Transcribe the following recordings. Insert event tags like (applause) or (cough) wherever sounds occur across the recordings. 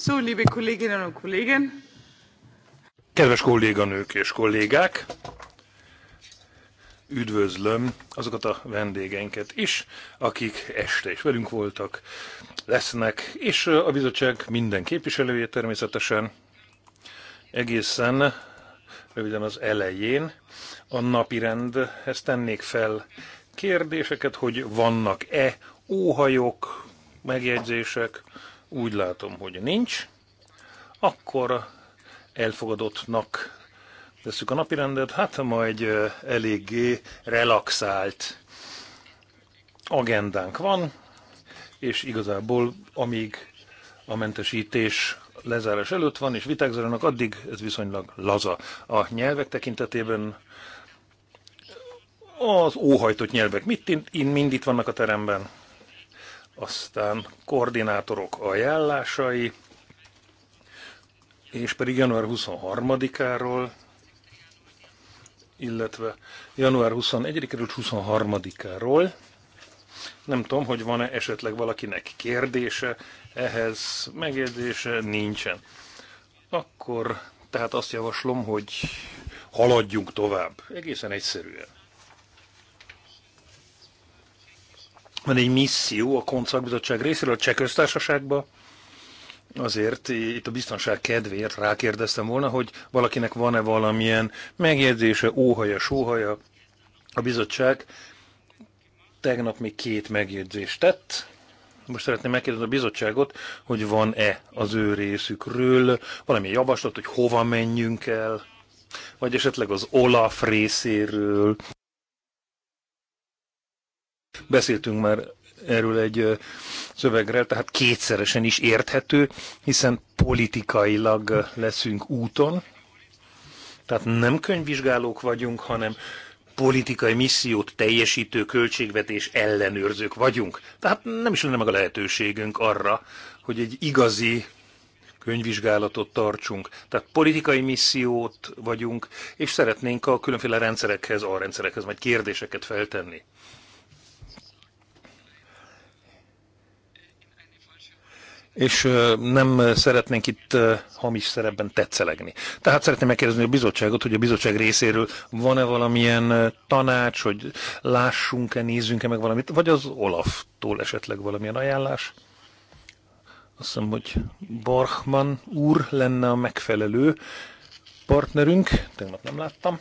So, liebe Kolleginnen und Kollegen. Kedves kolléganők és kollégák, üdvözlöm azokat a vendégeinket is, akik este is velünk voltak, lesznek, és a bizottság minden képviselője természetesen egészen röviden az elején a napirendhez tennék fel kérdéseket, hogy vannak-e óhajok, megjegyzések, úgy látom, hogy nincs. Akkor elfogadottnak tesszük a napirendet, hát ma egy eléggé relaxált agendánk van, és igazából amíg a mentesítés lezárás előtt van, és viták addig ez viszonylag laza. A nyelvek tekintetében az óhajtott nyelvek mit mind itt vannak a teremben? aztán koordinátorok ajánlásai, és pedig január 23-áról, illetve január 21-ről 23-áról. Nem tudom, hogy van-e esetleg valakinek kérdése, ehhez megjegyzése nincsen. Akkor tehát azt javaslom, hogy haladjunk tovább. Egészen egyszerűen. van egy misszió a Koncakbizottság részéről a Cseh köztársaságba, azért itt a biztonság kedvéért rákérdeztem volna, hogy valakinek van-e valamilyen megjegyzése, óhaja, sóhaja. A bizottság tegnap még két megjegyzést tett. Most szeretném megkérdezni a bizottságot, hogy van-e az ő részükről valami javaslat, hogy hova menjünk el, vagy esetleg az Olaf részéről. Beszéltünk már erről egy szövegrel, tehát kétszeresen is érthető, hiszen politikailag leszünk úton, tehát nem könyvvizsgálók vagyunk, hanem politikai missziót teljesítő költségvetés ellenőrzők vagyunk. Tehát nem is lenne meg a lehetőségünk arra, hogy egy igazi könyvvizsgálatot tartsunk. Tehát politikai missziót vagyunk, és szeretnénk a különféle rendszerekhez, rendszerekhez, majd kérdéseket feltenni. és nem szeretnénk itt hamis szerepben tetszelegni. Tehát szeretném megkérdezni a bizottságot, hogy a bizottság részéről van-e valamilyen tanács, hogy lássunk-e, nézzünk-e meg valamit, vagy az Olaf-tól esetleg valamilyen ajánlás? Azt hiszem, hogy Barhman úr lenne a megfelelő partnerünk, tegnap nem láttam.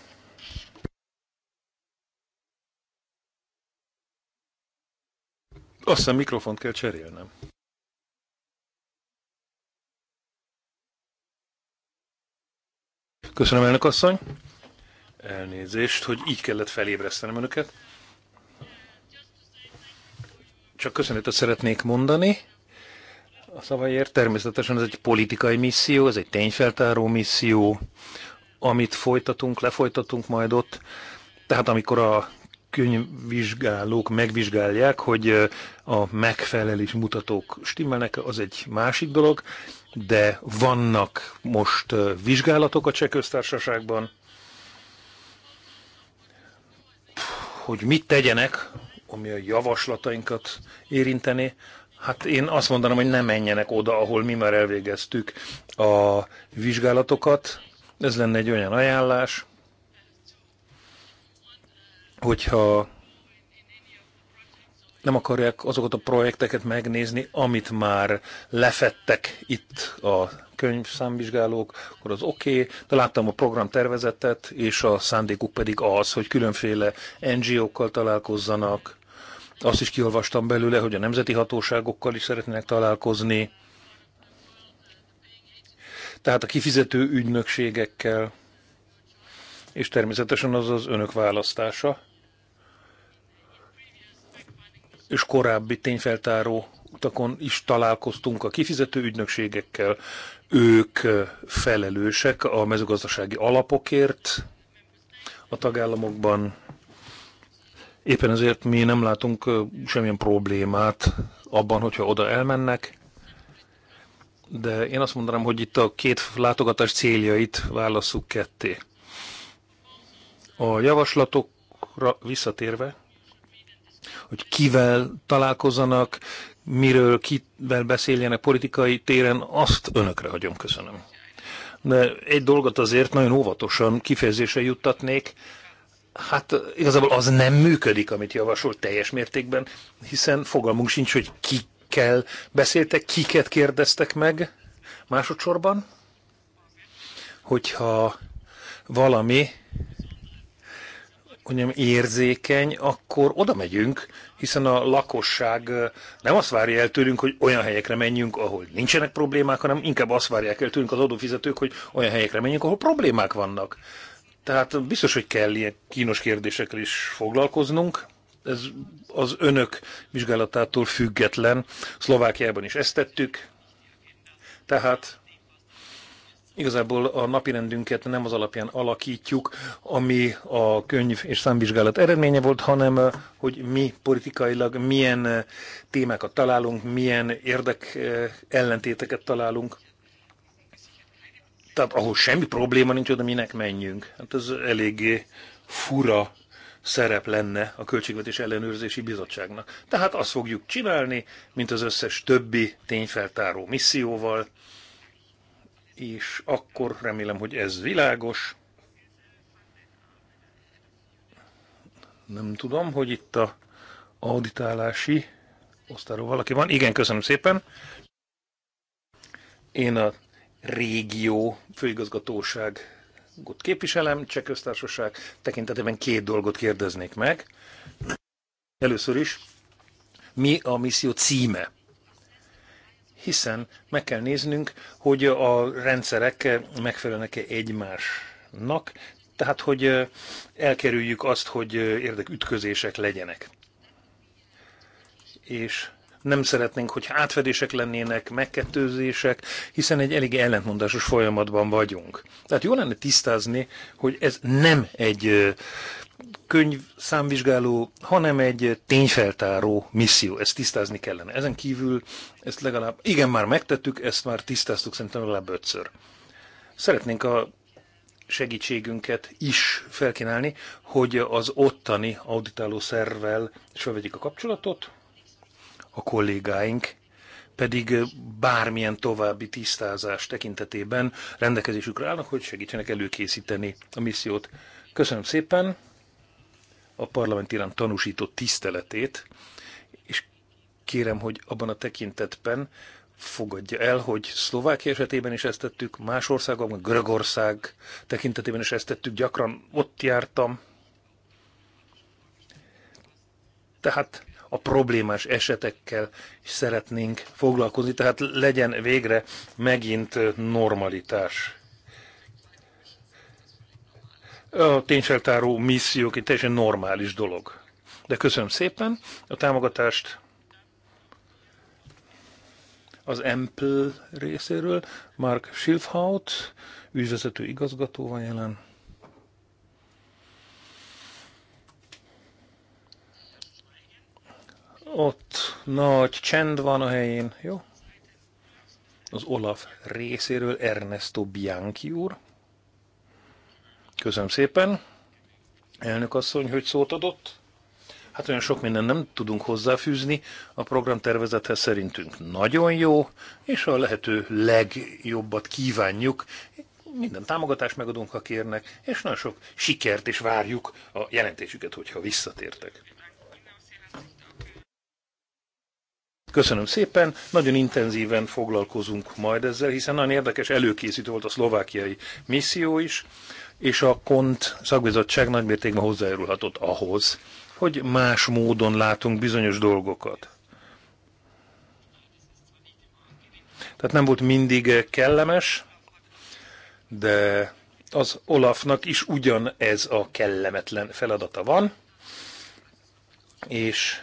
Azt hiszem mikrofont kell cserélnem. Köszönöm, elnök asszony. Elnézést, hogy így kellett felébresztenem önöket. Csak köszönetet szeretnék mondani a szavaiért. Természetesen ez egy politikai misszió, ez egy tényfeltáró misszió, amit folytatunk, lefolytatunk majd ott. Tehát amikor a könyvvizsgálók megvizsgálják, hogy a megfelelés mutatók stimmelnek, az egy másik dolog de vannak most vizsgálatok a cseh köztársaságban, hogy mit tegyenek, ami a javaslatainkat érinteni. Hát én azt mondanám, hogy ne menjenek oda, ahol mi már elvégeztük a vizsgálatokat. Ez lenne egy olyan ajánlás, hogyha nem akarják azokat a projekteket megnézni, amit már lefettek itt a könyvszámvizsgálók, akkor az oké, okay, de láttam a tervezetet, és a szándékuk pedig az, hogy különféle NGO-kkal találkozzanak. Azt is kiolvastam belőle, hogy a nemzeti hatóságokkal is szeretnének találkozni. Tehát a kifizető ügynökségekkel, és természetesen az az önök választása és korábbi tényfeltáró utakon is találkoztunk a kifizető ügynökségekkel. Ők felelősek a mezőgazdasági alapokért a tagállamokban. Éppen ezért mi nem látunk semmilyen problémát abban, hogyha oda elmennek, de én azt mondanám, hogy itt a két látogatás céljait válasszuk ketté. A javaslatokra visszatérve, hogy kivel találkozanak, miről, kivel beszéljenek politikai téren, azt önökre hagyom, köszönöm. De egy dolgot azért nagyon óvatosan kifejezésre juttatnék, Hát igazából az nem működik, amit javasol teljes mértékben, hiszen fogalmunk sincs, hogy kikkel beszéltek, kiket kérdeztek meg másodszorban. Hogyha valami mondjam, érzékeny, akkor oda megyünk, hiszen a lakosság nem azt várja el tőlünk, hogy olyan helyekre menjünk, ahol nincsenek problémák, hanem inkább azt várják el tőlünk az adófizetők, hogy olyan helyekre menjünk, ahol problémák vannak. Tehát biztos, hogy kell ilyen kínos kérdésekkel is foglalkoznunk. Ez az önök vizsgálatától független. Szlovákiában is ezt tettük. Tehát Igazából a napirendünket nem az alapján alakítjuk, ami a könyv és számvizsgálat eredménye volt, hanem eh, hogy mi politikailag milyen eh, témákat találunk, milyen érdek eh, ellentéteket találunk. Tehát ahol semmi probléma nincs, oda minek menjünk. Hát ez eléggé fura szerep lenne a Költségvetés Ellenőrzési Bizottságnak. Tehát azt fogjuk csinálni, mint az összes többi tényfeltáró misszióval, és akkor remélem, hogy ez világos. Nem tudom, hogy itt a auditálási osztáról valaki van. Igen, köszönöm szépen. Én a régió főigazgatóságot képviselem, Cseh köztársaság tekintetében két dolgot kérdeznék meg. Először is, mi a misszió címe? hiszen meg kell néznünk, hogy a rendszerek megfelelnek-e egymásnak, tehát hogy elkerüljük azt, hogy érdekütközések legyenek. És nem szeretnénk, hogy átfedések lennének, megkettőzések, hiszen egy elég ellentmondásos folyamatban vagyunk. Tehát jó lenne tisztázni, hogy ez nem egy könyv számvizsgáló, hanem egy tényfeltáró misszió. Ezt tisztázni kellene. Ezen kívül ezt legalább, igen, már megtettük, ezt már tisztáztuk szerintem legalább ötször. Szeretnénk a segítségünket is felkínálni, hogy az ottani auditáló szervvel is felvegyük a kapcsolatot, a kollégáink pedig bármilyen további tisztázás tekintetében rendelkezésükre állnak, hogy segítsenek előkészíteni a missziót. Köszönöm szépen! a parlament iránt tanúsított tiszteletét, és kérem, hogy abban a tekintetben fogadja el, hogy Szlovákia esetében is ezt tettük, más országokban, Görögország tekintetében is ezt tettük, gyakran ott jártam. Tehát a problémás esetekkel is szeretnénk foglalkozni, tehát legyen végre megint normalitás a tényfeltáró missziók egy teljesen normális dolog. De köszönöm szépen a támogatást az Empl részéről. Mark Schilfhaut, ügyvezető igazgató van jelen. Ott nagy csend van a helyén, jó? Az Olaf részéről Ernesto Bianchi úr. Köszönöm szépen, elnök asszony, hogy szót adott. Hát olyan sok minden nem tudunk hozzáfűzni, a programtervezethez szerintünk nagyon jó, és a lehető legjobbat kívánjuk. Minden támogatást megadunk, ha kérnek, és nagyon sok sikert, és várjuk a jelentésüket, hogyha visszatértek. Köszönöm szépen, nagyon intenzíven foglalkozunk majd ezzel, hiszen nagyon érdekes előkészítő volt a szlovákiai misszió is és a KONT szakbizottság nagymértékben hozzájárulhatott ahhoz, hogy más módon látunk bizonyos dolgokat. Tehát nem volt mindig kellemes, de az Olafnak is ugyan ez a kellemetlen feladata van, és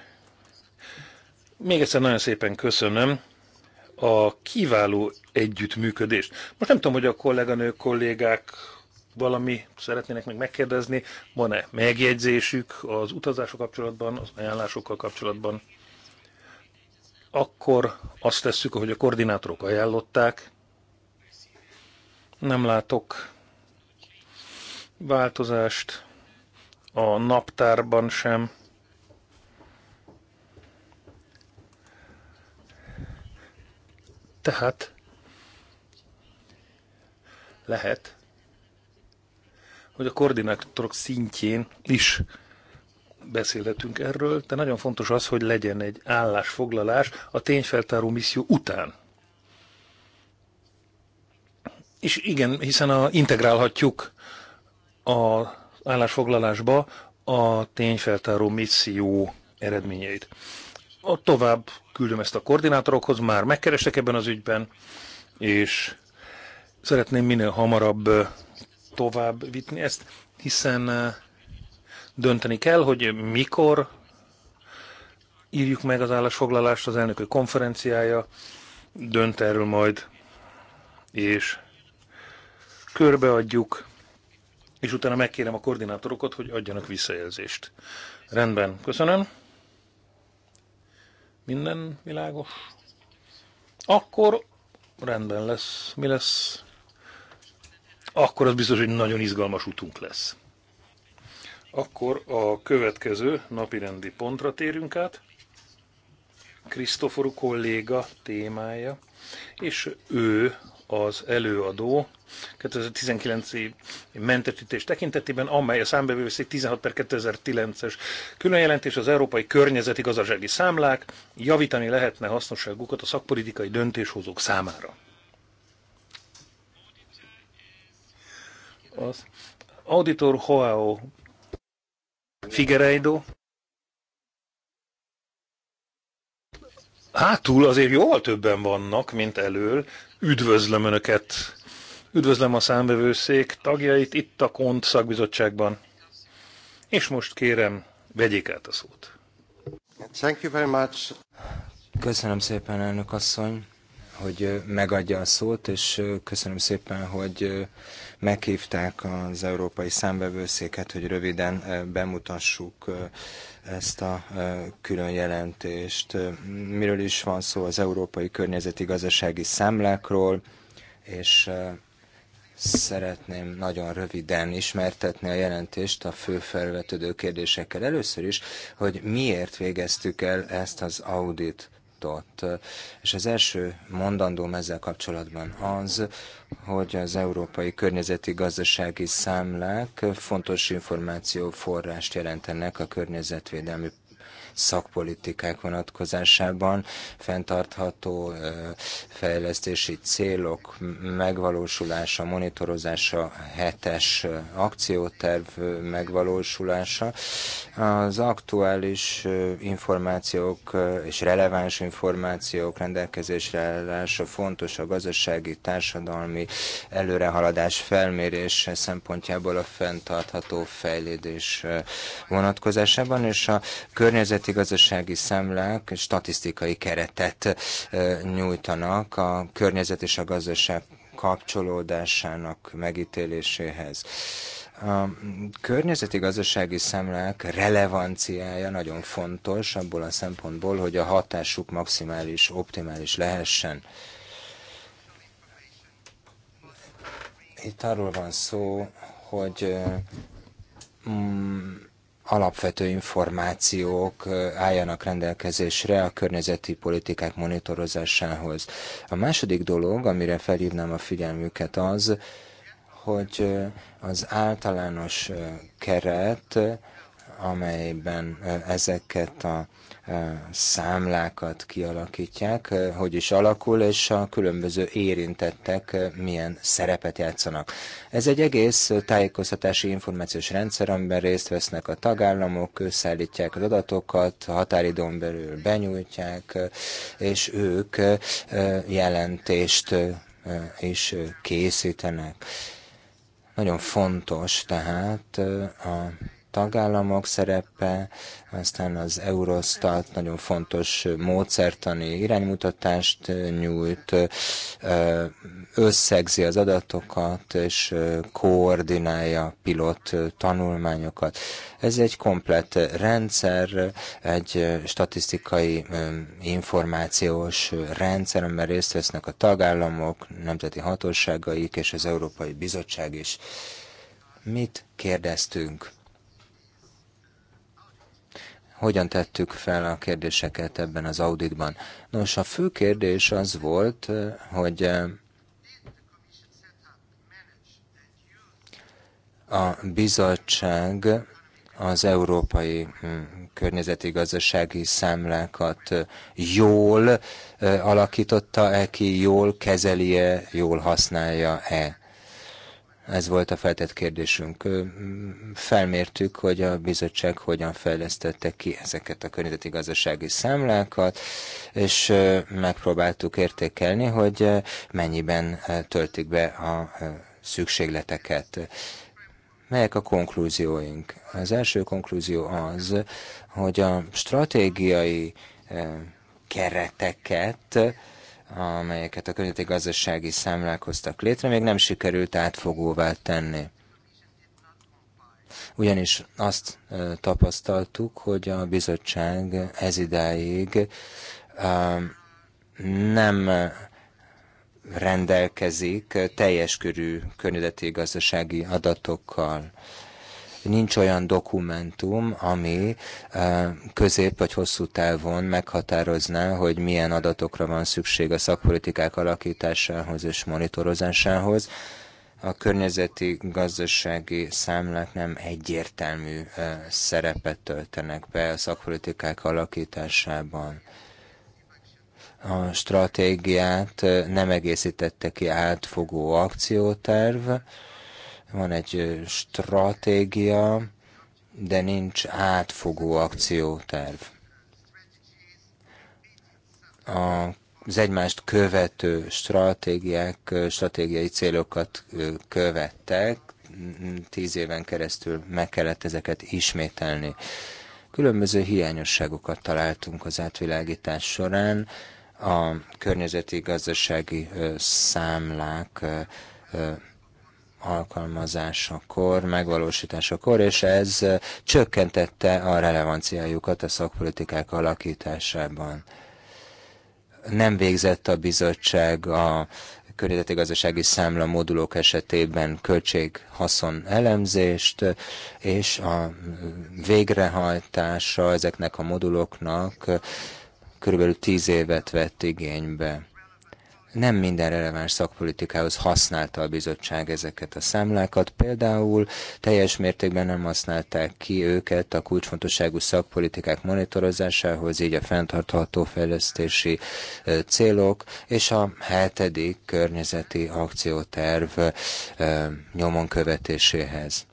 még egyszer nagyon szépen köszönöm a kiváló együttműködést. Most nem tudom, hogy a kolléganők, kollégák valami szeretnének még megkérdezni? Van-e megjegyzésük az utazások kapcsolatban, az ajánlásokkal kapcsolatban? Akkor azt tesszük, ahogy a koordinátorok ajánlották. Nem látok változást a naptárban sem. Tehát lehet, hogy a koordinátorok szintjén is beszélhetünk erről, de nagyon fontos az, hogy legyen egy állásfoglalás a tényfeltáró misszió után. És igen, hiszen a, integrálhatjuk az állásfoglalásba a tényfeltáró misszió eredményeit. A tovább küldöm ezt a koordinátorokhoz, már megkerestek ebben az ügyben, és szeretném minél hamarabb tovább vitni ezt, hiszen eh, dönteni kell, hogy mikor írjuk meg az állásfoglalást, az elnökök konferenciája dönt erről majd, és körbeadjuk, és utána megkérem a koordinátorokat, hogy adjanak visszajelzést. Rendben, köszönöm. Minden világos? Akkor rendben lesz. Mi lesz akkor az biztos, hogy nagyon izgalmas utunk lesz. Akkor a következő napirendi pontra térünk át. Krisztoforú kolléga témája, és ő az előadó 2019 mentesítés tekintetében, amely a számbevőszék 16 per 2009-es különjelentés az európai környezeti gazdasági számlák javítani lehetne hasznosságukat a szakpolitikai döntéshozók számára. az Auditor Joao Figereido. hátul azért jóval többen vannak, mint elől. Üdvözlöm Önöket! Üdvözlöm a számbevőszék tagjait itt a KONT szakbizottságban. És most kérem, vegyék át a szót. Thank you very much. Köszönöm szépen, elnök asszony hogy megadja a szót, és köszönöm szépen, hogy meghívták az Európai Számbevőszéket, hogy röviden bemutassuk ezt a külön jelentést. Miről is van szó az Európai Környezeti Gazdasági Számlákról, és szeretném nagyon röviden ismertetni a jelentést a fő felvetődő kérdésekkel. Először is, hogy miért végeztük el ezt az audit tartott. És az első mondandóm ezzel kapcsolatban az, hogy az európai környezeti gazdasági számlák fontos információforrást jelentenek a környezetvédelmi szakpolitikák vonatkozásában fenntartható fejlesztési célok megvalósulása, monitorozása, hetes akcióterv megvalósulása. Az aktuális információk és releváns információk rendelkezésre állása fontos a gazdasági, társadalmi előrehaladás felmérés szempontjából a fenntartható fejlődés vonatkozásában, és a környezet nemzeti gazdasági számlák statisztikai keretet nyújtanak a környezet és a gazdaság kapcsolódásának megítéléséhez. A környezeti gazdasági számlák relevanciája nagyon fontos abból a szempontból, hogy a hatásuk maximális, optimális lehessen. Itt arról van szó, hogy alapvető információk álljanak rendelkezésre a környezeti politikák monitorozásához. A második dolog, amire felhívnám a figyelmüket az, hogy az általános keret, amelyben ezeket a számlákat kialakítják, hogy is alakul, és a különböző érintettek milyen szerepet játszanak. Ez egy egész tájékoztatási információs rendszer, amiben részt vesznek a tagállamok, összeállítják az adatokat, határidon belül benyújtják, és ők jelentést is készítenek. Nagyon fontos tehát a tagállamok szerepe, aztán az Eurostat nagyon fontos módszertani iránymutatást nyújt, összegzi az adatokat, és koordinálja pilot tanulmányokat. Ez egy komplett rendszer, egy statisztikai információs rendszer, amiben részt vesznek a tagállamok, nemzeti hatóságaik és az Európai Bizottság is. Mit kérdeztünk? hogyan tettük fel a kérdéseket ebben az auditban. Nos, a fő kérdés az volt, eh, hogy eh, a bizottság az európai hm, környezeti gazdasági számlákat eh, jól alakította-e ki, jól kezeli-e, jól használja-e. Ez volt a feltett kérdésünk. Felmértük, hogy a bizottság hogyan fejlesztette ki ezeket a környezeti gazdasági számlákat, és megpróbáltuk értékelni, hogy mennyiben töltik be a szükségleteket. Melyek a konklúzióink? Az első konklúzió az, hogy a stratégiai kereteket amelyeket a környezeti gazdasági számlák hoztak létre, még nem sikerült átfogóvá tenni. Ugyanis azt tapasztaltuk, hogy a bizottság ez idáig nem rendelkezik teljes körű környezeti gazdasági adatokkal nincs olyan dokumentum, ami közép vagy hosszú távon meghatározná, hogy milyen adatokra van szükség a szakpolitikák alakításához és monitorozásához. A környezeti gazdasági számlák nem egyértelmű szerepet töltenek be a szakpolitikák alakításában a stratégiát nem egészítette ki átfogó akcióterv, van egy stratégia, de nincs átfogó akcióterv. Az egymást követő stratégiák, stratégiai célokat követtek, tíz éven keresztül meg kellett ezeket ismételni. Különböző hiányosságokat találtunk az átvilágítás során, a környezeti gazdasági számlák alkalmazásakor, megvalósításakor, és ez csökkentette a relevanciájukat a szakpolitikák alakításában. Nem végzett a bizottság a környezeti gazdasági számla modulok esetében költség elemzést, és a végrehajtása ezeknek a moduloknak körülbelül tíz évet vett igénybe nem minden releváns szakpolitikához használta a bizottság ezeket a számlákat. Például teljes mértékben nem használták ki őket a kulcsfontosságú szakpolitikák monitorozásához, így a fenntartható fejlesztési célok és a hetedik környezeti akcióterv nyomon követéséhez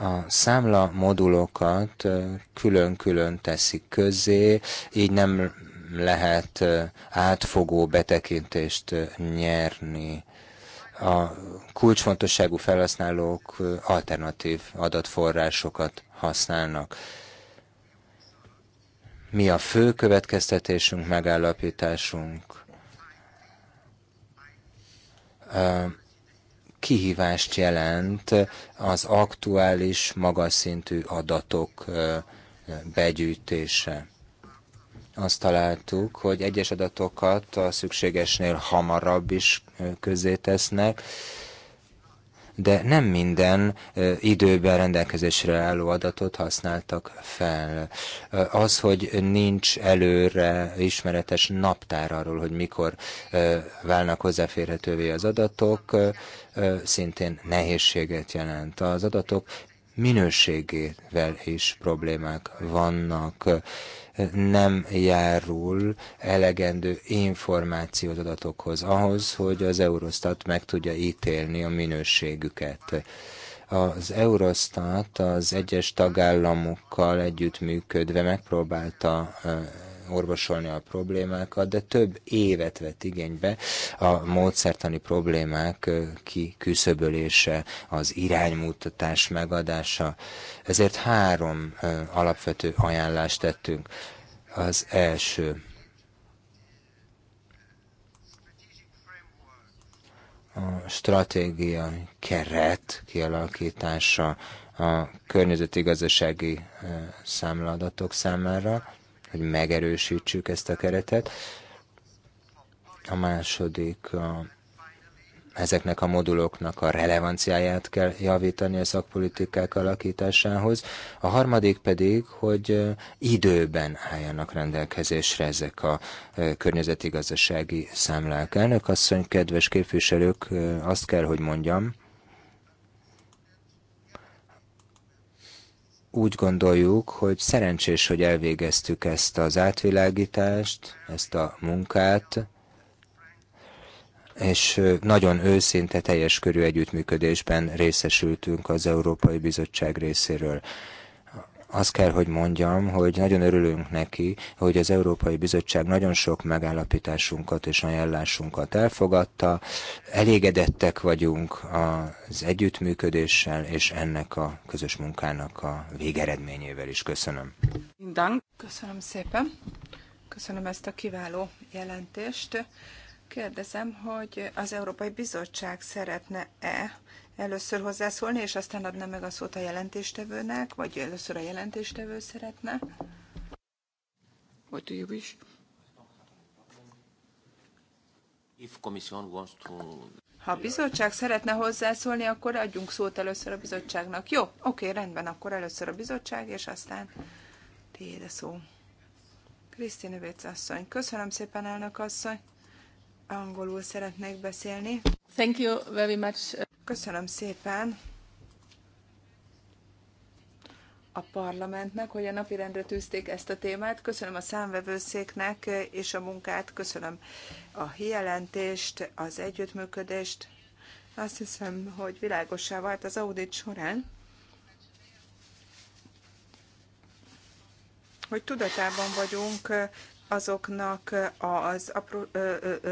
a számla modulokat külön-külön teszik közé, így nem lehet átfogó betekintést nyerni. A kulcsfontosságú felhasználók alternatív adatforrásokat használnak. Mi a fő következtetésünk, megállapításunk? Kihívást jelent az aktuális magas szintű adatok begyűjtése azt találtuk, hogy egyes adatokat a szükségesnél hamarabb is közzé tesznek, de nem minden időben rendelkezésre álló adatot használtak fel. Az, hogy nincs előre ismeretes naptár arról, hogy mikor válnak hozzáférhetővé az adatok, szintén nehézséget jelent. Az adatok minőségével is problémák vannak nem járul elegendő információt adatokhoz ahhoz, hogy az Eurostat meg tudja ítélni a minőségüket. Az Eurostat az egyes tagállamokkal együttműködve megpróbálta orvosolni a problémákat, de több évet vett igénybe a módszertani problémák kiküszöbölése, az iránymutatás megadása. Ezért három alapvető ajánlást tettünk. Az első, a stratégia keret kialakítása a környezeti gazdasági számladatok számára, hogy megerősítsük ezt a keretet. A második a ezeknek a moduloknak a relevanciáját kell javítani a szakpolitikák alakításához. A harmadik pedig, hogy időben álljanak rendelkezésre ezek a környezeti gazdasági számlák. Elnök asszony, kedves képviselők, azt kell, hogy mondjam, úgy gondoljuk, hogy szerencsés, hogy elvégeztük ezt az átvilágítást, ezt a munkát, és nagyon őszinte teljes körű együttműködésben részesültünk az Európai Bizottság részéről azt kell, hogy mondjam, hogy nagyon örülünk neki, hogy az Európai Bizottság nagyon sok megállapításunkat és ajánlásunkat elfogadta. Elégedettek vagyunk az együttműködéssel és ennek a közös munkának a végeredményével is. Köszönöm. Köszönöm szépen. Köszönöm ezt a kiváló jelentést. Kérdezem, hogy az Európai Bizottság szeretne-e először hozzászólni, és aztán adna meg a szót a jelentéstevőnek, vagy először a jelentéstevő szeretne. What tudjuk is. If commission wants to... Ha a bizottság szeretne hozzászólni, akkor adjunk szót először a bizottságnak. Jó, oké, rendben, akkor először a bizottság, és aztán tiéd a szó. Krisztin Övéc asszony. Köszönöm szépen, elnök asszony. Angolul szeretnék beszélni. Thank you very much. Köszönöm szépen a parlamentnek, hogy a napirendre tűzték ezt a témát. Köszönöm a számvevőszéknek és a munkát, köszönöm a jelentést, az együttműködést. Azt hiszem, hogy világosá vált az audit során, hogy tudatában vagyunk azoknak, az apró,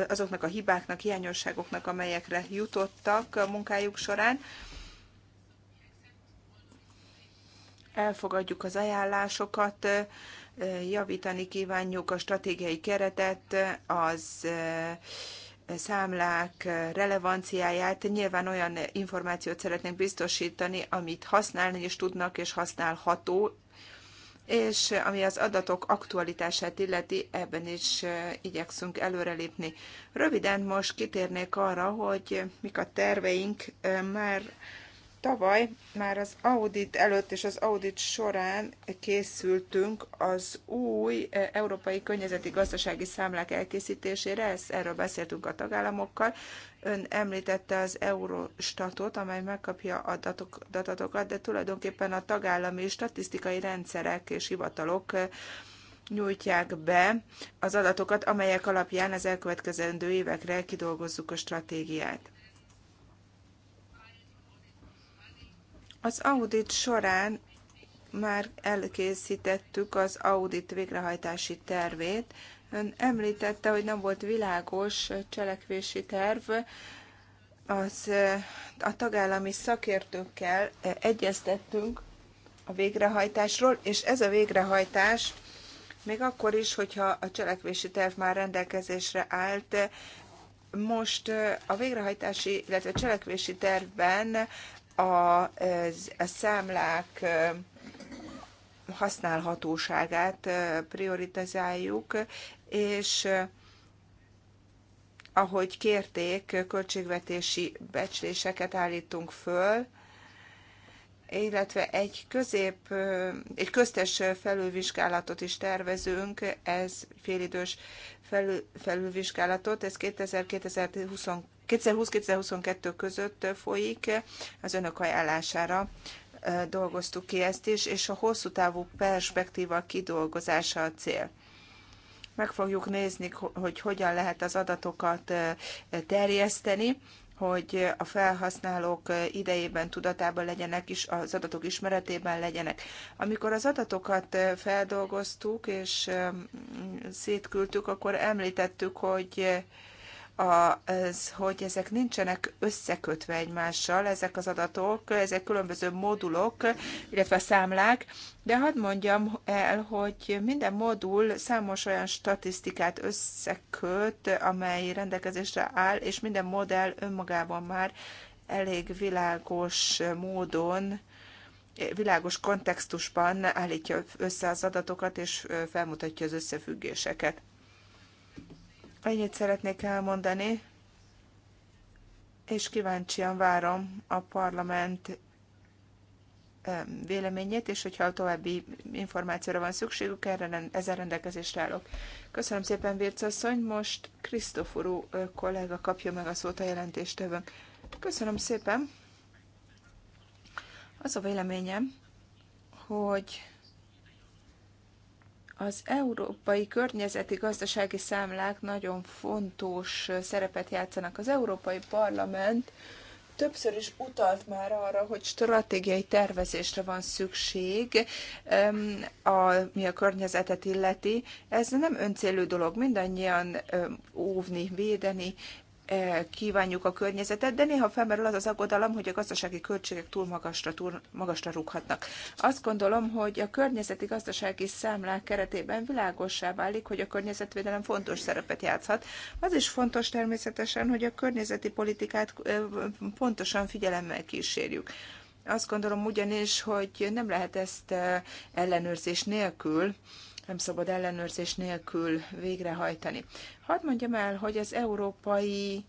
azoknak a hibáknak, hiányosságoknak, amelyekre jutottak a munkájuk során. Elfogadjuk az ajánlásokat, javítani kívánjuk a stratégiai keretet, az számlák relevanciáját. Nyilván olyan információt szeretnénk biztosítani, amit használni is tudnak, és használható és ami az adatok aktualitását illeti, ebben is igyekszünk előrelépni. Röviden most kitérnék arra, hogy mik a terveink már Tavaly már az audit előtt és az audit során készültünk az új e, európai környezeti gazdasági számlák elkészítésére, ezt, erről beszéltünk a tagállamokkal. Ön említette az Eurostatot, amely megkapja a datok, adatokat, de tulajdonképpen a tagállami statisztikai rendszerek és hivatalok e, nyújtják be az adatokat, amelyek alapján az elkövetkezendő évekre kidolgozzuk a stratégiát. Az audit során már elkészítettük az audit végrehajtási tervét. Ön említette, hogy nem volt világos cselekvési terv, az a tagállami szakértőkkel egyeztettünk a végrehajtásról, és ez a végrehajtás még akkor is, hogyha a cselekvési terv már rendelkezésre állt, most a végrehajtási, illetve cselekvési tervben a, a számlák használhatóságát prioritizáljuk, és ahogy kérték, költségvetési becsléseket állítunk föl, illetve egy közép, egy köztes felülvizsgálatot is tervezünk, ez félidős felül, felülvizsgálatot, ez 2020-2022 között folyik, az önök ajánlására dolgoztuk ki ezt is, és a hosszú távú perspektíva kidolgozása a cél meg fogjuk nézni, hogy hogyan lehet az adatokat terjeszteni, hogy a felhasználók idejében tudatában legyenek, is az adatok ismeretében legyenek. Amikor az adatokat feldolgoztuk és um, szétküldtük, akkor említettük, hogy az, hogy ezek nincsenek összekötve egymással, ezek az adatok, ezek különböző modulok, illetve számlák, de hadd mondjam el, hogy minden modul számos olyan statisztikát összeköt, amely rendelkezésre áll, és minden modell önmagában már elég világos módon, világos kontextusban állítja össze az adatokat, és felmutatja az összefüggéseket. Ennyit szeretnék elmondani, és kíváncsian várom a parlament véleményét, és hogyha további információra van szükségük, erre ezen rendelkezésre állok. Köszönöm szépen, Vircasszony. Most Krisztoforú kollega kapja meg a szót a jelentéstevőnk. Köszönöm szépen. Az a véleményem, hogy az európai környezeti gazdasági számlák nagyon fontos szerepet játszanak. Az Európai Parlament többször is utalt már arra, hogy stratégiai tervezésre van szükség, ami a környezetet illeti. Ez nem öncélű dolog, mindannyian óvni, védeni Eh, kívánjuk a környezetet, de néha felmerül az az aggodalom, hogy a gazdasági költségek túl magasra, túl magasra rúghatnak. Azt gondolom, hogy a környezeti gazdasági számlák keretében világossá válik, hogy a környezetvédelem fontos szerepet játszhat. Az is fontos természetesen, hogy a környezeti politikát eh, pontosan figyelemmel kísérjük. Azt gondolom ugyanis, hogy nem lehet ezt eh, ellenőrzés nélkül nem szabad ellenőrzés nélkül végrehajtani. Hadd mondjam el, hogy az európai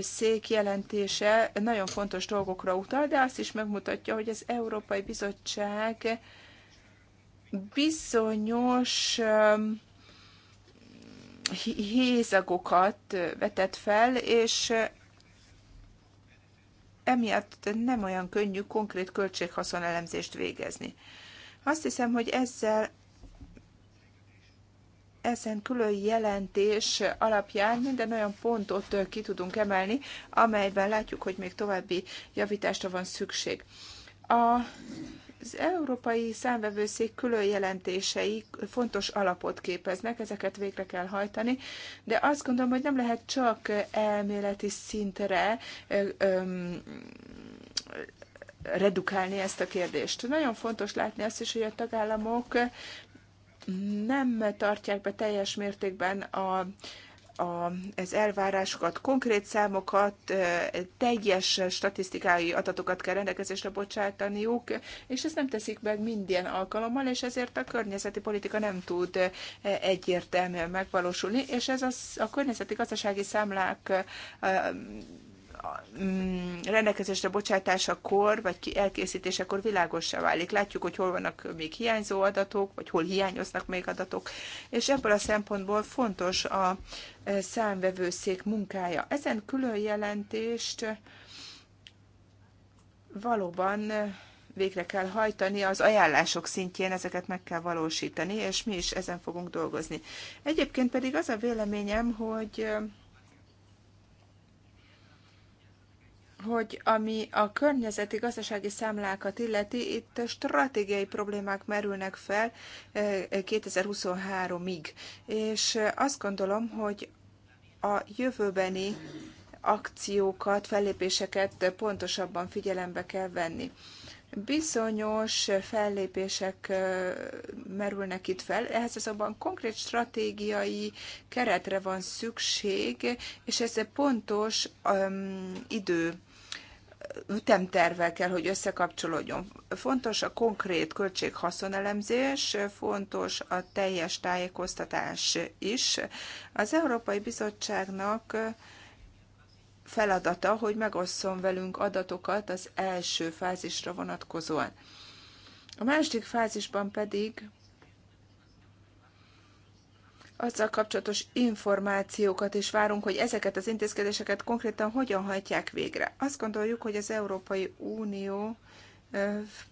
szék jelentése nagyon fontos dolgokra utal, de azt is megmutatja, hogy az Európai Bizottság bizonyos hézagokat vetett fel, és emiatt nem olyan könnyű konkrét költséghaszon elemzést végezni. Azt hiszem, hogy ezzel ezen külön jelentés alapján minden olyan pontot ki tudunk emelni, amelyben látjuk, hogy még további javításra van szükség. A az európai számvevőszék külön jelentései fontos alapot képeznek, ezeket végre kell hajtani, de azt gondolom, hogy nem lehet csak elméleti szintre redukálni ezt a kérdést. Nagyon fontos látni azt is, hogy a tagállamok nem tartják be teljes mértékben a, a, az elvárásokat, konkrét számokat, teljes statisztikai adatokat kell rendelkezésre bocsátaniuk, és ezt nem teszik meg minden alkalommal, és ezért a környezeti politika nem tud egyértelműen megvalósulni, és ez az, a környezeti gazdasági számlák Mm, rendelkezésre bocsátásakor, vagy elkészítésekor világosra válik. Látjuk, hogy hol vannak még hiányzó adatok, vagy hol hiányoznak még adatok, és ebből a szempontból fontos a e, számvevőszék munkája. Ezen külön jelentést valóban végre kell hajtani, az ajánlások szintjén ezeket meg kell valósítani, és mi is ezen fogunk dolgozni. Egyébként pedig az a véleményem, hogy hogy ami a környezeti gazdasági számlákat illeti, itt stratégiai problémák merülnek fel 2023-ig. Eh, eh, és eh, azt gondolom, hogy a jövőbeni akciókat, fellépéseket pontosabban figyelembe kell venni. Bizonyos fellépések merülnek itt fel, ehhez azonban konkrét stratégiai keretre van szükség, és ez egy pontos um, idő ütemtervel kell, hogy összekapcsolódjon. Fontos a konkrét költség-haszonelemzés, fontos a teljes tájékoztatás is. Az Európai Bizottságnak feladata, hogy megosszon velünk adatokat az első fázisra vonatkozóan. A második fázisban pedig azzal kapcsolatos információkat és várunk, hogy ezeket az intézkedéseket konkrétan hogyan hajtják végre. Azt gondoljuk, hogy az Európai Unió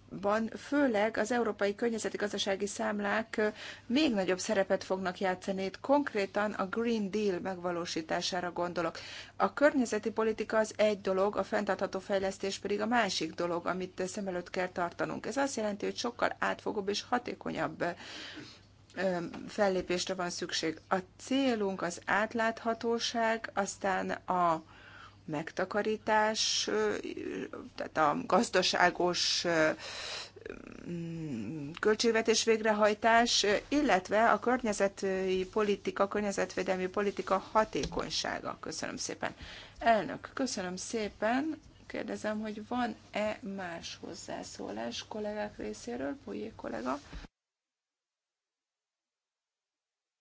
van, főleg az európai környezeti gazdasági számlák még nagyobb szerepet fognak játszani. Itt konkrétan a Green Deal megvalósítására gondolok. A környezeti politika az egy dolog, a fenntartható fejlesztés pedig a másik dolog, amit szem előtt kell tartanunk. Ez azt jelenti, hogy sokkal átfogóbb és hatékonyabb fellépésre van szükség. A célunk az átláthatóság, aztán a megtakarítás, tehát a gazdaságos mm, költségvetés végrehajtás, illetve a környezeti politika, környezetvédelmi politika hatékonysága. Köszönöm szépen. Elnök, köszönöm szépen. Kérdezem, hogy van-e más hozzászólás kollégák részéről, Pujé kollega?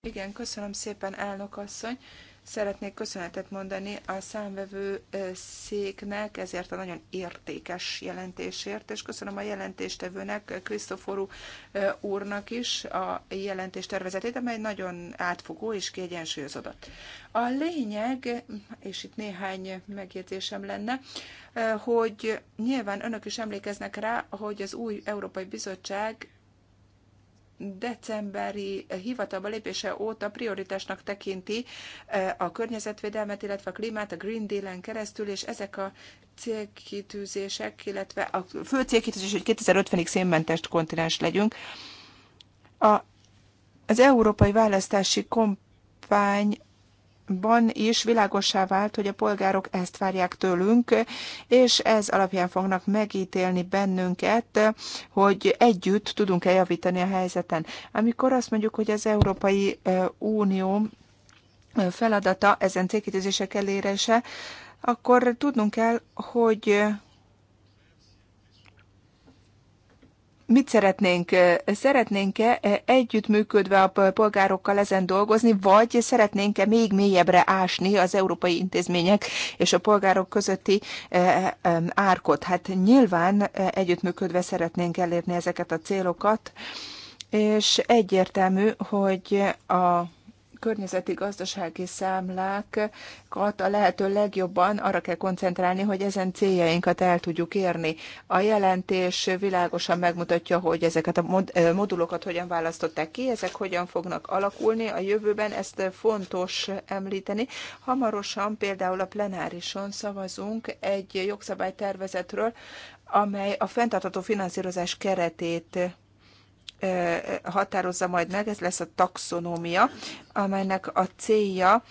Igen, köszönöm szépen, elnök asszony. Szeretnék köszönetet mondani a számvevő széknek ezért a nagyon értékes jelentésért, és köszönöm a jelentéstevőnek, Krisztoforú úrnak is a jelentés tervezetét, amely nagyon átfogó és kiegyensúlyozott. A lényeg, és itt néhány megjegyzésem lenne, hogy nyilván önök is emlékeznek rá, hogy az új Európai Bizottság decemberi hivatalba lépése óta prioritásnak tekinti eh, a környezetvédelmet, illetve a klímát a Green Deal-en keresztül, és ezek a célkitűzések, illetve a fő célkitűzés, hogy 2050-ig szénmentes kontinens legyünk. A, az európai választási kompány ban is világosá vált, hogy a polgárok ezt várják tőlünk, és ez alapján fognak megítélni bennünket, hogy együtt tudunk-e javítani a helyzeten. Amikor azt mondjuk, hogy az Európai Unió feladata ezen célkitűzések elérése, akkor tudnunk kell, hogy mit szeretnénk? Szeretnénk-e együttműködve a polgárokkal ezen dolgozni, vagy szeretnénk-e még mélyebbre ásni az európai intézmények és a polgárok közötti árkot? Hát nyilván együttműködve szeretnénk elérni ezeket a célokat, és egyértelmű, hogy a környezeti gazdasági számlákat a lehető legjobban arra kell koncentrálni, hogy ezen céljainkat el tudjuk érni. A jelentés világosan megmutatja, hogy ezeket a modulokat hogyan választották ki, ezek hogyan fognak alakulni a jövőben, ezt fontos említeni. Hamarosan például a plenárison szavazunk egy jogszabálytervezetről, amely a fenntartható finanszírozás keretét határozza majd meg, ez lesz a taxonómia, amelynek a célja,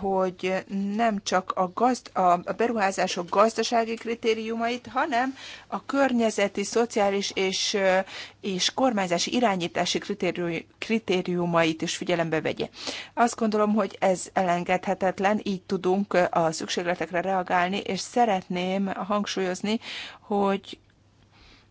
hogy nem csak a, gazd, a beruházások gazdasági kritériumait, hanem a környezeti, szociális és, és kormányzási irányítási kritériumait is figyelembe vegye. Azt gondolom, hogy ez elengedhetetlen, így tudunk a szükségletekre reagálni, és szeretném hangsúlyozni, hogy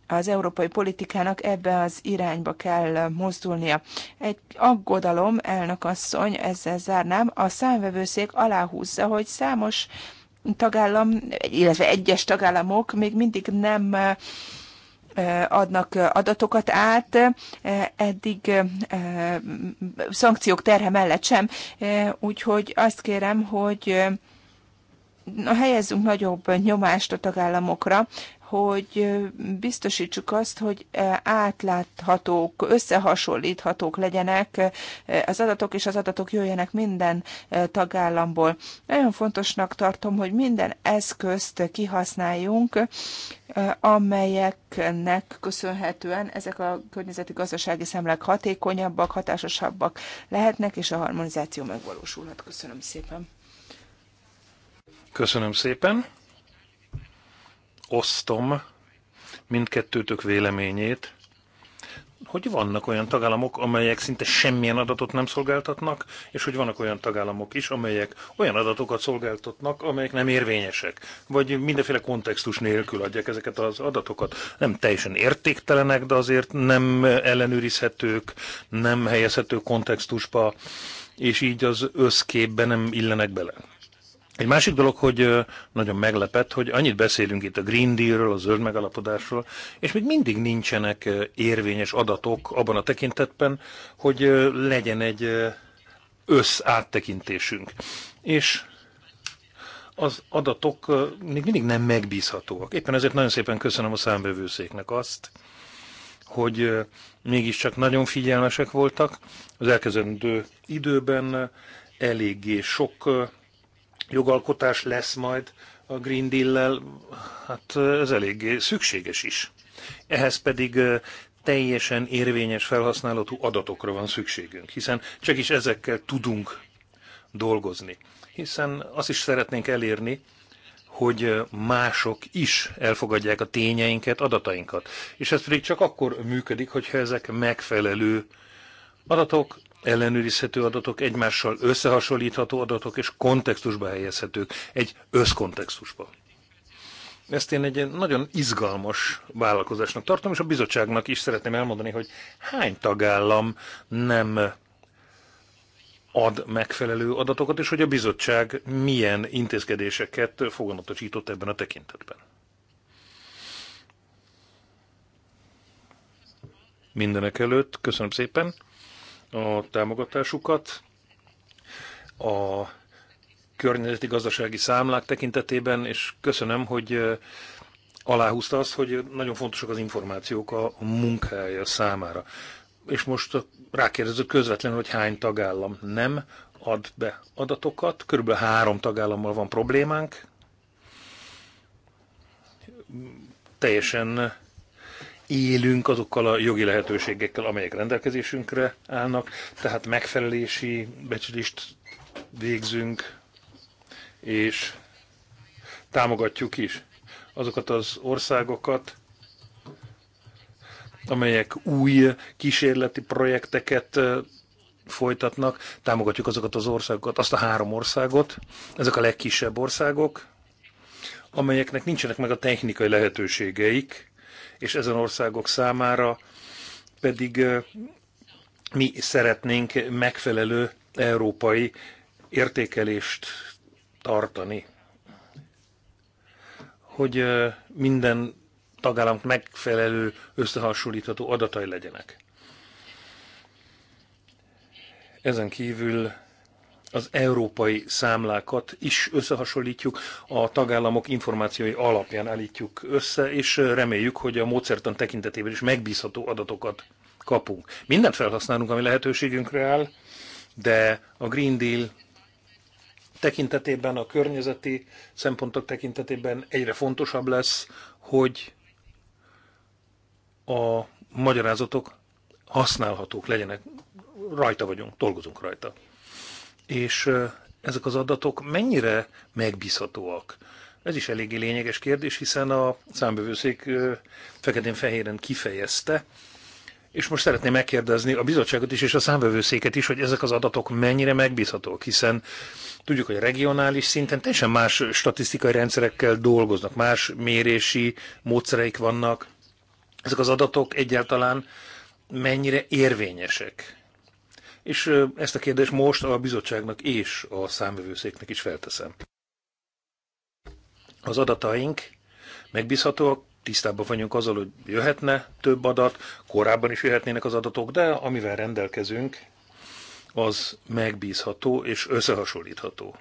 az európai politikának ebbe az irányba kell mozdulnia. Egy aggodalom, elnök asszony, ezzel zárnám, a számvevőszék aláhúzza, hogy számos tagállam, illetve egyes tagállamok még mindig nem adnak adatokat át, eddig szankciók terhe mellett sem, úgyhogy azt kérem, hogy helyezzünk nagyobb nyomást a tagállamokra, hogy biztosítsuk azt, hogy átláthatók, összehasonlíthatók legyenek az adatok, és az adatok jöjjenek minden tagállamból. Nagyon fontosnak tartom, hogy minden eszközt kihasználjunk, amelyeknek köszönhetően ezek a környezeti gazdasági szemlek hatékonyabbak, hatásosabbak lehetnek, és a harmonizáció megvalósulhat. Köszönöm szépen. Köszönöm szépen osztom mindkettőtök véleményét, hogy vannak olyan tagállamok, amelyek szinte semmilyen adatot nem szolgáltatnak, és hogy vannak olyan tagállamok is, amelyek olyan adatokat szolgáltatnak, amelyek nem érvényesek, vagy mindenféle kontextus nélkül adják ezeket az adatokat. Nem teljesen értéktelenek, de azért nem ellenőrizhetők, nem helyezhető kontextusba, és így az összképbe nem illenek bele. Egy másik dolog, hogy nagyon meglepett, hogy annyit beszélünk itt a Green Dealről, a zöld megalapodásról, és még mindig nincsenek érvényes adatok abban a tekintetben, hogy legyen egy össz áttekintésünk. És az adatok még mindig nem megbízhatóak. Éppen ezért nagyon szépen köszönöm a számbevőszéknek azt, hogy mégiscsak nagyon figyelmesek voltak. Az elkezdendő időben eléggé sok jogalkotás lesz majd a Green Deal-lel, hát ez eléggé szükséges is. Ehhez pedig teljesen érvényes felhasználatú adatokra van szükségünk, hiszen csak is ezekkel tudunk dolgozni. Hiszen azt is szeretnénk elérni, hogy mások is elfogadják a tényeinket, adatainkat. És ez pedig csak akkor működik, hogyha ezek megfelelő adatok, ellenőrizhető adatok, egymással összehasonlítható adatok és kontextusba helyezhetők, egy összkontextusba. Ezt én egy nagyon izgalmas vállalkozásnak tartom, és a bizottságnak is szeretném elmondani, hogy hány tagállam nem ad megfelelő adatokat, és hogy a bizottság milyen intézkedéseket foganatosított ebben a tekintetben. Mindenek előtt köszönöm szépen a támogatásukat. A környezeti gazdasági számlák tekintetében, és köszönöm, hogy aláhúzta azt, hogy nagyon fontosak az információk a munkája számára. És most rákérdező közvetlenül, hogy hány tagállam nem ad be adatokat. Körülbelül három tagállammal van problémánk. Teljesen élünk azokkal a jogi lehetőségekkel, amelyek rendelkezésünkre állnak, tehát megfelelési becslést végzünk, és támogatjuk is azokat az országokat, amelyek új kísérleti projekteket folytatnak, támogatjuk azokat az országokat, azt a három országot, ezek a legkisebb országok, amelyeknek nincsenek meg a technikai lehetőségeik, és ezen országok számára pedig mi szeretnénk megfelelő európai értékelést tartani. Hogy minden tagállam megfelelő összehasonlítható adatai legyenek. Ezen kívül az európai számlákat is összehasonlítjuk, a tagállamok információi alapján állítjuk össze, és reméljük, hogy a módszertan tekintetében is megbízható adatokat kapunk. Mindent felhasználunk, ami lehetőségünkre áll, de a Green Deal tekintetében, a környezeti szempontok tekintetében egyre fontosabb lesz, hogy a magyarázatok használhatók legyenek. Rajta vagyunk, dolgozunk rajta és ezek az adatok mennyire megbízhatóak? Ez is eléggé lényeges kérdés, hiszen a számbevőszék feketén-fehéren kifejezte, és most szeretném megkérdezni a bizottságot is és a számbevőszéket is, hogy ezek az adatok mennyire megbízhatók, hiszen tudjuk, hogy regionális szinten teljesen más statisztikai rendszerekkel dolgoznak, más mérési módszereik vannak. Ezek az adatok egyáltalán mennyire érvényesek? és ezt a kérdést most a bizottságnak és a számvevőszéknek is felteszem. Az adataink megbízhatóak, tisztában vagyunk azzal, hogy jöhetne több adat, korábban is jöhetnének az adatok, de amivel rendelkezünk, az megbízható és összehasonlítható.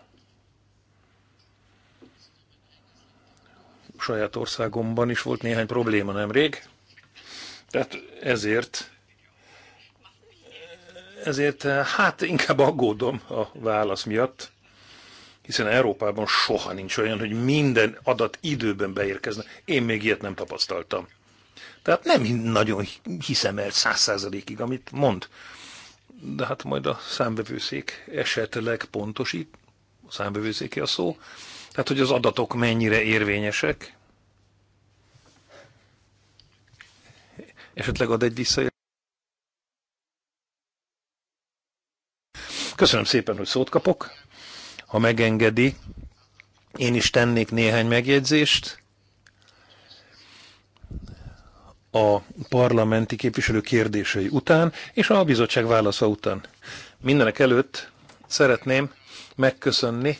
saját országomban is volt néhány probléma nemrég. Tehát ezért ezért eh, hát inkább aggódom a válasz miatt, hiszen Európában soha nincs olyan, hogy minden adat időben beérkezne. Én még ilyet nem tapasztaltam. Tehát nem nagyon hiszem el száz százalékig, amit mond. De hát majd a számbevőszék esetleg pontosít, a számbevőszéki a szó, tehát hogy az adatok mennyire érvényesek, esetleg ad egy visszajelzést. Köszönöm szépen, hogy szót kapok. Ha megengedi, én is tennék néhány megjegyzést. A parlamenti képviselő kérdései után és a bizottság válasza után. Mindenek előtt szeretném megköszönni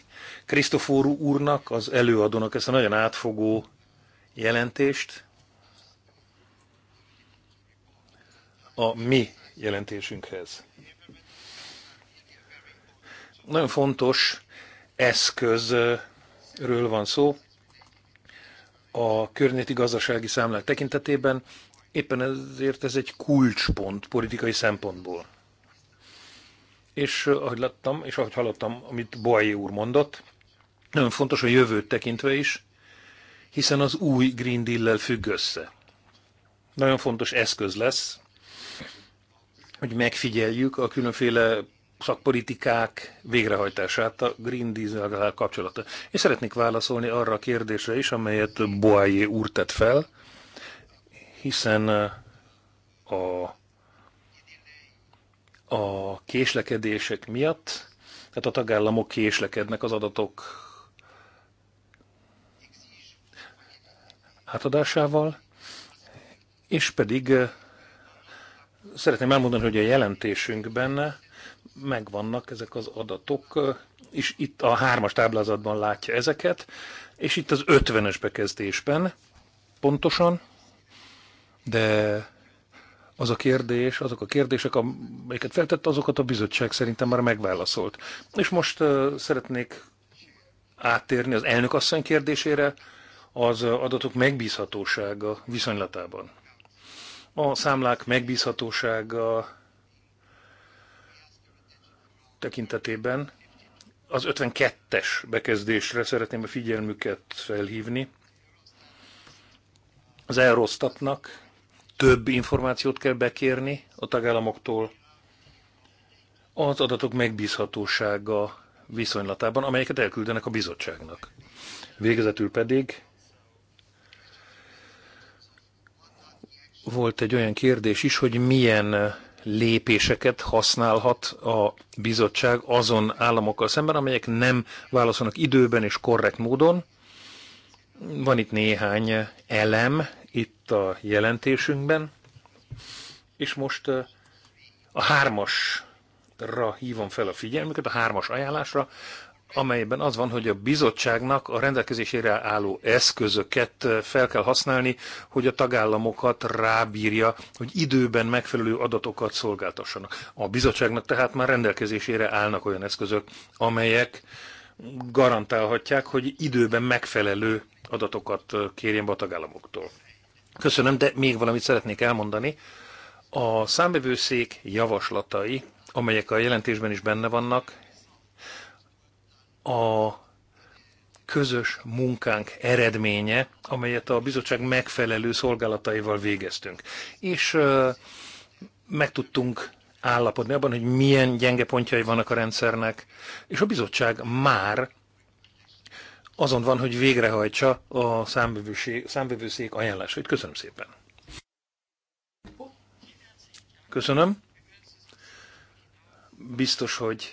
Krisztofóru úrnak, az előadónak ezt a nagyon átfogó jelentést. A mi jelentésünkhez. Nagyon fontos eszközről van szó a környéti gazdasági számlák tekintetében, éppen ezért ez egy kulcspont politikai szempontból. És eh, ahogy láttam, és ahogy hallottam, amit Boajé úr mondott, nagyon fontos a jövőt tekintve is, hiszen az új Green Deal-lel függ össze. Nagyon fontos eszköz lesz, hogy megfigyeljük a különféle szakpolitikák végrehajtását a Green diesel vel kapcsolatban. És szeretnék válaszolni arra a kérdésre is, amelyet Boájé úr tett fel, hiszen a, a késlekedések miatt, tehát a tagállamok késlekednek az adatok átadásával, és pedig szeretném elmondani, hogy a jelentésünkben megvannak ezek az adatok, és itt a hármas táblázatban látja ezeket, és itt az ötvenes bekezdésben pontosan, de az a kérdés, azok a kérdések, amiket feltett, azokat a bizottság szerintem már megválaszolt. És most uh, szeretnék áttérni az asszony kérdésére az adatok megbízhatósága viszonylatában. A számlák megbízhatósága tekintetében az 52-es bekezdésre szeretném a figyelmüket felhívni. Az elrosztatnak több információt kell bekérni a tagállamoktól az adatok megbízhatósága viszonylatában, amelyeket elküldenek a bizottságnak. Végezetül pedig volt egy olyan kérdés is, hogy milyen lépéseket használhat a bizottság azon államokkal szemben, amelyek nem válaszolnak időben és korrekt módon. Van itt néhány elem itt a jelentésünkben, és most a hármasra hívom fel a figyelmüket, a hármas ajánlásra, amelyben az van, hogy a bizottságnak a rendelkezésére álló eszközöket fel kell használni, hogy a tagállamokat rábírja, hogy időben megfelelő adatokat szolgáltassanak. A bizottságnak tehát már rendelkezésére állnak olyan eszközök, amelyek garantálhatják, hogy időben megfelelő adatokat kérjen be a tagállamoktól. Köszönöm, de még valamit szeretnék elmondani. A számbevőszék javaslatai, amelyek a jelentésben is benne vannak, a közös munkánk eredménye, amelyet a bizottság megfelelő szolgálataival végeztünk. És meg tudtunk állapodni abban, hogy milyen gyenge pontjai vannak a rendszernek, és a bizottság már azon van, hogy végrehajtsa a számbevőszék ajánlásait. Köszönöm szépen. Köszönöm. Biztos, hogy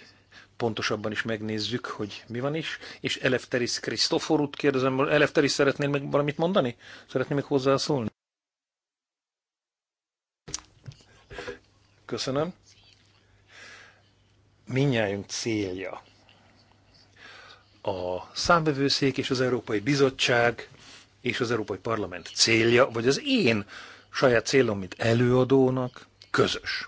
pontosabban is megnézzük, hogy mi van is. És Elefteris Krisztoforút kérdezem, Elefteris szeretnél még valamit mondani? Szeretnél még hozzászólni? Köszönöm. Minnyájunk célja a számbevőszék és az Európai Bizottság és az Európai Parlament célja, vagy az én saját célom, mint előadónak közös.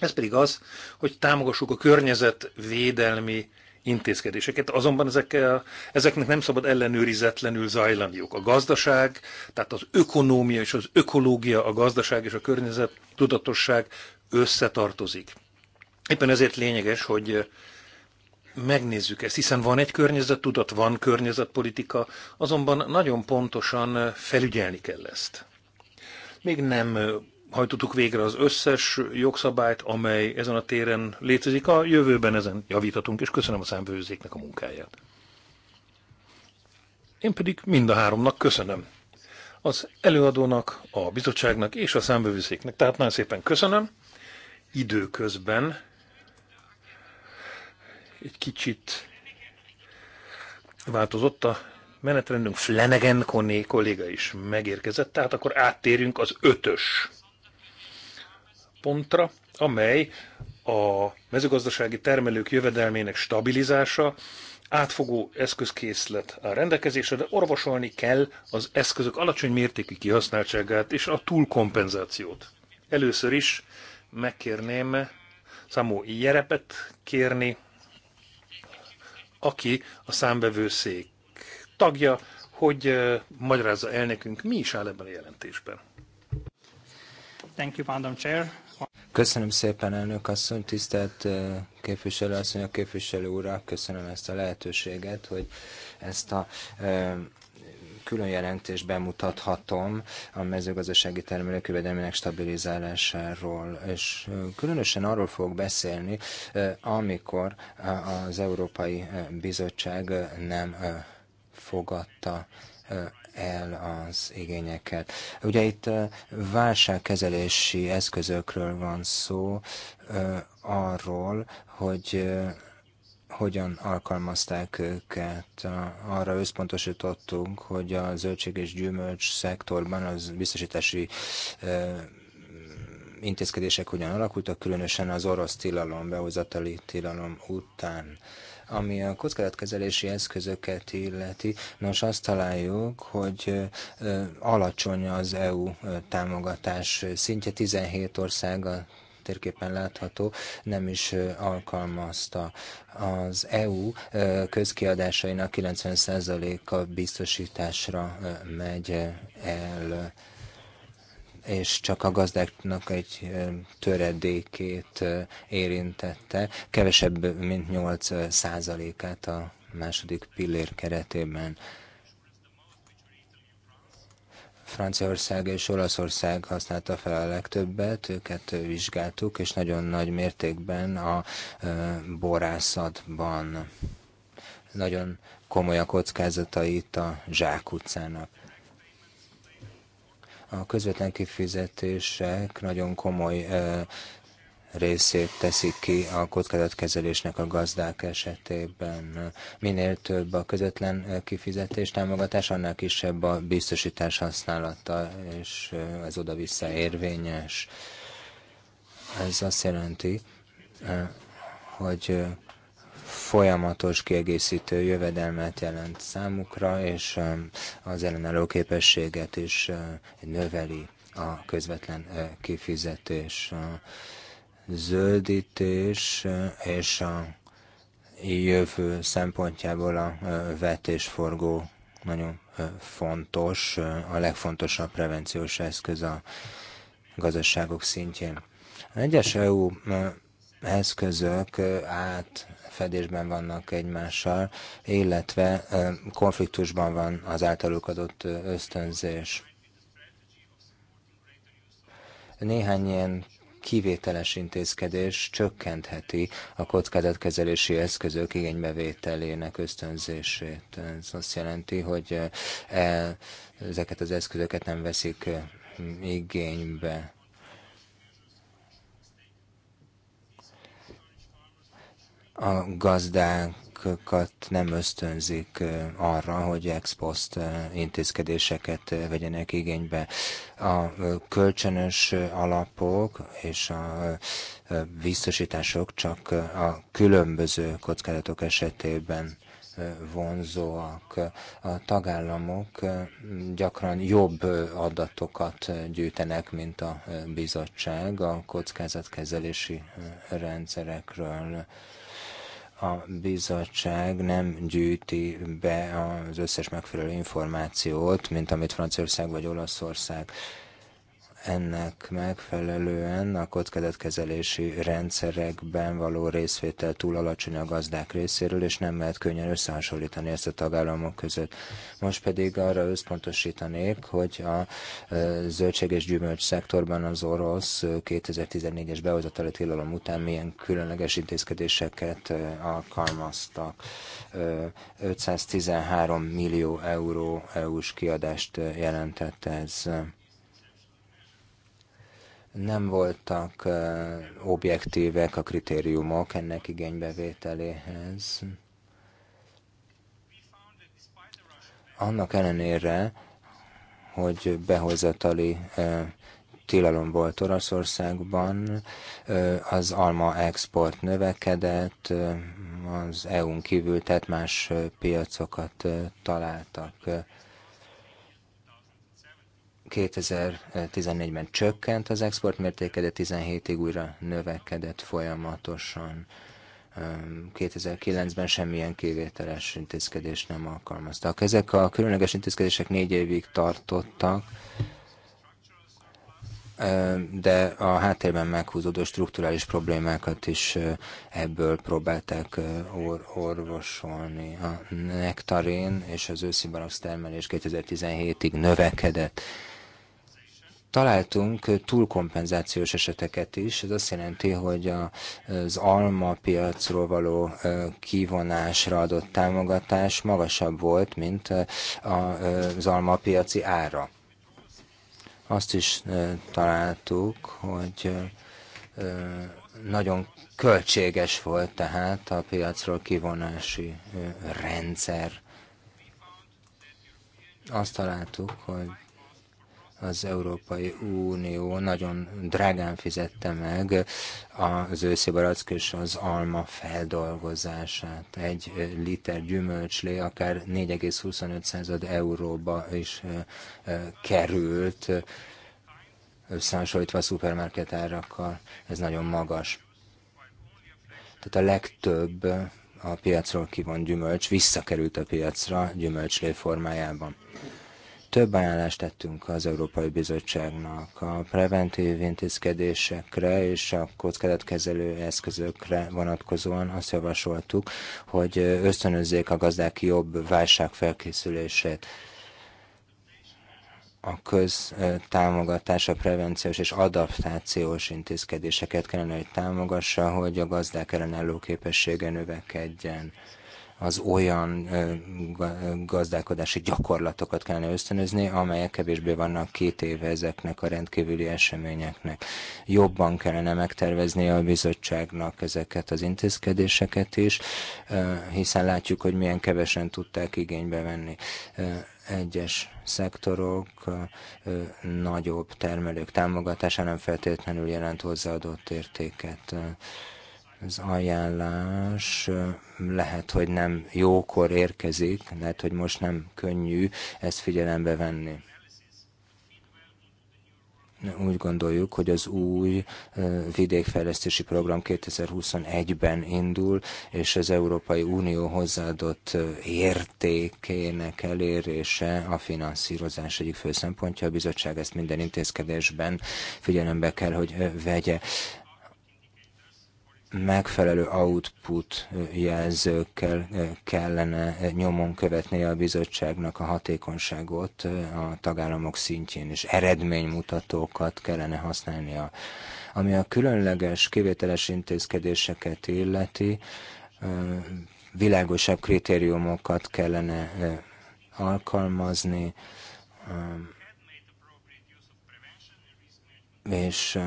Ez pedig az, hogy támogassuk a környezetvédelmi intézkedéseket, azonban ezekkel, ezeknek nem szabad ellenőrizetlenül zajlaniuk. A gazdaság, tehát az ökonómia és az ökológia, a gazdaság és a környezet tudatosság összetartozik. Éppen ezért lényeges, hogy megnézzük ezt, hiszen van egy környezet, tudat van környezetpolitika, azonban nagyon pontosan felügyelni kell ezt. Még nem hajtottuk végre az összes jogszabályt, amely ezen a téren létezik. A jövőben ezen javítatunk, és köszönöm a számvőzéknek a munkáját. Én pedig mind a háromnak köszönöm. Az előadónak, a bizottságnak és a számbevőszéknek. Tehát nagyon szépen köszönöm. Időközben egy kicsit változott a menetrendünk. Flanagan Koné kolléga is megérkezett, tehát akkor áttérünk az ötös pontra, amely a mezőgazdasági termelők jövedelmének stabilizása, átfogó eszközkészlet a rendelkezésre, de orvosolni kell az eszközök alacsony mértékű kihasználtságát és a túlkompenzációt. Először is megkérném Szamó Jerepet kérni, aki a számbevőszék tagja, hogy magyarázza el nekünk, mi is áll ebben a jelentésben. Thank you, Madam Chair. Köszönöm szépen, elnök asszony, tisztelt képviselő asszony, a képviselő úrra, köszönöm ezt a lehetőséget, hogy ezt a külön jelentést bemutathatom a mezőgazdasági termelők jövedelmének stabilizálásáról, és különösen arról fogok beszélni, amikor az Európai Bizottság nem fogadta el az igényeket. Ugye itt válságkezelési eszközökről van szó, arról, hogy hogyan alkalmazták őket. Arra összpontosítottunk, hogy a zöldség és gyümölcs szektorban az biztosítási intézkedések hogyan alakultak, különösen az orosz tilalom, behozatali tilalom után. Ami a kockázatkezelési eszközöket illeti, nos azt találjuk, hogy alacsony az EU támogatás szintje, 17 ország a térképen látható, nem is alkalmazta. Az EU közkiadásainak 90%-a biztosításra megy el és csak a gazdáknak egy töredékét érintette, kevesebb, mint 8 százalékát a második pillér keretében. Franciaország és Olaszország használta fel a legtöbbet, őket vizsgáltuk, és nagyon nagy mértékben a borászatban. Nagyon komoly a itt a utcának. A közvetlen kifizetések nagyon komoly részét teszik ki a kockázatkezelésnek a gazdák esetében. Minél több a közvetlen kifizetés támogatás, annál kisebb a biztosítás használata, és ez oda-vissza érvényes. Ez azt jelenti, hogy folyamatos kiegészítő jövedelmet jelent számukra, és um, az ellenálló képességet is uh, növeli a közvetlen uh, kifizetés. A uh, zöldítés és a jövő szempontjából a vetésforgó nagyon fontos, a legfontosabb prevenciós eszköz a gazdaságok szintjén. Egyes EU eszközök át összefedésben vannak egymással, illetve konfliktusban van az általuk adott ösztönzés. Néhány ilyen kivételes intézkedés csökkentheti a kockázatkezelési eszközök igénybevételének ösztönzését. Ez azt jelenti, hogy e, ezeket az eszközöket nem veszik igénybe. a gazdákat nem ösztönzik arra, hogy ex post intézkedéseket vegyenek igénybe. A kölcsönös alapok és a biztosítások csak a különböző kockázatok esetében vonzóak. A tagállamok gyakran jobb adatokat gyűjtenek, mint a bizottság a kockázatkezelési rendszerekről a bizottság nem gyűjti be az összes megfelelő információt, mint amit Franciaország vagy Olaszország ennek megfelelően a kockázatkezelési rendszerekben való részvétel túl alacsony a gazdák részéről, és nem lehet könnyen összehasonlítani ezt a tagállamok között. Most pedig arra összpontosítanék, hogy a zöldség és gyümölcs szektorban az orosz 2014-es behozatali tilalom után milyen különleges intézkedéseket alkalmaztak. 513 millió euró EU-s kiadást jelentett ez nem voltak objektívek a kritériumok ennek igénybevételéhez. Annak ellenére, hogy behozatali tilalom volt Oroszországban, az alma export növekedett, az EU-n kívül, tehát más piacokat találtak 2014-ben csökkent az export mértéke, de 17-ig újra növekedett folyamatosan. 2009-ben semmilyen kivételes intézkedést nem alkalmaztak. Ezek a különleges intézkedések négy évig tartottak, de a háttérben meghúzódó strukturális problémákat is ebből próbálták or- orvosolni. A nektarén és az őszi termelés 2017-ig növekedett. Találtunk túlkompenzációs eseteket is, ez azt jelenti, hogy az alma piacról való kivonásra adott támogatás magasabb volt, mint az alma piaci ára. Azt is találtuk, hogy nagyon költséges volt tehát a piacról kivonási rendszer. Azt találtuk, hogy az Európai Unió nagyon drágán fizette meg az őszi barack és az alma feldolgozását. Egy liter gyümölcslé akár 4,25 euróba is került, összehasonlítva a szupermarket árakkal. Ez nagyon magas. Tehát a legtöbb a piacról kivon gyümölcs visszakerült a piacra gyümölcslé formájában. Több ajánlást tettünk az Európai Bizottságnak a preventív intézkedésekre és a kockázatkezelő eszközökre vonatkozóan azt javasoltuk, hogy ösztönözzék a gazdák jobb felkészülését, a köztámogatás, a prevenciós és adaptációs intézkedéseket kellene, hogy támogassa, hogy a gazdák ellenálló képessége növekedjen az olyan gazdálkodási gyakorlatokat kellene ösztönözni, amelyek kevésbé vannak két éve ezeknek a rendkívüli eseményeknek. Jobban kellene megtervezni a bizottságnak ezeket az intézkedéseket is, hiszen látjuk, hogy milyen kevesen tudták igénybe venni egyes szektorok nagyobb termelők támogatása nem feltétlenül jelent hozzáadott értéket az ajánlás lehet, hogy nem jókor érkezik, lehet, hogy most nem könnyű ezt figyelembe venni. Úgy gondoljuk, hogy az új vidékfejlesztési program 2021-ben indul, és az Európai Unió hozzáadott értékének elérése a finanszírozás egyik fő szempontja. A bizottság ezt minden intézkedésben figyelembe kell, hogy vegye megfelelő output jelzőkkel eh, kellene eh, nyomon követnie a bizottságnak a hatékonyságot eh, a tagállamok szintjén, és eredménymutatókat kellene használnia. Ami a különleges kivételes intézkedéseket illeti, világosabb kritériumokat kellene alkalmazni, és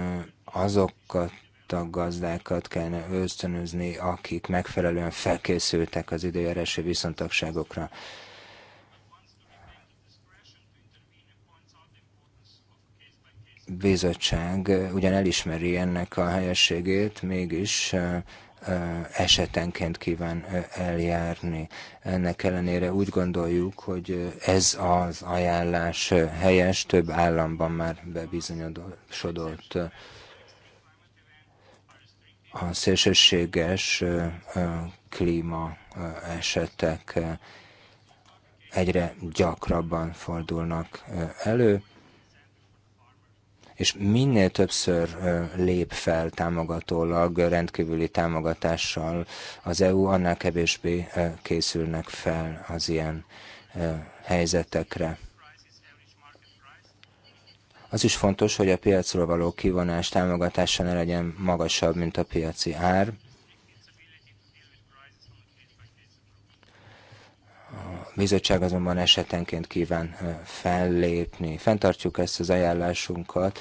azokat fiatal gazdákat kellene ösztönözni, akik megfelelően felkészültek az időjárási viszontagságokra. bizottság ugyan elismeri ennek a helyességét, mégis esetenként kíván eljárni. Ennek ellenére úgy gondoljuk, hogy ez az ajánlás helyes, több államban már bebizonyosodott a szélsőséges klíma esetek egyre gyakrabban fordulnak elő, és minél többször lép fel támogatólag, rendkívüli támogatással az EU, annál kevésbé készülnek fel az ilyen helyzetekre. Az is fontos, hogy a piacról való kivonás támogatása ne legyen magasabb, mint a piaci ár. A bizottság azonban esetenként kíván fellépni. Fentartjuk ezt az ajánlásunkat,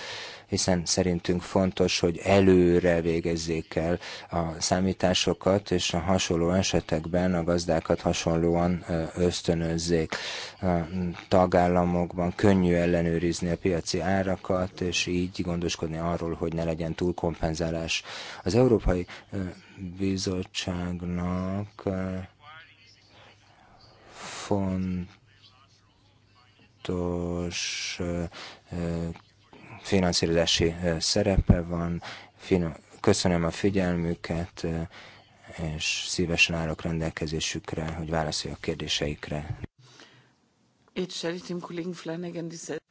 hiszen szerintünk fontos, hogy előre végezzék el a számításokat, és a hasonló esetekben a gazdákat hasonlóan ösztönözzék. A tagállamokban könnyű ellenőrizni a piaci árakat, és így gondoskodni arról, hogy ne legyen túlkompenzálás. Az Európai Bizottságnak fontos fontos finanszírozási szerepe van. Köszönöm a figyelmüket, és szívesen állok rendelkezésükre, hogy válaszoljak kérdéseikre.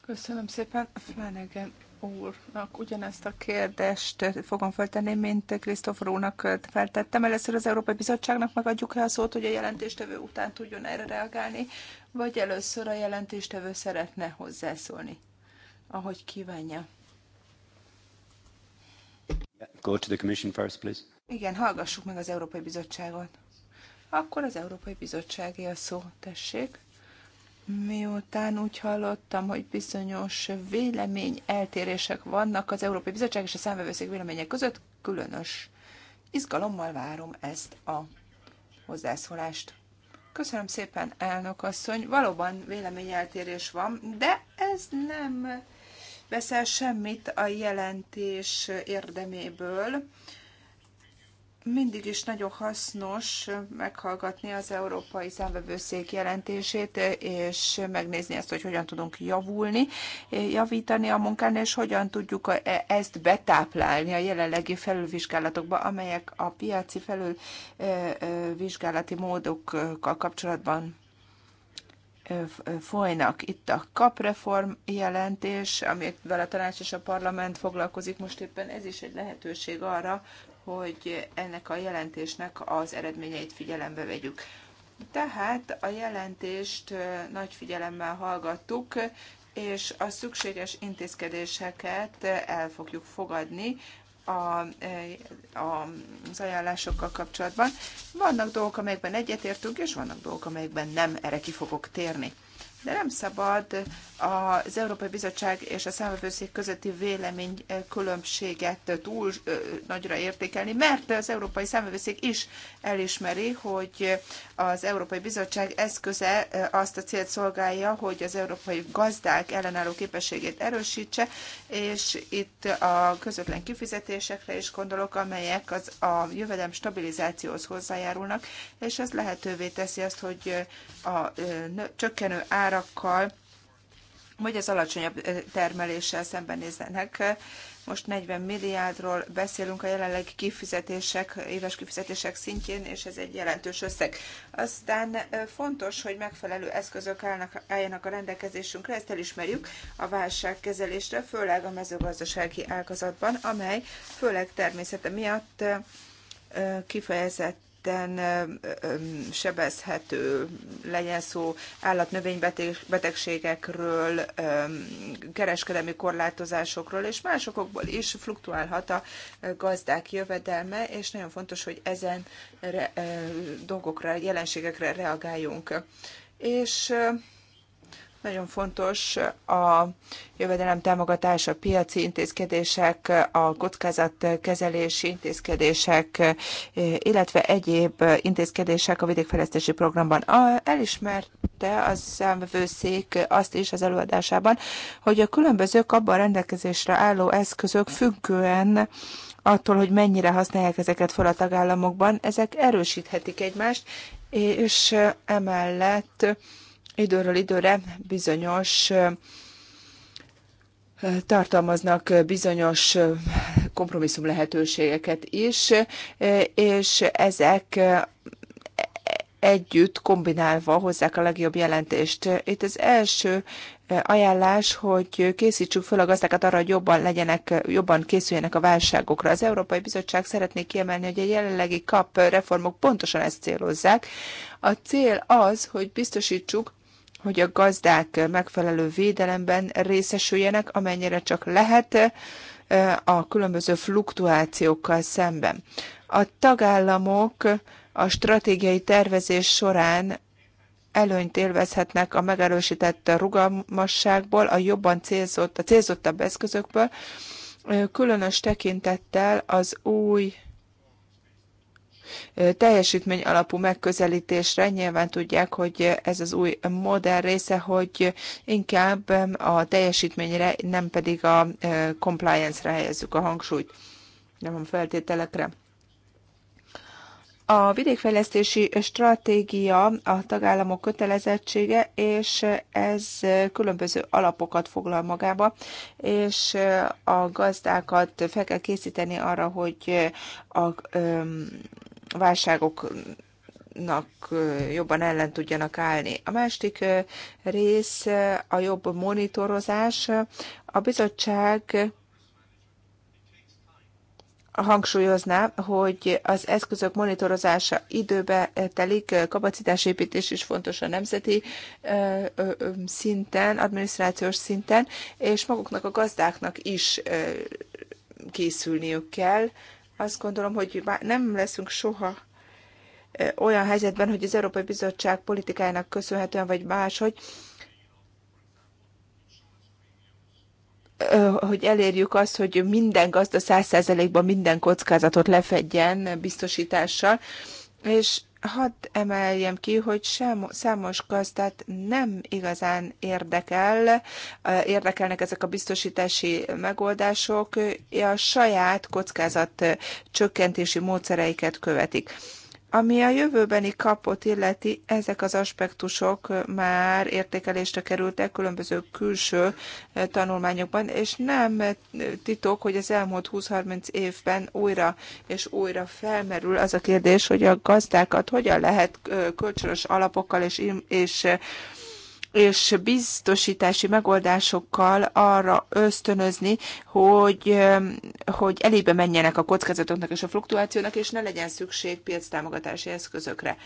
Köszönöm szépen Flanagan úrnak ugyanezt a kérdést fogom feltenni, mint Krisztofor úrnak feltettem. Először az Európai Bizottságnak megadjuk el a szót, hogy a jelentéstevő után tudjon erre reagálni, vagy először a jelentéstevő szeretne hozzászólni? ahogy kívánja. Go to the commission first, please. Igen, hallgassuk meg az Európai Bizottságot. Akkor az Európai Bizottságé a szó, tessék. Miután úgy hallottam, hogy bizonyos vélemény eltérések vannak az Európai Bizottság és a számvevőszék vélemények között, különös izgalommal várom ezt a hozzászólást. Köszönöm szépen, elnök asszony. Valóban véleményeltérés van, de ez nem veszel semmit a jelentés érdeméből. Mindig is nagyon hasznos meghallgatni az Európai Számvevőszék jelentését, és megnézni ezt, hogy hogyan tudunk javulni, javítani a munkán, és hogyan tudjuk e- ezt betáplálni a jelenlegi felülvizsgálatokba, amelyek a piaci felülvizsgálati módokkal kapcsolatban folynak. Itt a kapreform jelentés, amit a tanács és a parlament foglalkozik most éppen, ez is egy lehetőség arra, hogy ennek a jelentésnek az eredményeit figyelembe vegyük. Tehát a jelentést nagy figyelemmel hallgattuk, és a szükséges intézkedéseket el fogjuk fogadni a, eh, a, az ajánlásokkal kapcsolatban. Vannak dolgok, amelyekben egyetértünk, és vannak dolgok, amelyekben nem, erre ki fogok térni de nem szabad az Európai Bizottság és a számvevőszék közötti vélemény eh, különbséget eh, túl eh, nagyra értékelni, mert az Európai Számvevőszék is elismeri, hogy az Európai Bizottság eszköze azt a célt szolgálja, hogy az európai gazdák ellenálló képességét erősítse, és itt a közvetlen kifizetésekre is gondolok, amelyek az a jövedelem stabilizációhoz hozzájárulnak, és ez lehetővé teszi azt, hogy a csökkenő ár árakkal, vagy az alacsonyabb termeléssel szembenéznek. Most 40 milliárdról beszélünk a jelenlegi kifizetések, éves kifizetések szintjén, és ez egy jelentős összeg. Aztán fontos, hogy megfelelő eszközök állnak, álljanak a rendelkezésünkre, ezt elismerjük a válságkezelésre, főleg a mezőgazdasági ágazatban, amely főleg természete miatt kifejezett kifejezetten sebezhető, legyen szó állatnövénybetegségekről, kereskedelmi korlátozásokról, és másokból is fluktuálhat a gazdák jövedelme, és nagyon fontos, hogy ezen dolgokra, jelenségekre reagáljunk. És nagyon fontos a jövedelem támogatás, a piaci intézkedések, a kockázatkezelési intézkedések, illetve egyéb intézkedések a vidékfejlesztési programban. Elismerte a számvevőszék azt is az előadásában, hogy a különböző abban rendelkezésre álló eszközök függően attól, hogy mennyire használják ezeket fel a tagállamokban, ezek erősíthetik egymást, és emellett időről időre bizonyos tartalmaznak bizonyos kompromisszum lehetőségeket is, és ezek együtt kombinálva hozzák a legjobb jelentést. Itt az első ajánlás, hogy készítsük fel a gazdákat arra, hogy jobban legyenek, jobban készüljenek a válságokra. Az Európai Bizottság szeretné kiemelni, hogy a jelenlegi kap reformok pontosan ezt célozzák. A cél az, hogy biztosítsuk, hogy a gazdák megfelelő védelemben részesüljenek, amennyire csak lehet eh, a különböző fluktuációkkal szemben. A tagállamok a stratégiai tervezés során előnyt élvezhetnek a megerősített rugalmasságból, a jobban célzott, a célzottabb eszközökből, eh, különös tekintettel az új teljesítmény alapú megközelítésre. Nyilván tudják, hogy ez az új modell része, hogy inkább a teljesítményre, nem pedig a compliance-re helyezzük a hangsúlyt, nem a feltételekre. A vidékfejlesztési stratégia a tagállamok kötelezettsége, és ez különböző alapokat foglal magába, és a gazdákat fel kell készíteni arra, hogy a válságoknak jobban ellen tudjanak állni. A másik rész a jobb monitorozás. A bizottság hangsúlyozná, hogy az eszközök monitorozása időbe telik, kapacitásépítés is fontos a nemzeti szinten, adminisztrációs szinten, és maguknak a gazdáknak is készülniük kell azt gondolom, hogy nem leszünk soha olyan helyzetben, hogy az Európai Bizottság politikájának köszönhetően, vagy máshogy, hogy elérjük azt, hogy minden gazda 100%-ban minden kockázatot lefedjen biztosítással, és Hadd emeljem ki, hogy sem, számos gazdát nem igazán érdekel, érdekelnek ezek a biztosítási megoldások, a saját kockázat csökkentési módszereiket követik. Ami a jövőbeni kapot illeti, ezek az aspektusok már értékelésre kerültek különböző külső eh, tanulmányokban, és nem eh, titok, hogy az elmúlt 20-30 évben újra és újra felmerül az a kérdés, hogy a gazdákat hogyan lehet eh, kölcsönös alapokkal és, és és biztosítási megoldásokkal arra ösztönözni, hogy, hogy elébe menjenek a kockázatoknak és a fluktuációnak, és ne legyen szükség támogatási eszközökre.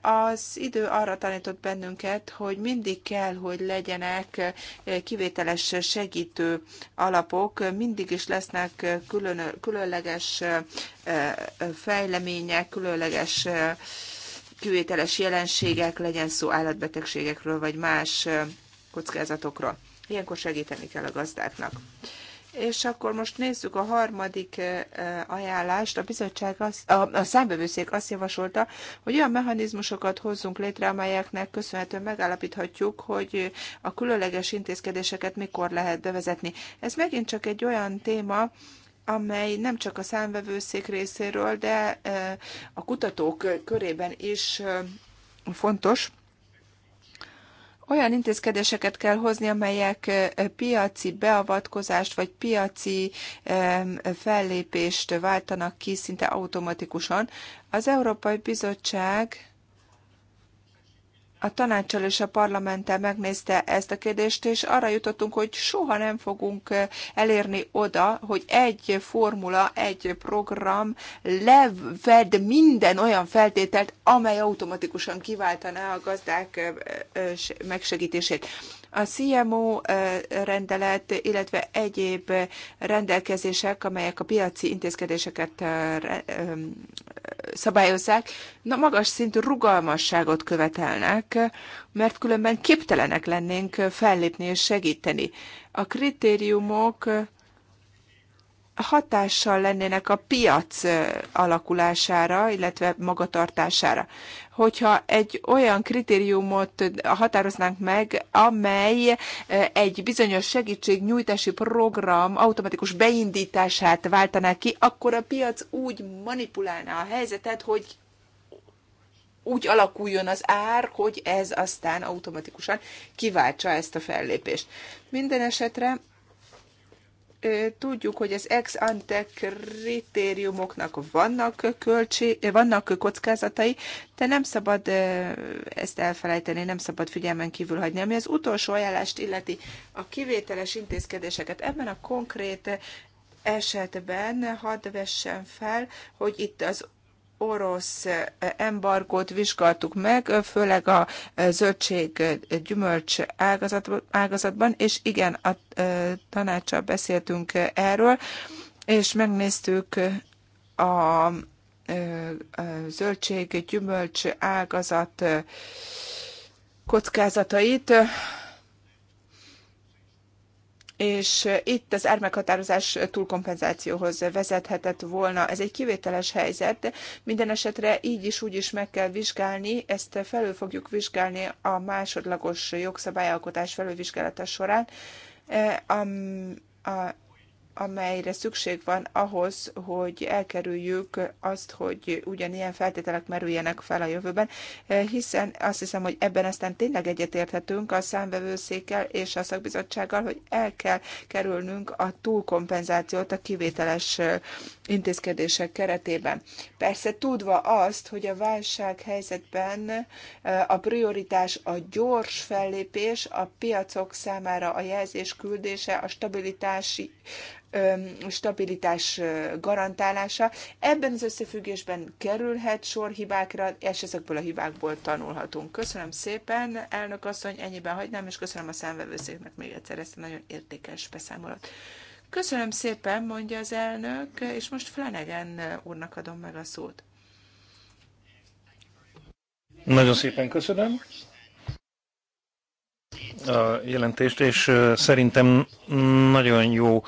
Az idő arra tanított bennünket, hogy mindig kell, hogy legyenek kivételes segítő alapok, mindig is lesznek külön, különleges fejlemények, különleges kivételes jelenségek, legyen szó állatbetegségekről, vagy más kockázatokról. Ilyenkor segíteni kell a gazdáknak. És akkor most nézzük a harmadik ajánlást. A bizottság, azt, a, a számbevőszék azt javasolta, hogy olyan mechanizmusokat hozzunk létre, amelyeknek köszönhetően megállapíthatjuk, hogy a különleges intézkedéseket mikor lehet bevezetni. Ez megint csak egy olyan téma, amely nem csak a számvevőszék részéről, de a kutatók körében is fontos. Olyan intézkedéseket kell hozni, amelyek piaci beavatkozást vagy piaci fellépést váltanak ki szinte automatikusan. Az Európai Bizottság a tanácssal és a parlamenttel megnézte ezt a kérdést, és arra jutottunk, hogy soha nem fogunk eh, elérni oda, hogy egy formula, egy program leved minden olyan feltételt, amely automatikusan kiváltaná a gazdák eh, eh, megsegítését. A CMO rendelet, illetve egyéb rendelkezések, amelyek a piaci intézkedéseket szabályozzák, na magas szintű rugalmasságot követelnek, mert különben képtelenek lennénk fellépni és segíteni. A kritériumok hatással lennének a piac alakulására, illetve magatartására. Hogyha egy olyan kritériumot határoznánk meg, amely egy bizonyos segítségnyújtási program automatikus beindítását váltaná ki, akkor a piac úgy manipulálná a helyzetet, hogy úgy alakuljon az ár, hogy ez aztán automatikusan kiváltsa ezt a fellépést. Minden esetre tudjuk, hogy az ex ante kritériumoknak vannak, költség, vannak kockázatai, de nem szabad ezt elfelejteni, nem szabad figyelmen kívül hagyni. Ami az utolsó ajánlást illeti a kivételes intézkedéseket, ebben a konkrét esetben hadd vessen fel, hogy itt az orosz embargót vizsgáltuk meg, főleg a zöldség gyümölcs ágazatban, és igen, a tanácsal beszéltünk erről, és megnéztük a zöldség gyümölcs ágazat kockázatait és eh, itt az ármeghatározás túlkompenzációhoz vezethetett volna. Ez egy kivételes helyzet, de minden esetre így is úgy is meg kell vizsgálni, ezt felül fogjuk vizsgálni a másodlagos jogszabályalkotás felülvizsgálata során, eh, a, a amelyre szükség van ahhoz, hogy elkerüljük azt, hogy ugyanilyen feltételek merüljenek fel a jövőben, hiszen azt hiszem, hogy ebben aztán tényleg egyetérthetünk a számvevőszékkel és a szakbizottsággal, hogy el kell kerülnünk a túlkompenzációt, a kivételes intézkedések keretében. Persze tudva azt, hogy a válság helyzetben eh, a prioritás a gyors fellépés, a piacok számára a jelzés küldése, a stabilitási stabilitás eh, garantálása. Ebben az összefüggésben kerülhet sor hibákra, és ezekből a hibákból tanulhatunk. Köszönöm szépen, elnök asszony, ennyiben hagynám, és köszönöm a számvevőszéknek még egyszer ezt a nagyon értékes beszámolót. Köszönöm szépen, mondja az elnök, és most Flanagan úrnak adom meg a szót. Nagyon szépen köszönöm a jelentést, és szerintem nagyon jó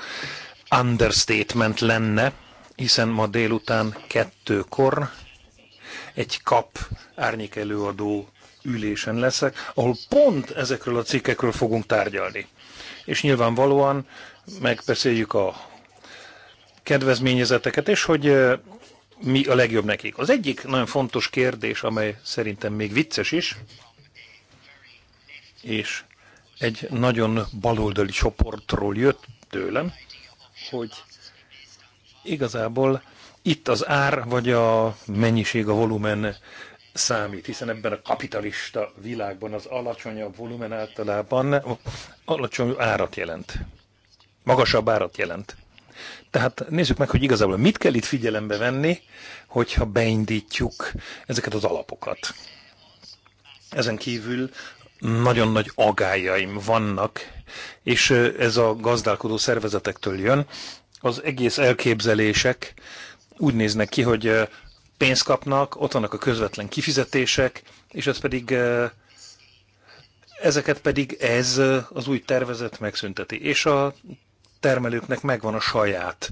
understatement lenne, hiszen ma délután kettőkor egy kap árnyék előadó ülésen leszek, ahol pont ezekről a cikkekről fogunk tárgyalni. És nyilvánvalóan megbeszéljük a kedvezményezeteket, és hogy mi a legjobb nekik. Az egyik nagyon fontos kérdés, amely szerintem még vicces is, és egy nagyon baloldali csoportról jött tőlem, hogy igazából itt az ár vagy a mennyiség, a volumen számít, hiszen ebben a kapitalista világban az alacsonyabb volumen általában alacsony árat jelent magasabb árat jelent. Tehát nézzük meg, hogy igazából mit kell itt figyelembe venni, hogyha beindítjuk ezeket az alapokat. Ezen kívül nagyon nagy agályaim vannak, és ez a gazdálkodó szervezetektől jön. Az egész elképzelések úgy néznek ki, hogy pénzt kapnak, ott vannak a közvetlen kifizetések, és ez pedig ezeket pedig ez az új tervezet megszünteti. És a termelőknek megvan a saját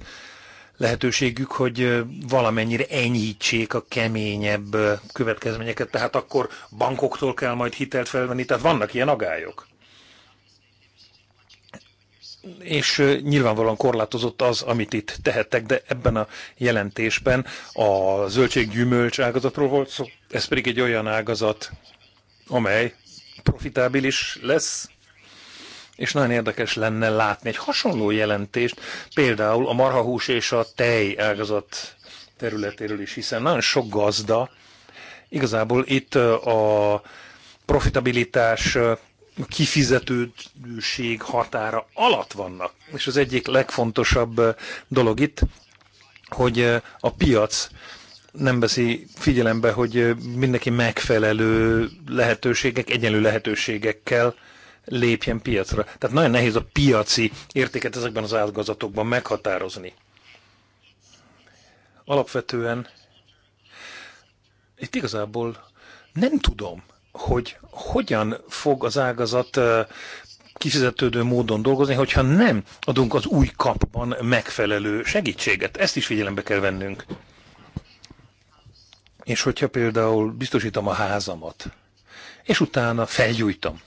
lehetőségük, hogy valamennyire enyhítsék a keményebb következményeket, tehát akkor bankoktól kell majd hitelt felvenni, tehát vannak ilyen agályok. És nyilvánvalóan korlátozott az, amit itt tehettek, de ebben a jelentésben a zöldséggyümölcs ágazatról volt szó, ez pedig egy olyan ágazat, amely profitábilis lesz, és nagyon érdekes lenne látni egy hasonló jelentést, például a marhahús és a tej ágazat területéről is, hiszen nagyon sok gazda, igazából itt a profitabilitás kifizetődőség határa alatt vannak. És az egyik legfontosabb dolog itt, hogy a piac nem veszi figyelembe, hogy mindenki megfelelő lehetőségek, egyenlő lehetőségekkel lépjen piacra. Tehát nagyon nehéz a piaci értéket ezekben az ágazatokban meghatározni. Alapvetően itt igazából nem tudom, hogy hogyan fog az ágazat kifizetődő módon dolgozni, hogyha nem adunk az új kapban megfelelő segítséget. Ezt is figyelembe kell vennünk. És hogyha például biztosítom a házamat, és utána felgyújtom,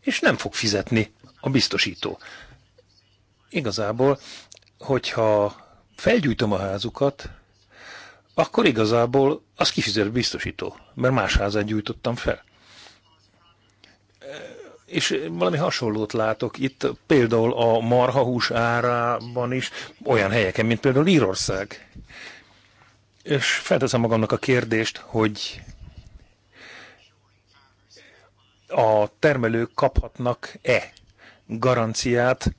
és nem fog fizetni a biztosító. Igazából, hogyha felgyújtom a házukat, akkor igazából az kifizet a biztosító, mert más házát gyújtottam fel. És valami hasonlót látok itt, például a marhahús árában is, olyan helyeken, mint például Írország. És felteszem magamnak a kérdést, hogy a termelők kaphatnak-e garanciát,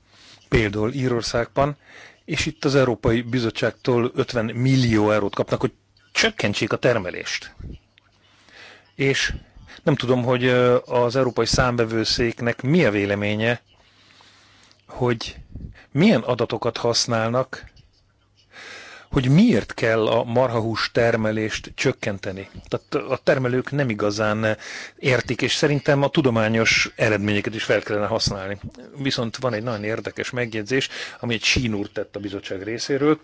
például Írországban, és itt az Európai Bizottságtól 50 millió eurót kapnak, hogy csökkentsék a termelést. És nem tudom, hogy az Európai Számbevőszéknek mi a véleménye, hogy milyen adatokat használnak hogy miért kell a marhahús termelést csökkenteni. Tehát a termelők nem igazán értik, és szerintem a tudományos eredményeket is fel kellene használni. Viszont van egy nagyon érdekes megjegyzés, ami egy sínúr tett a bizottság részéről,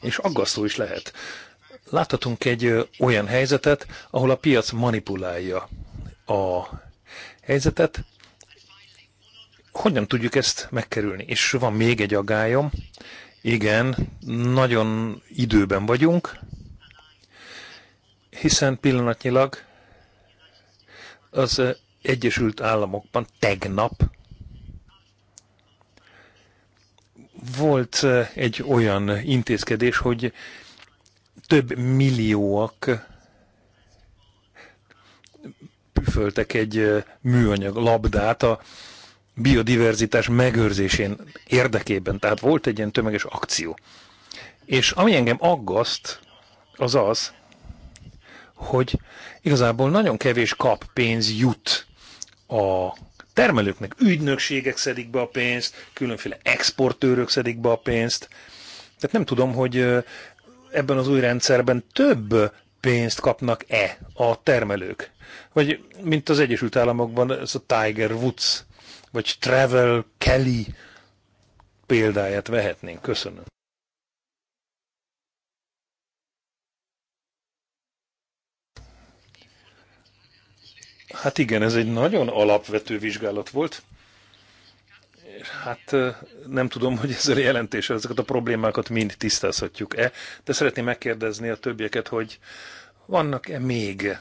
és aggasztó is lehet. Láthatunk egy olyan helyzetet, ahol a piac manipulálja a helyzetet, hogyan tudjuk ezt megkerülni? És van még egy agályom, igen, nagyon időben vagyunk, hiszen pillanatnyilag az eh, Egyesült Államokban tegnap volt eh, egy olyan intézkedés, hogy több millióak püföltek egy eh, műanyag labdát a biodiverzitás megőrzésén érdekében. Tehát volt egy ilyen tömeges akció. És ami engem aggaszt, az az, hogy igazából nagyon kevés kap pénz jut a termelőknek. Ügynökségek szedik be a pénzt, különféle exportőrök szedik be a pénzt. Tehát nem tudom, hogy ebben az új rendszerben több pénzt kapnak-e a termelők. Vagy mint az Egyesült Államokban ez a Tiger Woods vagy Travel Kelly példáját vehetnénk. Köszönöm. Hát igen, ez egy nagyon alapvető vizsgálat volt. Hát nem tudom, hogy ezzel a jelentéssel ezeket a problémákat mind tisztázhatjuk-e, de szeretném megkérdezni a többieket, hogy vannak-e még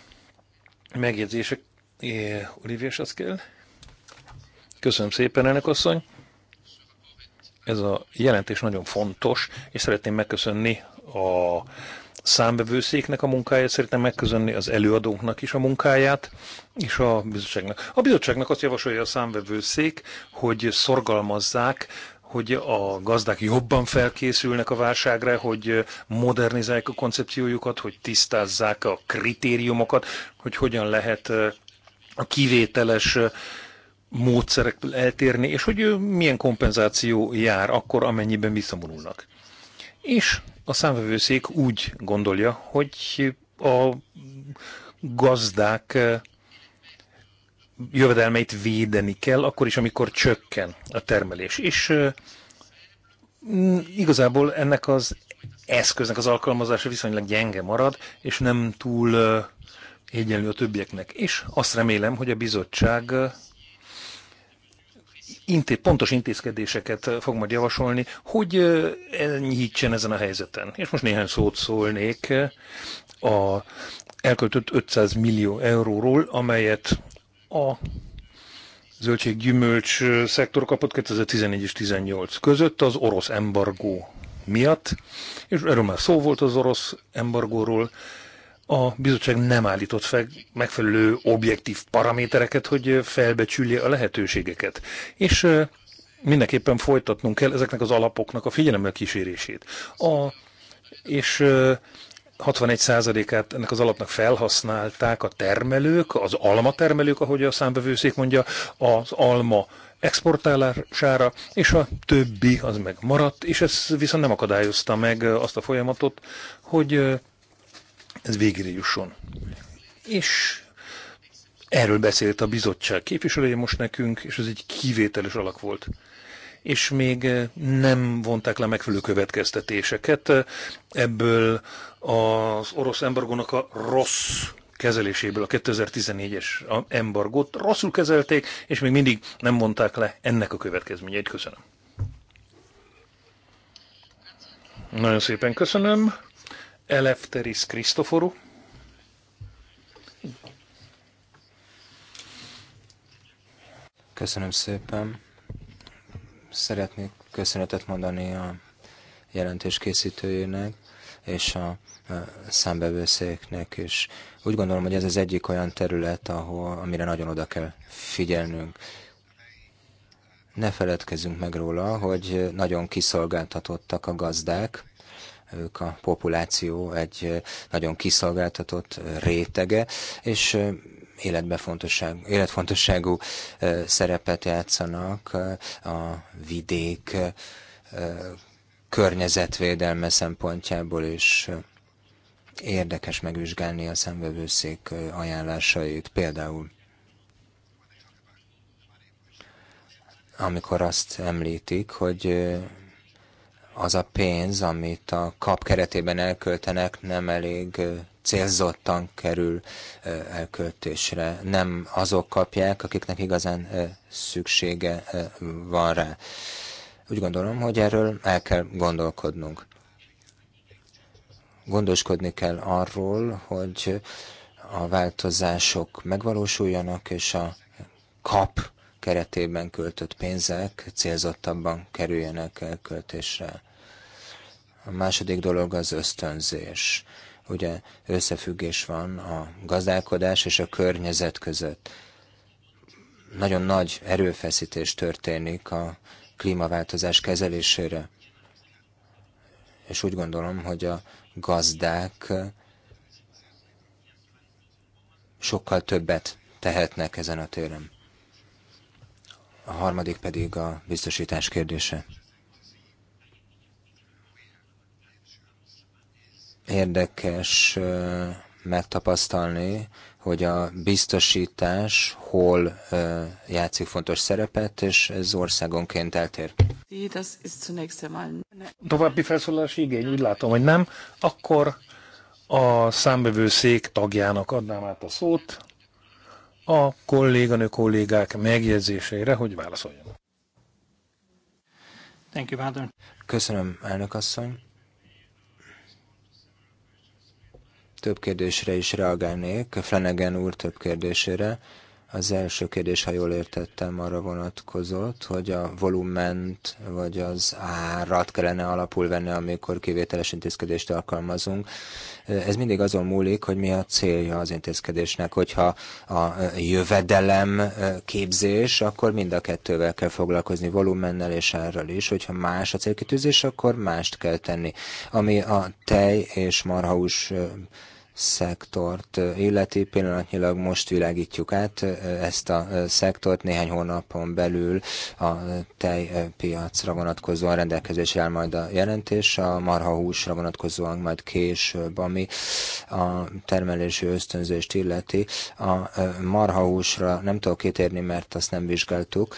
megjegyzések? É, azt kell? Köszönöm szépen, elnök asszony. Ez a jelentés nagyon fontos, és szeretném megköszönni a számbevőszéknek a munkáját, szeretném megköszönni az előadónknak is a munkáját, és a bizottságnak. A bizottságnak azt javasolja a számbevőszék, hogy szorgalmazzák, hogy a gazdák jobban felkészülnek a válságra, hogy modernizálják a koncepciójukat, hogy tisztázzák a kritériumokat, hogy hogyan lehet a kivételes módszerektől eltérni, és hogy milyen kompenzáció jár akkor, amennyiben visszavonulnak. És a számvevőszék úgy gondolja, hogy a gazdák eh, jövedelmeit védeni kell, akkor is, amikor csökken a termelés. És eh, igazából ennek az eszköznek az alkalmazása viszonylag gyenge marad, és nem túl eh, egyenlő a többieknek. És azt remélem, hogy a bizottság inté pontos intézkedéseket fog majd javasolni, hogy nyitsen ezen a helyzeten. És most néhány szót szólnék a elköltött 500 millió euróról, amelyet a zöldséggyümölcs szektor kapott 2014 és 2018 között az orosz embargó miatt, és erről már szó volt az orosz embargóról, a bizottság nem állított fel megfelelő objektív paramétereket, hogy felbecsülje a lehetőségeket. És mindenképpen folytatnunk kell ezeknek az alapoknak a figyelemmel kísérését. A, és 61%-át ennek az alapnak felhasználták a termelők, az termelők, ahogy a számbevőszék mondja, az alma exportálására, és a többi az megmaradt, és ez viszont nem akadályozta meg azt a folyamatot, hogy ez végére jusson. És erről beszélt a bizottság képviselője most nekünk, és ez egy kivételes alak volt. És még eh, nem vonták le megfelelő következtetéseket ebből az orosz embargónak a rossz kezeléséből, a 2014-es embargót rosszul kezelték, és még mindig nem vonták le ennek a következményeit. Köszönöm. Nagyon szépen köszönöm. Elefteris Christoforu Köszönöm szépen. Szeretnék köszönetet mondani a jelentés készítőjének és a számbevőszéknek, és úgy gondolom, hogy ez az egyik olyan terület, ahol, amire nagyon oda kell figyelnünk. Ne feledkezzünk meg róla, hogy nagyon kiszolgáltatottak a gazdák, ők a populáció egy nagyon kiszolgáltatott rétege, és életbefontosság, életfontosságú szerepet játszanak a vidék környezetvédelme szempontjából, és érdekes megvizsgálni a szemvevőszék ajánlásait. Például amikor azt említik, hogy az a pénz, amit a kap keretében elköltenek, nem elég célzottan kerül elköltésre. Nem azok kapják, akiknek igazán szüksége van rá. Úgy gondolom, hogy erről el kell gondolkodnunk. Gondoskodni kell arról, hogy a változások megvalósuljanak, és a kap keretében költött pénzek célzottabban kerüljenek költésre. A második dolog az ösztönzés. Ugye összefüggés van a gazdálkodás és a környezet között. Nagyon nagy erőfeszítés történik a klímaváltozás kezelésére. És úgy gondolom, hogy a gazdák sokkal többet tehetnek ezen a téren a harmadik pedig a biztosítás kérdése. Érdekes megtapasztalni, hogy a biztosítás hol játszik fontos szerepet, és ez országonként eltér. További felszólalási igény, úgy látom, hogy nem. Akkor a számbevőszék tagjának adnám át a szót, a kolléganő kollégák megjegyzéseire, hogy válaszoljon. Thank you, Madam. Köszönöm, elnök asszony. Több kérdésre is reagálnék, Flanagan úr több kérdésére. Az első kérdés, ha jól értettem, arra vonatkozott, hogy a volument vagy az árat kellene alapul venni, amikor kivételes intézkedést alkalmazunk. Ez mindig azon múlik, hogy mi a célja az intézkedésnek. Hogyha a jövedelem képzés, akkor mind a kettővel kell foglalkozni, volumennel és árral is. Hogyha más a célkitűzés, akkor mást kell tenni. Ami a tej és marhaus szektort illeti. Pillanatnyilag most világítjuk át ezt a szektort, néhány hónapon belül a tejpiacra vonatkozóan rendelkezésre áll majd a jelentés, a marhahúsra vonatkozóan majd később, ami a termelési ösztönzést illeti. A marhahúsra nem tudok kitérni, mert azt nem vizsgáltuk,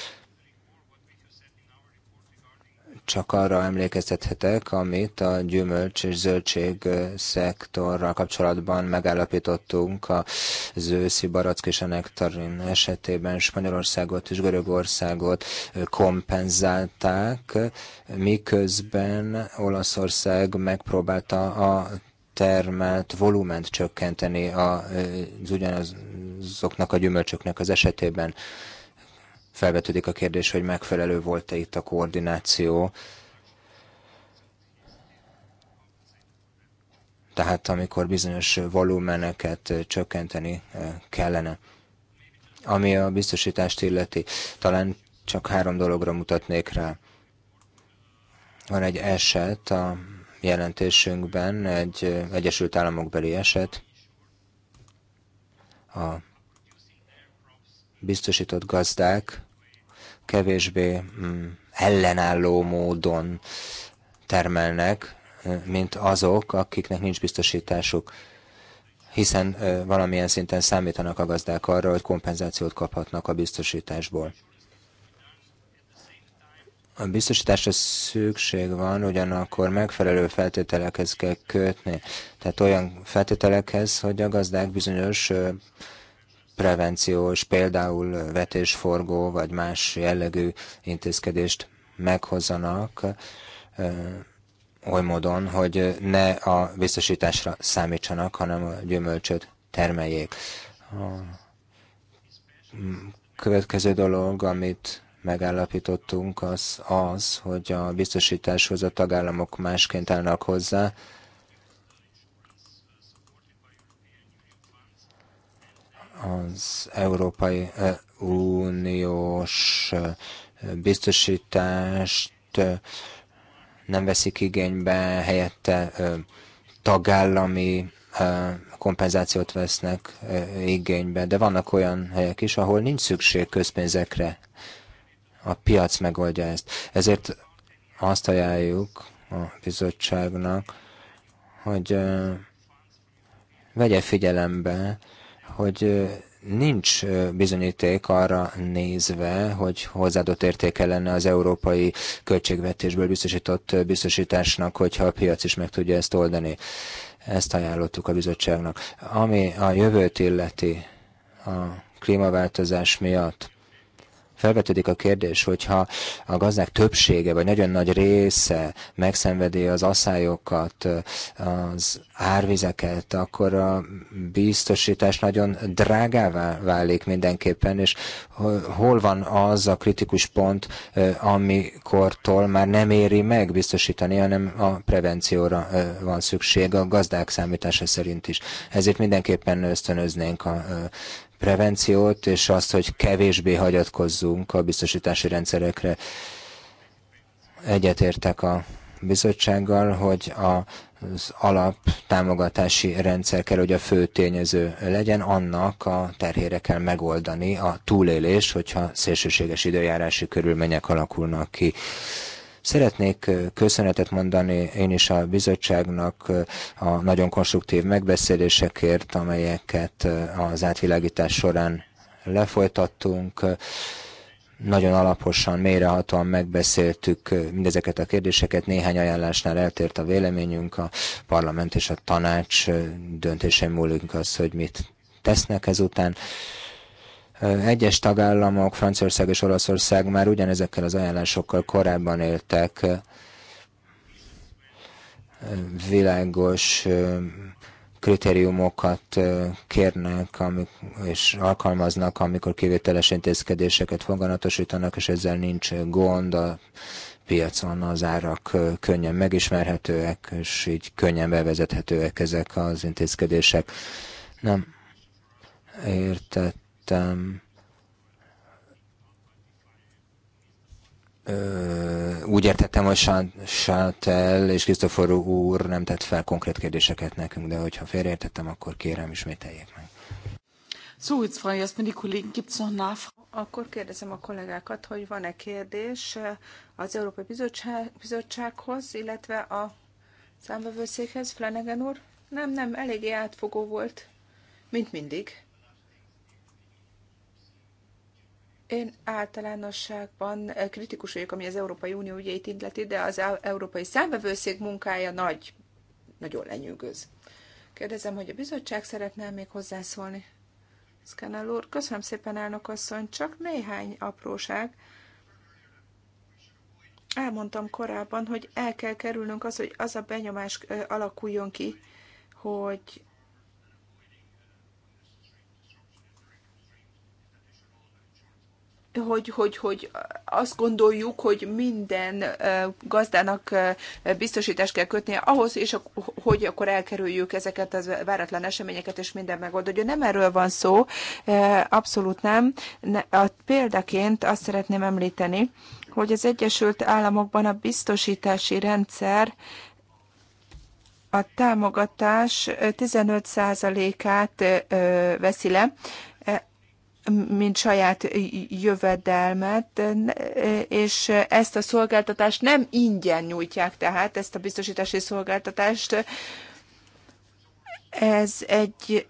csak arra emlékeztethetek, amit a gyümölcs és zöldség szektorral kapcsolatban megállapítottunk az őszi barack és a nektarin esetében Spanyolországot és Görögországot kompenzálták, miközben Olaszország megpróbálta a termelt volument csökkenteni az ugyanazoknak a gyümölcsöknek az esetében felvetődik a kérdés, hogy megfelelő volt-e itt a koordináció. Tehát amikor bizonyos volumeneket csökkenteni eh, kellene. Ami a biztosítást illeti, talán csak három dologra mutatnék rá. Van egy eset a jelentésünkben, egy eh, Egyesült Államokbeli eset, a biztosított gazdák kevésbé mm, ellenálló módon termelnek, mint azok, akiknek nincs biztosításuk, hiszen valamilyen szinten számítanak a gazdák arra, hogy kompenzációt kaphatnak a biztosításból. A biztosításra szükség van, ugyanakkor megfelelő feltételekhez kell kötni. Tehát olyan feltételekhez, hogy a gazdák bizonyos prevenciós, például vetésforgó vagy más jellegű intézkedést meghozzanak, oly módon, hogy ne a biztosításra számítsanak, hanem a gyümölcsöt termeljék. A következő dolog, amit megállapítottunk, az az, hogy a biztosításhoz a tagállamok másként állnak hozzá, az Európai Uniós biztosítást nem veszik igénybe, helyette tagállami kompenzációt vesznek igénybe, de vannak olyan helyek is, ahol nincs szükség közpénzekre. A piac megoldja ezt. Ezért azt ajánljuk a bizottságnak, hogy vegye figyelembe hogy nincs bizonyíték arra nézve, hogy hozzáadott értéke lenne az európai költségvetésből biztosított biztosításnak, hogyha a piac is meg tudja ezt oldani. Ezt ajánlottuk a bizottságnak. Ami a jövőt illeti a klímaváltozás miatt, felvetődik a kérdés, hogyha a gazdák többsége, vagy nagyon nagy része megszenvedi az aszályokat, az árvizeket, akkor a biztosítás nagyon drágává válik mindenképpen, és hol van az a kritikus pont, amikortól már nem éri meg biztosítani, hanem a prevencióra van szükség a gazdák számítása szerint is. Ezért mindenképpen ösztönöznénk a prevenciót, és azt, hogy kevésbé hagyatkozzunk a biztosítási rendszerekre. Egyetértek a bizottsággal, hogy a az alap támogatási rendszer kell, hogy a fő tényező legyen, annak a terhére kell megoldani a túlélés, hogyha szélsőséges időjárási körülmények alakulnak ki. Szeretnék köszönetet mondani én is a bizottságnak a nagyon konstruktív megbeszélésekért, amelyeket az átvilágítás során lefolytattunk nagyon alaposan, mélyrehatóan megbeszéltük mindezeket a kérdéseket, néhány ajánlásnál eltért a véleményünk, a parlament és a tanács döntésén múlunk az, hogy mit tesznek ezután. Egyes tagállamok, Franciaország és Olaszország már ugyanezekkel az ajánlásokkal korábban éltek világos kritériumokat kérnek és alkalmaznak, amikor kivételes intézkedéseket foganatosítanak, és ezzel nincs gond a piacon az árak könnyen megismerhetőek, és így könnyen bevezethetőek ezek az intézkedések. Nem értett voltam Ö, úgy értettem, hogy Sátel és Krisztofor úr nem tett fel konkrét kérdéseket nekünk, de hogyha félreértettem, akkor kérem, ismételjék meg. So, jetzt frage ich erstmal die Kollegen, noch Nachfragen? Akkor kérdezem a kollégákat, hogy van-e kérdés az Európai Bizottság, Bizottsághoz, illetve a számbevőszékhez, Flanagan úr? Nem, nem, eléggé átfogó volt, mint mindig. Én általánosságban eh, kritikus vagyok, ami az Európai Unió ügyeit illeti, de az Európai Számvevőszék munkája nagy, nagyon lenyűgöz. Kérdezem, hogy a bizottság szeretne még hozzászólni? Szkennel úr, köszönöm szépen, elnök asszony, csak néhány apróság. Elmondtam korábban, hogy el kell kerülnünk az, hogy az a benyomás eh, alakuljon ki, hogy hogy, hogy, hogy azt gondoljuk, hogy minden gazdának biztosítást kell kötnie ahhoz, és hogy akkor elkerüljük ezeket az váratlan eseményeket, és minden megoldódja. Nem erről van szó, abszolút nem. A példaként azt szeretném említeni, hogy az Egyesült Államokban a biztosítási rendszer a támogatás 15%-át veszi le mint saját jövedelmet, és ezt a szolgáltatást nem ingyen nyújtják, tehát ezt a biztosítási szolgáltatást. Ez egy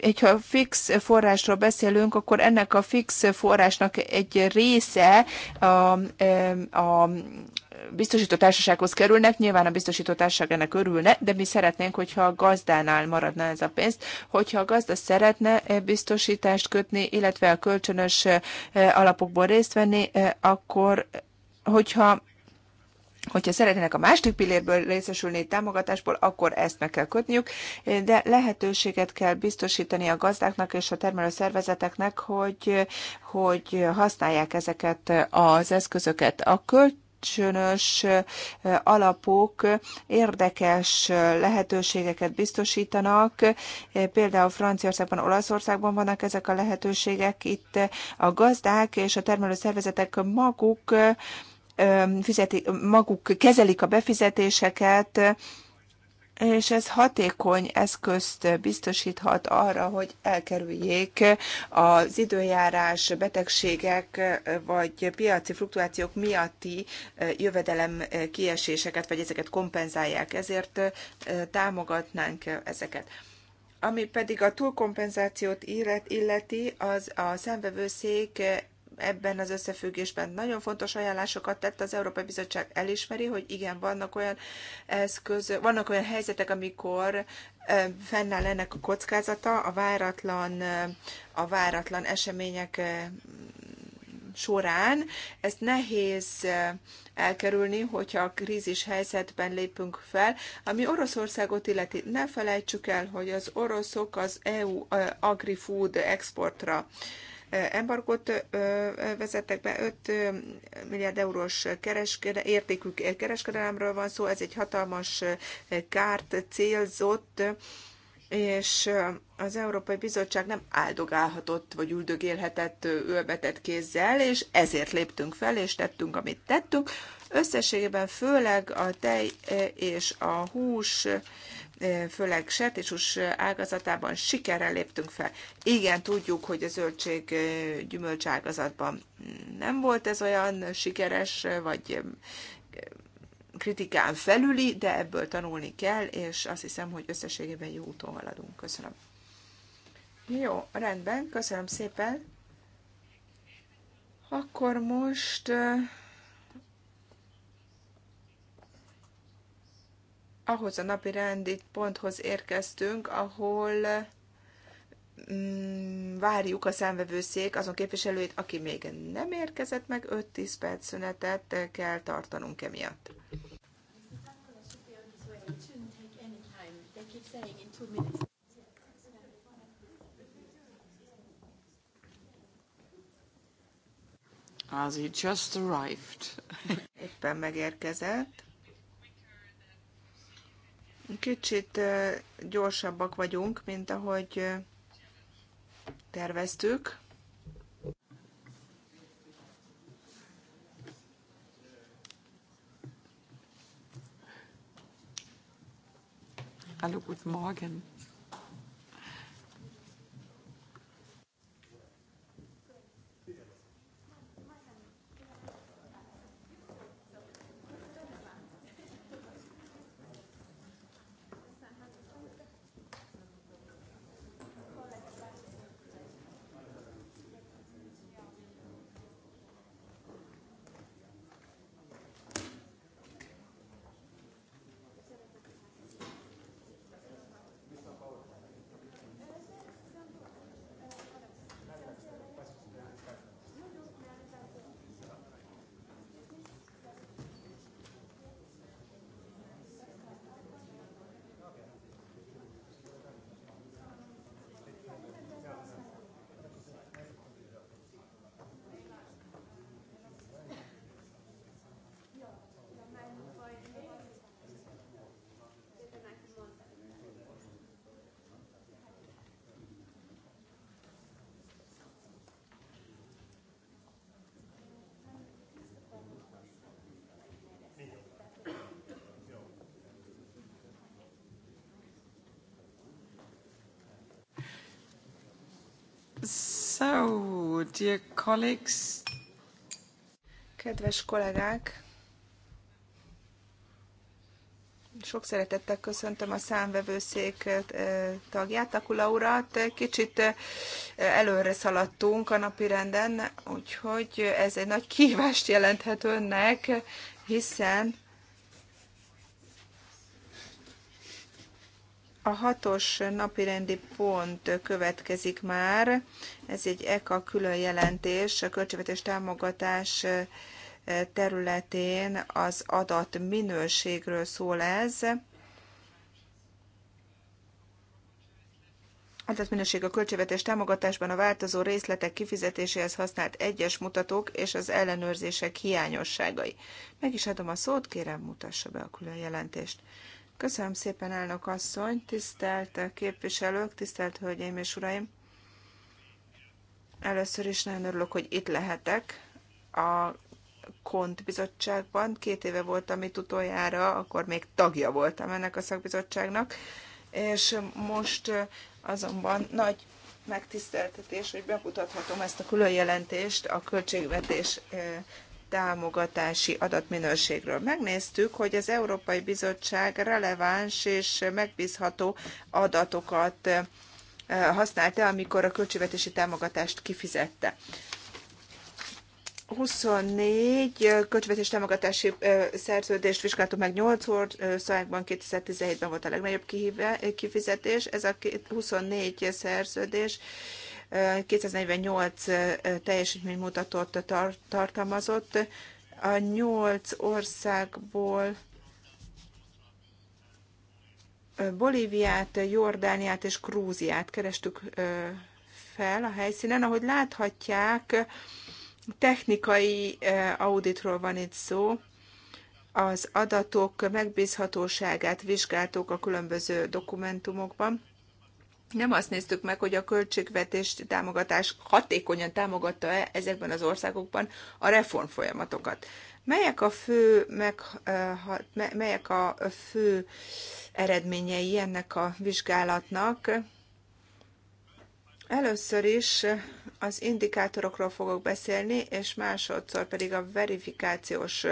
hogyha fix forrásról beszélünk, akkor ennek a fix forrásnak egy része a, a biztosító társasághoz kerülnek, nyilván a biztosító társaság ennek örülne, de mi szeretnénk, hogyha a gazdánál maradna ez a pénz, hogyha a gazda szeretne e biztosítást kötni, illetve a kölcsönös e, alapokból részt venni, e, akkor hogyha Hogyha szeretnének a második pillérből részesülni támogatásból, akkor ezt meg kell kötniük, de lehetőséget kell biztosítani a gazdáknak és a termelő szervezeteknek, hogy, hogy használják ezeket az eszközöket. A költ kölcsönös alapok érdekes lehetőségeket biztosítanak. Például Franciaországban, Olaszországban vannak ezek a lehetőségek. Itt a gazdák és a termelő szervezetek maguk fizeti, maguk kezelik a befizetéseket, és ez hatékony eszközt biztosíthat arra, hogy elkerüljék az időjárás, betegségek vagy piaci fluktuációk miatti jövedelem kieséseket, vagy ezeket kompenzálják. Ezért támogatnánk ezeket. Ami pedig a túlkompenzációt illeti, az a számvevőszék ebben az összefüggésben nagyon fontos ajánlásokat tett. Az Európai Bizottság elismeri, hogy igen, vannak olyan eszközök, vannak olyan helyzetek, amikor fennáll ennek a kockázata, a váratlan, a váratlan események során. Ezt nehéz elkerülni, hogyha a krízis helyzetben lépünk fel. Ami Oroszországot illeti, ne felejtsük el, hogy az oroszok az EU agri-food exportra embargót vezettek be, 5 milliárd eurós kereskede, értékű kereskedelemről van szó, ez egy hatalmas kárt célzott, és az Európai Bizottság nem áldogálhatott, vagy üldögélhetett, ölbetett kézzel, és ezért léptünk fel, és tettünk, amit tettünk. Összességében főleg a tej és a hús főleg sertésús ágazatában sikerrel léptünk fel. Igen, tudjuk, hogy a zöldség gyümölcs ágazatban nem volt ez olyan sikeres, vagy kritikán felüli, de ebből tanulni kell, és azt hiszem, hogy összességében jó úton haladunk. Köszönöm. Jó, rendben, köszönöm szépen. Akkor most ahhoz a napi rendi ponthoz érkeztünk, ahol mm, várjuk a szemvevőszék azon képviselőit, aki még nem érkezett meg, 5-10 perc szünetet kell tartanunk emiatt. As he just arrived. Éppen megérkezett. Kicsit gyorsabbak vagyunk, mint ahogy terveztük. Hallo, guten Morgen. Kedves kollégák, sok szeretettel köszöntöm a számvevőszék eh, tagját, Takula urat. Kicsit eh, előre szaladtunk a napirenden, úgyhogy ez egy nagy kívást jelenthet önnek, hiszen A hatos napirendi pont következik már, ez egy eka külön jelentés, a költségvetés támogatás területén az adat minőségről szól ez. Adatminőség a költségvetés támogatásban a változó részletek kifizetéséhez használt egyes mutatók és az ellenőrzések hiányosságai. Meg is adom a szót, kérem mutassa be a külön jelentést. Köszönöm szépen, elnök asszony, tisztelt képviselők, tisztelt hölgyeim és uraim! Először is nagyon örülök, hogy itt lehetek a KONT bizottságban. Két éve voltam itt utoljára, akkor még tagja voltam ennek a szakbizottságnak, és most azonban nagy megtiszteltetés, hogy bemutathatom ezt a külön jelentést a költségvetés támogatási adatminőségről. Megnéztük, hogy az Európai Bizottság releváns és megbízható adatokat eh, használta, amikor a költségvetési támogatást kifizette. 24 költségvetés támogatási eh, szerződést vizsgáltuk meg 8 országban, 2017-ben volt a legnagyobb eh, kifizetés. Ez a 24 szerződés 248 teljesítménymutatót tar- tartalmazott. A nyolc országból Bolíviát, Jordániát és Krúziát kerestük fel a helyszínen. Ahogy láthatják, technikai auditról van itt szó. Az adatok megbízhatóságát vizsgáltuk a különböző dokumentumokban nem azt néztük meg, hogy a költségvetés támogatás hatékonyan támogatta-e ezekben az országokban a reform folyamatokat. Melyek a fő, meg, melyek a fő eredményei ennek a vizsgálatnak? Először is az indikátorokról fogok beszélni, és másodszor pedig a verifikációs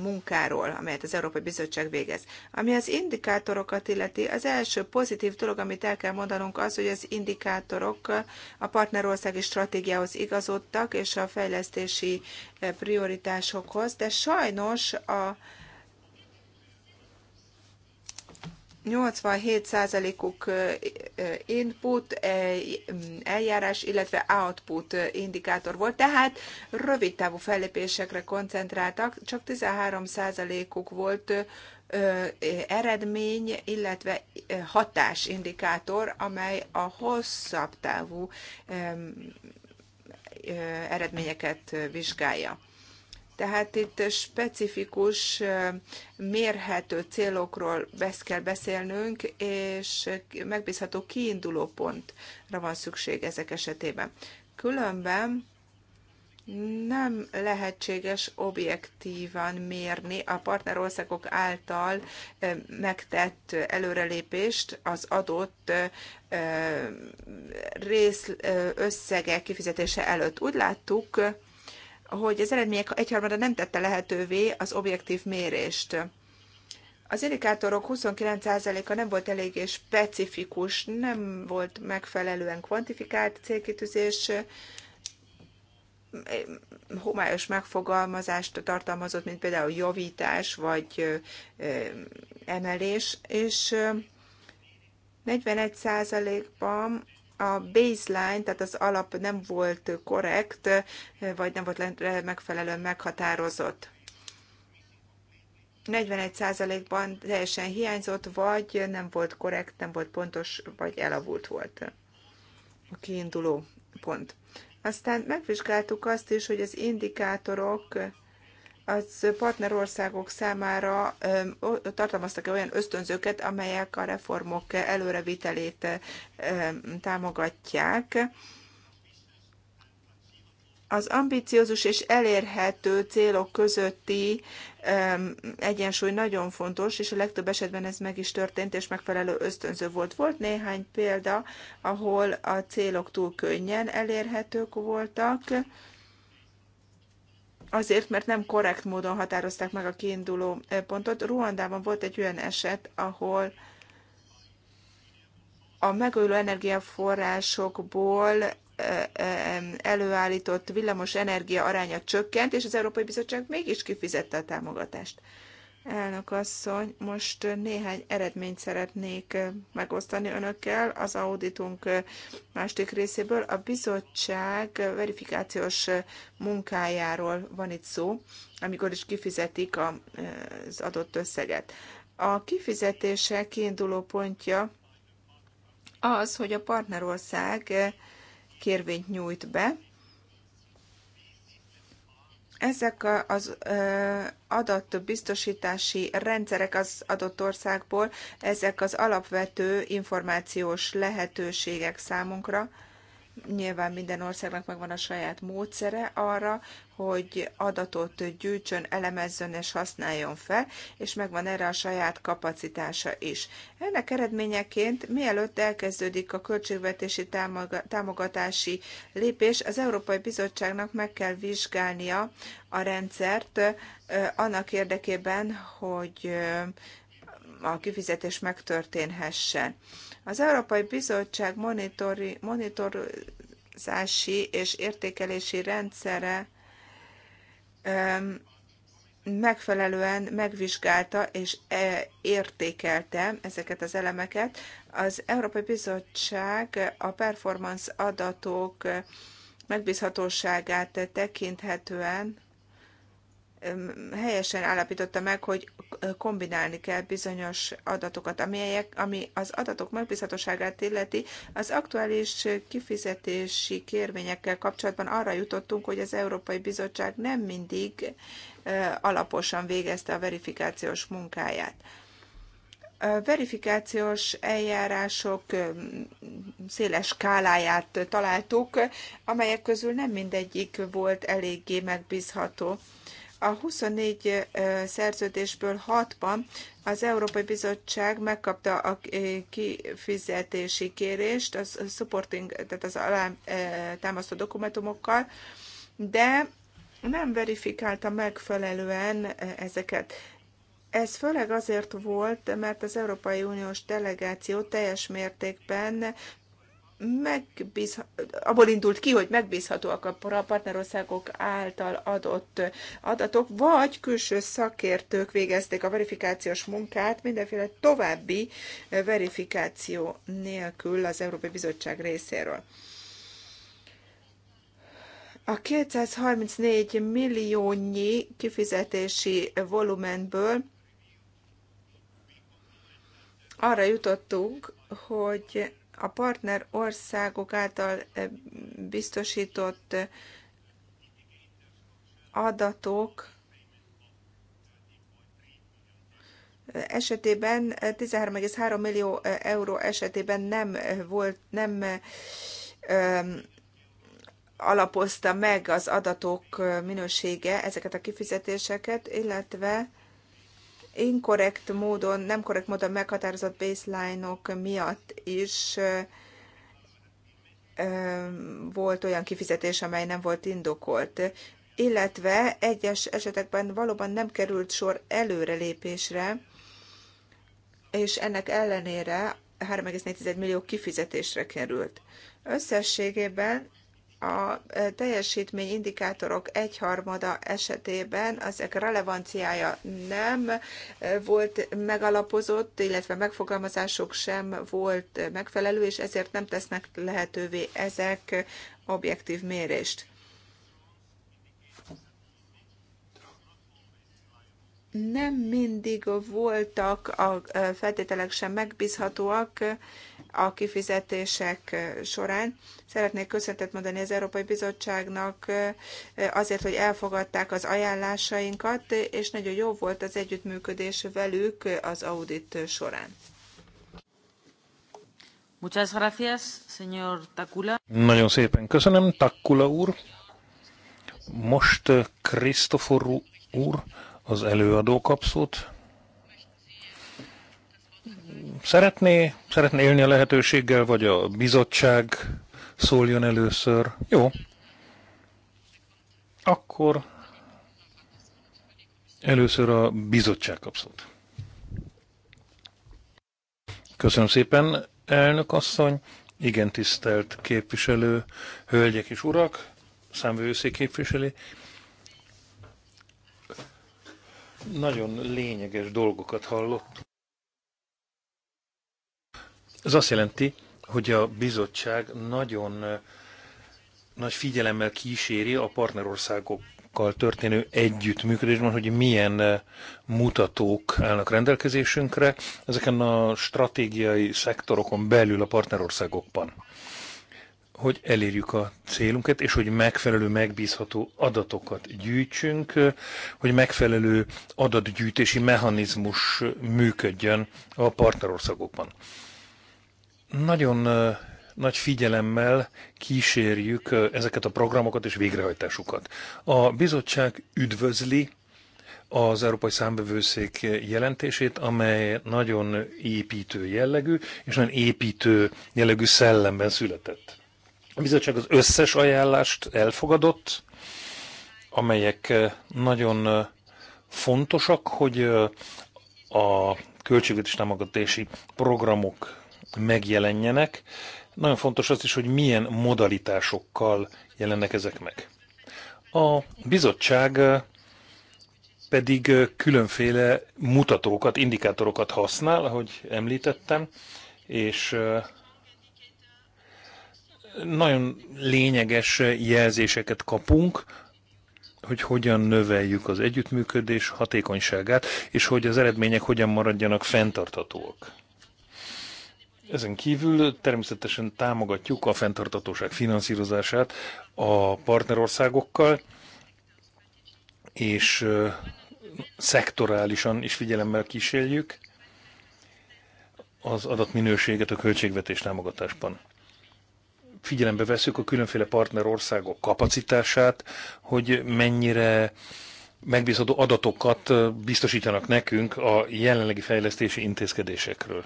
munkáról, amelyet az Európai Bizottság végez. Ami az indikátorokat illeti, az első pozitív dolog, amit el kell mondanunk, az, hogy az indikátorok a partnerországi stratégiához igazodtak, és a fejlesztési prioritásokhoz, de sajnos a 87%-uk input eljárás, illetve output indikátor volt, tehát rövid távú fellépésekre koncentráltak, csak 13%-uk volt eredmény, illetve hatásindikátor, amely a hosszabb távú eredményeket vizsgálja. Tehát itt specifikus, mérhető célokról besz kell beszélnünk, és megbízható kiinduló pontra van szükség ezek esetében. Különben nem lehetséges objektívan mérni a partnerországok által megtett előrelépést az adott rész összegek kifizetése előtt. Úgy láttuk, hogy az eredmények egyharmada nem tette lehetővé az objektív mérést. Az indikátorok 29%-a nem volt eléggé specifikus, nem volt megfelelően kvantifikált célkitűzés, homályos megfogalmazást tartalmazott, mint például javítás vagy emelés, és 41%-ban a baseline, tehát az alap nem volt korrekt, vagy nem volt megfelelően meghatározott. 41%-ban teljesen hiányzott, vagy nem volt korrekt, nem volt pontos, vagy elavult volt a kiinduló pont. Aztán megvizsgáltuk azt is, hogy az indikátorok az partnerországok számára tartalmaztak-e olyan ösztönzőket, amelyek a reformok előrevitelét támogatják. Az ambiciózus és elérhető célok közötti egyensúly nagyon fontos, és a legtöbb esetben ez meg is történt, és megfelelő ösztönző volt. Volt néhány példa, ahol a célok túl könnyen elérhetők voltak, azért, mert nem korrekt módon határozták meg a kiinduló eh, pontot. Ruandában volt egy olyan eset, ahol a megújuló energiaforrásokból eh, előállított villamos energia aránya csökkent, és az Európai Bizottság mégis kifizette a támogatást. Elnök asszony, most néhány eredményt szeretnék megosztani önökkel az auditunk másik részéből. A bizottság verifikációs munkájáról van itt szó, amikor is kifizetik az adott összeget. A kifizetése kiinduló pontja az, hogy a partnerország kérvényt nyújt be, ezek az adatbiztosítási rendszerek az adott országból, ezek az alapvető információs lehetőségek számunkra, Nyilván minden országnak megvan a saját módszere arra, hogy adatot gyűjtsön, elemezzön és használjon fel, és megvan erre a saját kapacitása is. Ennek eredményeként, mielőtt elkezdődik a költségvetési támogatási lépés, az Európai Bizottságnak meg kell vizsgálnia a rendszert annak érdekében, hogy a kifizetés megtörténhessen. Az Európai Bizottság monitori, monitorozási és értékelési rendszere megfelelően megvizsgálta és e, értékelte ezeket az elemeket. Az Európai Bizottság a performance adatok megbízhatóságát tekinthetően helyesen állapította meg, hogy kombinálni kell bizonyos adatokat, amelyek, ami az adatok megbízhatóságát illeti. Az aktuális kifizetési kérvényekkel kapcsolatban arra jutottunk, hogy az Európai Bizottság nem mindig alaposan végezte a verifikációs munkáját. A verifikációs eljárások széles skáláját találtuk, amelyek közül nem mindegyik volt eléggé megbízható. A 24 szerződésből 6-ban az Európai Bizottság megkapta a kifizetési kérést, az supporting, tehát az alá támasztó dokumentumokkal, de nem verifikálta megfelelően ezeket. Ez főleg azért volt, mert az Európai Uniós delegáció teljes mértékben megbíz, abból indult ki, hogy megbízhatóak a partnerországok által adott adatok, vagy külső szakértők végezték a verifikációs munkát mindenféle további verifikáció nélkül az Európai Bizottság részéről. A 234 milliónyi kifizetési volumenből arra jutottunk, hogy a partner országok által eh, biztosított eh, adatok eh, esetében 13,3 millió euró esetében nem volt, nem alapozta meg az adatok minősége ezeket a kifizetéseket, illetve inkorrekt módon, nem korrekt módon meghatározott baseline-ok miatt is volt olyan kifizetés, amely nem volt indokolt, illetve egyes esetekben valóban nem került sor előrelépésre, és ennek ellenére 3,4 millió kifizetésre került. Összességében a indikátorok egyharmada esetében ezek relevanciája nem volt megalapozott, illetve megfogalmazások sem volt megfelelő, és ezért nem tesznek lehetővé ezek objektív mérést. nem mindig voltak a feltételek sem megbízhatóak a kifizetések során. Szeretnék köszöntet mondani az Európai Bizottságnak azért, hogy elfogadták az ajánlásainkat, és nagyon jó volt az együttműködés velük az audit során. Muchas gracias, señor Takula. Nagyon szépen köszönöm, Takula úr. Most Krisztoforú úr, az előadó kap szót. Szeretné, szeretné élni a lehetőséggel, vagy a bizottság szóljon először? Jó. Akkor először a bizottság kap szót. Köszönöm szépen, elnök asszony, igen tisztelt képviselő, hölgyek és urak, számvevőszék képviselő. Nagyon lényeges dolgokat hallott. Ez azt jelenti, hogy a bizottság nagyon eh, nagy figyelemmel kíséri a partnerországokkal történő együttműködésben, hogy milyen eh, mutatók állnak rendelkezésünkre ezeken a stratégiai szektorokon belül a partnerországokban hogy elérjük a célunkat, és hogy megfelelő, megbízható adatokat gyűjtsünk, hogy megfelelő adatgyűjtési mechanizmus működjön a partnerországokban. Nagyon nagy figyelemmel kísérjük ezeket a programokat és végrehajtásukat. A bizottság üdvözli az Európai Számbevőszék jelentését, amely nagyon építő jellegű, és nagyon építő jellegű szellemben született. A bizottság az összes ajánlást elfogadott, amelyek eh, nagyon eh, fontosak, hogy eh, a költségvetés támogatási programok megjelenjenek. Nagyon fontos az is, hogy milyen modalitásokkal jelennek ezek meg. A bizottság pedig különféle mutatókat, indikátorokat használ, ahogy említettem, és nagyon lényeges jelzéseket kapunk, hogy hogyan növeljük az együttműködés hatékonyságát, és hogy az eredmények hogyan maradjanak fenntartatóak. Ezen kívül természetesen támogatjuk a fenntartatóság finanszírozását a partnerországokkal, és szektorálisan is figyelemmel kísérjük az adatminőséget a költségvetés támogatásban figyelembe veszük a különféle partnerországok kapacitását, hogy mennyire megbízható adatokat biztosítanak nekünk a jelenlegi fejlesztési intézkedésekről.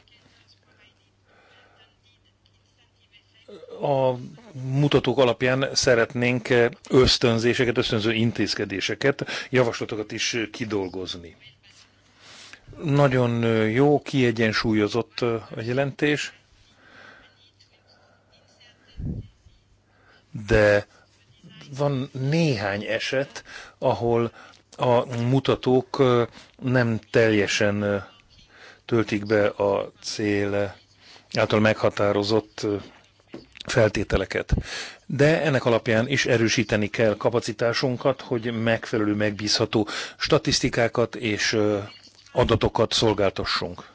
a mutatók alapján szeretnénk ösztönzéseket, ösztönző intézkedéseket, javaslatokat is kidolgozni. Nagyon jó, kiegyensúlyozott a jelentés, de van néhány eset, ahol a mutatók nem teljesen töltik be a cél által meghatározott feltételeket. De ennek alapján is erősíteni kell kapacitásunkat, hogy megfelelő, megbízható statisztikákat és adatokat szolgáltassunk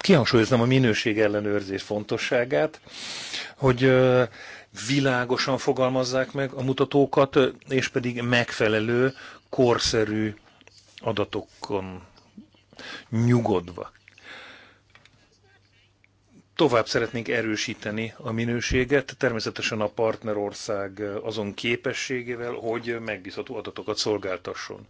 kihangsúlyoznom a minőség ellenőrzés fontosságát, hogy világosan fogalmazzák meg a mutatókat, és pedig megfelelő, korszerű adatokon nyugodva. Tovább szeretnénk erősíteni a minőséget, természetesen a partnerország azon képességével, hogy megbízható adatokat szolgáltasson.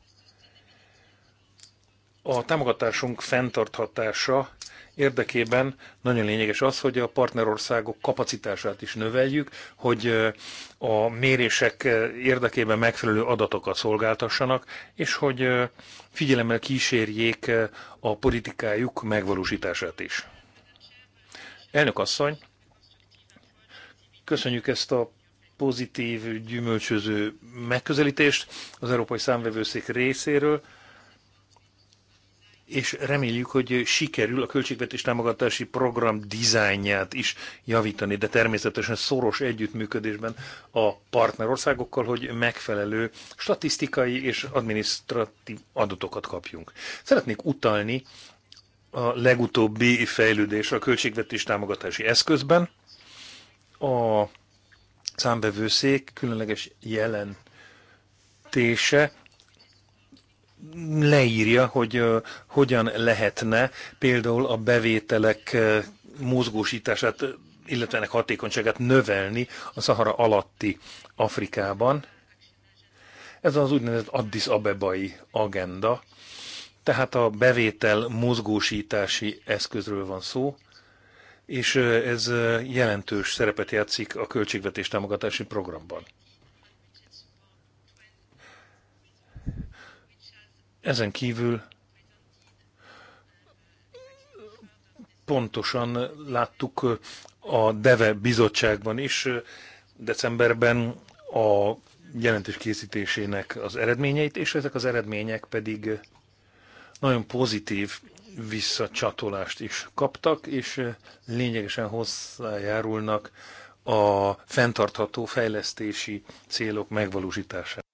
A támogatásunk fenntarthatása érdekében nagyon lényeges az, hogy a partnerországok kapacitását is növeljük, hogy a mérések érdekében megfelelő adatokat szolgáltassanak, és hogy figyelemmel kísérjék a politikájuk megvalósítását is. Elnök asszony, köszönjük ezt a pozitív, gyümölcsöző megközelítést az Európai Számvevőszék részéről és reméljük, hogy sikerül a költségvetés támogatási program dizájnját is javítani, de természetesen szoros együttműködésben a partnerországokkal, hogy megfelelő statisztikai és adminisztratív adatokat kapjunk. Szeretnék utalni a legutóbbi fejlődés a költségvetés támogatási eszközben. A számbevőszék különleges jelentése leírja, hogy hogyan lehetne például a bevételek mozgósítását, illetve ennek hatékonyságát növelni a Szahara alatti Afrikában. Ez az úgynevezett Addis Abebai agenda, tehát a bevétel mozgósítási eszközről van szó, és ez jelentős szerepet játszik a költségvetés támogatási programban. Ezen kívül pontosan láttuk a DEVE bizottságban is decemberben a jelentés készítésének az eredményeit, és ezek az eredmények pedig nagyon pozitív visszacsatolást is kaptak, és lényegesen hozzájárulnak a fenntartható fejlesztési célok megvalósításához.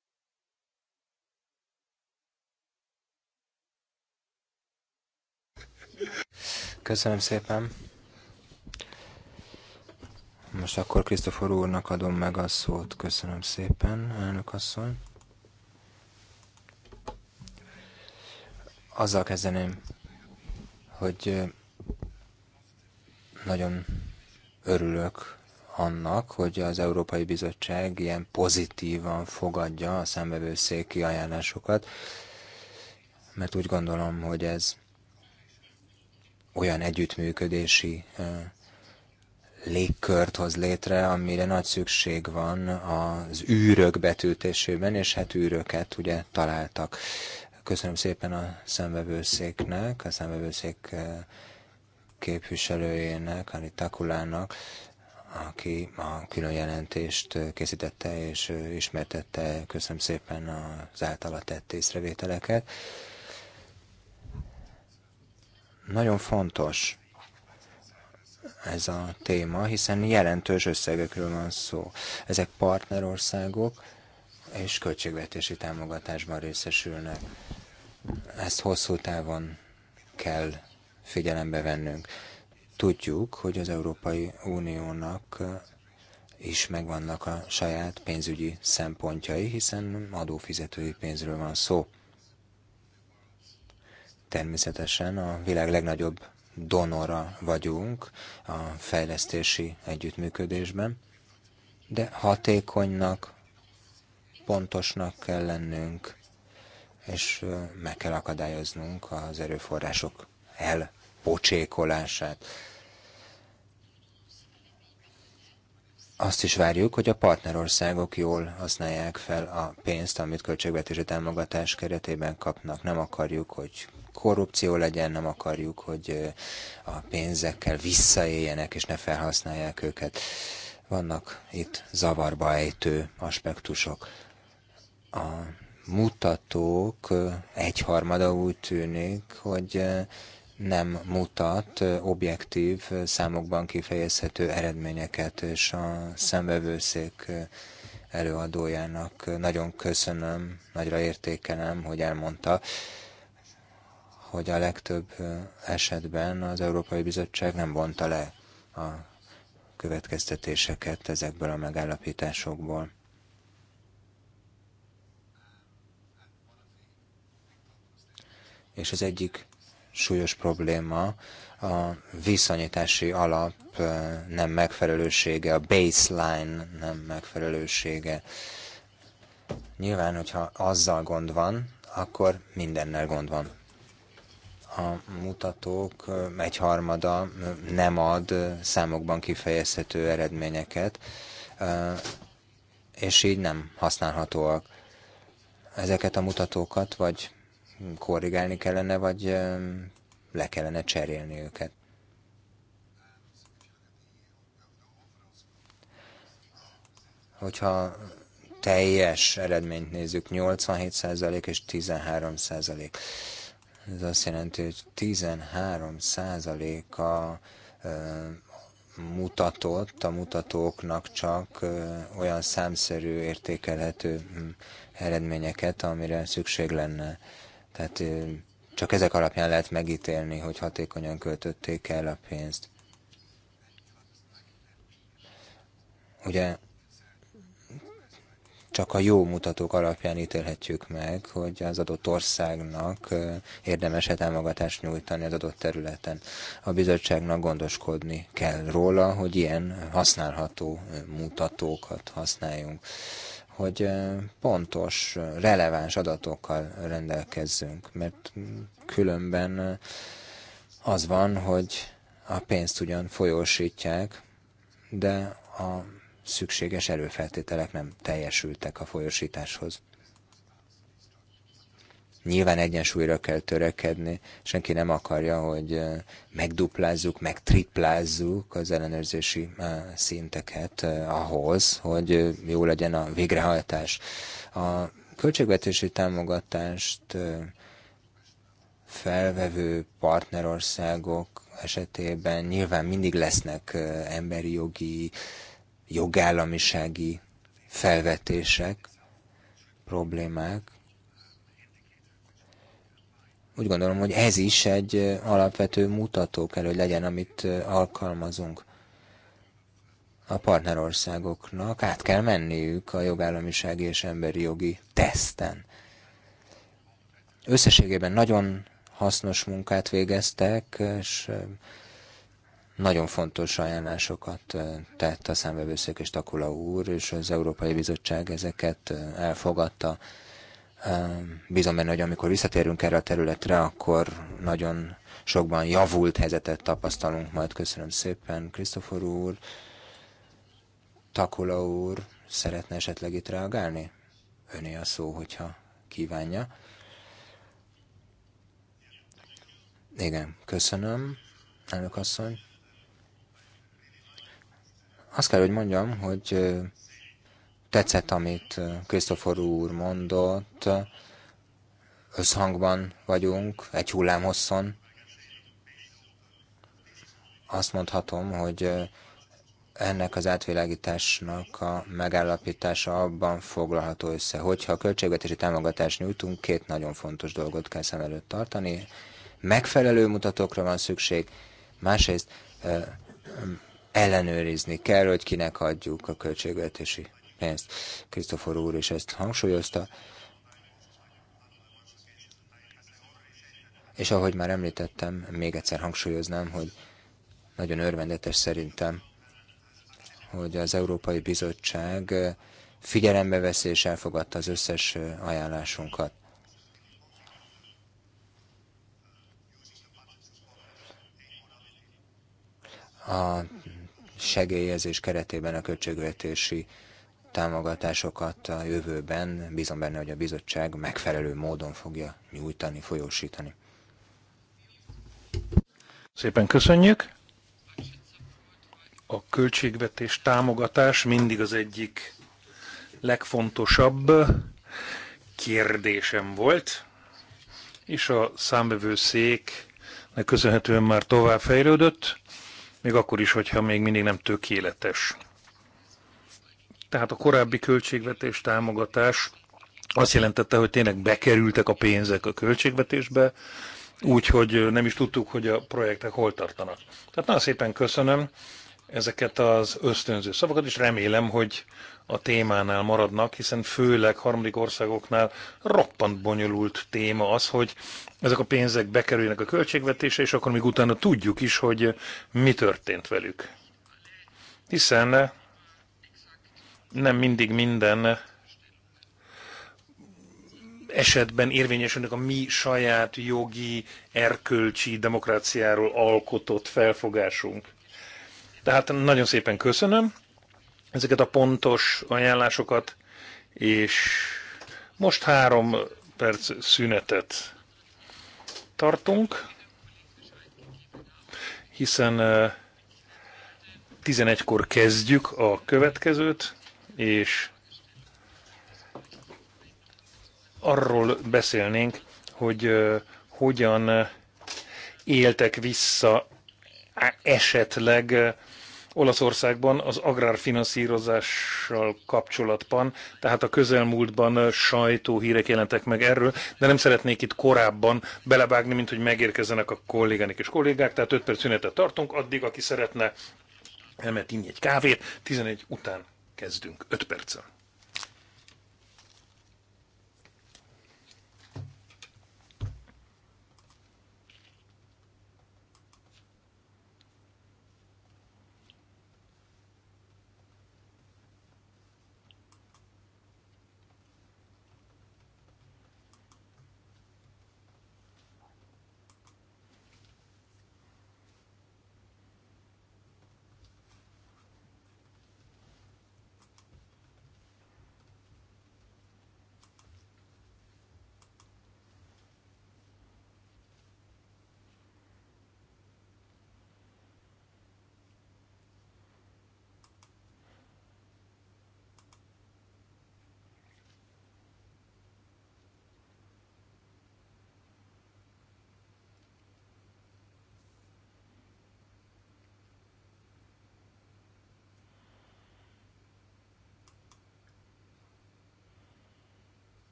Köszönöm szépen. Most akkor Krisztofor úrnak adom meg a szót. Köszönöm szépen, elnök asszony. Azzal kezdeném, hogy nagyon örülök annak, hogy az Európai Bizottság ilyen pozitívan fogadja a széki ajánlásokat, mert úgy gondolom, hogy ez olyan együttműködési légkört hoz létre, amire nagy szükség van az űrök betűtésében, és hát űröket ugye találtak. Köszönöm szépen a szemvevőszéknek, a szemvevőszék képviselőjének, Ani Takulának, aki a külön jelentést készítette és ismertette. Köszönöm szépen az általa tett észrevételeket. Nagyon fontos ez a téma, hiszen jelentős összegekről van szó. Ezek partnerországok, és költségvetési támogatásban részesülnek. Ezt hosszú távon kell figyelembe vennünk. Tudjuk, hogy az Európai Uniónak is megvannak a saját pénzügyi szempontjai, hiszen adófizetői pénzről van szó. Természetesen a világ legnagyobb donora vagyunk a fejlesztési együttműködésben, de hatékonynak, pontosnak kell lennünk, és meg kell akadályoznunk az erőforrások elpocsékolását. Azt is várjuk, hogy a partnerországok jól használják fel a pénzt, amit költségvetési támogatás keretében kapnak. Nem akarjuk, hogy korrupció legyen, nem akarjuk, hogy a pénzekkel visszaéljenek és ne felhasználják őket. Vannak itt zavarba ejtő aspektusok. A mutatók egyharmada úgy tűnik, hogy nem mutat objektív, számokban kifejezhető eredményeket, és a szembevőszék előadójának nagyon köszönöm, nagyra értékelem, hogy elmondta, hogy a legtöbb esetben az Európai Bizottság nem vonta le a következtetéseket ezekből a megállapításokból. És az egyik súlyos probléma a viszonyítási alap nem megfelelősége, a baseline nem megfelelősége. Nyilván, hogyha azzal gond van, akkor mindennel gond van a mutatók egyharmada nem ad számokban kifejezhető eredményeket, és így nem használhatóak. Ezeket a mutatókat vagy korrigálni kellene, vagy le kellene cserélni őket. Hogyha teljes eredményt nézzük, 87% és 13% ez azt jelenti, hogy 13 százaléka mutatott, a mutatóknak csak olyan számszerű értékelhető hm, eredményeket, amire szükség lenne. Tehát csak ezek alapján lehet megítélni, hogy hatékonyan költötték el a pénzt. Ugye csak a jó mutatók alapján ítélhetjük meg, hogy az adott országnak érdemes-e támogatást nyújtani az adott területen. A bizottságnak gondoskodni kell róla, hogy ilyen használható mutatókat használjunk hogy pontos, releváns adatokkal rendelkezzünk, mert különben az van, hogy a pénzt ugyan folyósítják, de a szükséges erőfeltételek nem teljesültek a folyosításhoz. Nyilván egyensúlyra kell törekedni, senki nem akarja, hogy megduplázzuk, megtriplázzuk az ellenőrzési szinteket ahhoz, hogy jó legyen a végrehajtás. A költségvetési támogatást felvevő partnerországok esetében nyilván mindig lesznek emberi jogi jogállamisági felvetések, problémák. Úgy gondolom, hogy ez is egy alapvető mutató kell, hogy legyen, amit alkalmazunk. A partnerországoknak át kell menniük a jogállamisági és emberi jogi teszten. Összességében nagyon hasznos munkát végeztek, és nagyon fontos ajánlásokat tett a számvevőszék és Takula úr, és az Európai Bizottság ezeket elfogadta. Bízom benne, hogy amikor visszatérünk erre a területre, akkor nagyon sokban javult helyzetet tapasztalunk majd. Köszönöm szépen, Krisztofor úr. Takula úr szeretne esetleg itt reagálni? Öné a szó, hogyha kívánja. Igen, köszönöm, elnök asszony. Azt kell, hogy mondjam, hogy tetszett, amit Krisztofor úr mondott, összhangban vagyunk, egy hullám hosszon. Azt mondhatom, hogy ennek az átvilágításnak a megállapítása abban foglalható össze, hogyha költségvetési támogatást nyújtunk, két nagyon fontos dolgot kell szem előtt tartani. Megfelelő mutatókra van szükség, másrészt ellenőrizni kell, hogy kinek adjuk a költségvetési pénzt. Krisztofor úr is ezt hangsúlyozta. És ahogy már említettem, még egyszer hangsúlyoznám, hogy nagyon örvendetes szerintem, hogy az Európai Bizottság figyelembe veszi és elfogadta az összes ajánlásunkat. A segélyezés keretében a költségvetési támogatásokat a jövőben, bízom benne, hogy a bizottság megfelelő módon fogja nyújtani, folyósítani. Szépen köszönjük! A költségvetés támogatás mindig az egyik legfontosabb kérdésem volt, és a számbevőszéknek köszönhetően már tovább fejlődött még akkor is, hogyha még mindig nem tökéletes. Tehát a korábbi költségvetés támogatás azt jelentette, hogy tényleg bekerültek a pénzek a költségvetésbe, úgyhogy nem is tudtuk, hogy a projektek hol tartanak. Tehát nagyon szépen köszönöm ezeket az ösztönző szavakat, és remélem, hogy a témánál maradnak, hiszen főleg harmadik országoknál roppant bonyolult téma az, hogy ezek a pénzek bekerüljenek a költségvetésre, és akkor még utána tudjuk is, hogy mi történt velük. Hiszen nem mindig minden esetben érvényesülnek a mi saját jogi, erkölcsi demokráciáról alkotott felfogásunk. Tehát nagyon szépen köszönöm ezeket a pontos ajánlásokat, és most három perc szünetet tartunk, hiszen 11-kor kezdjük a következőt, és arról beszélnénk, hogy hogyan éltek vissza esetleg Olaszországban az agrárfinanszírozással kapcsolatban, tehát a közelmúltban sajtóhírek jelentek meg erről, de nem szeretnék itt korábban belebágni, mint hogy megérkezzenek a kolléganik és kollégák, tehát 5 perc szünetet tartunk, addig, aki szeretne elmehet inni egy kávét, 11 után kezdünk 5 perccel.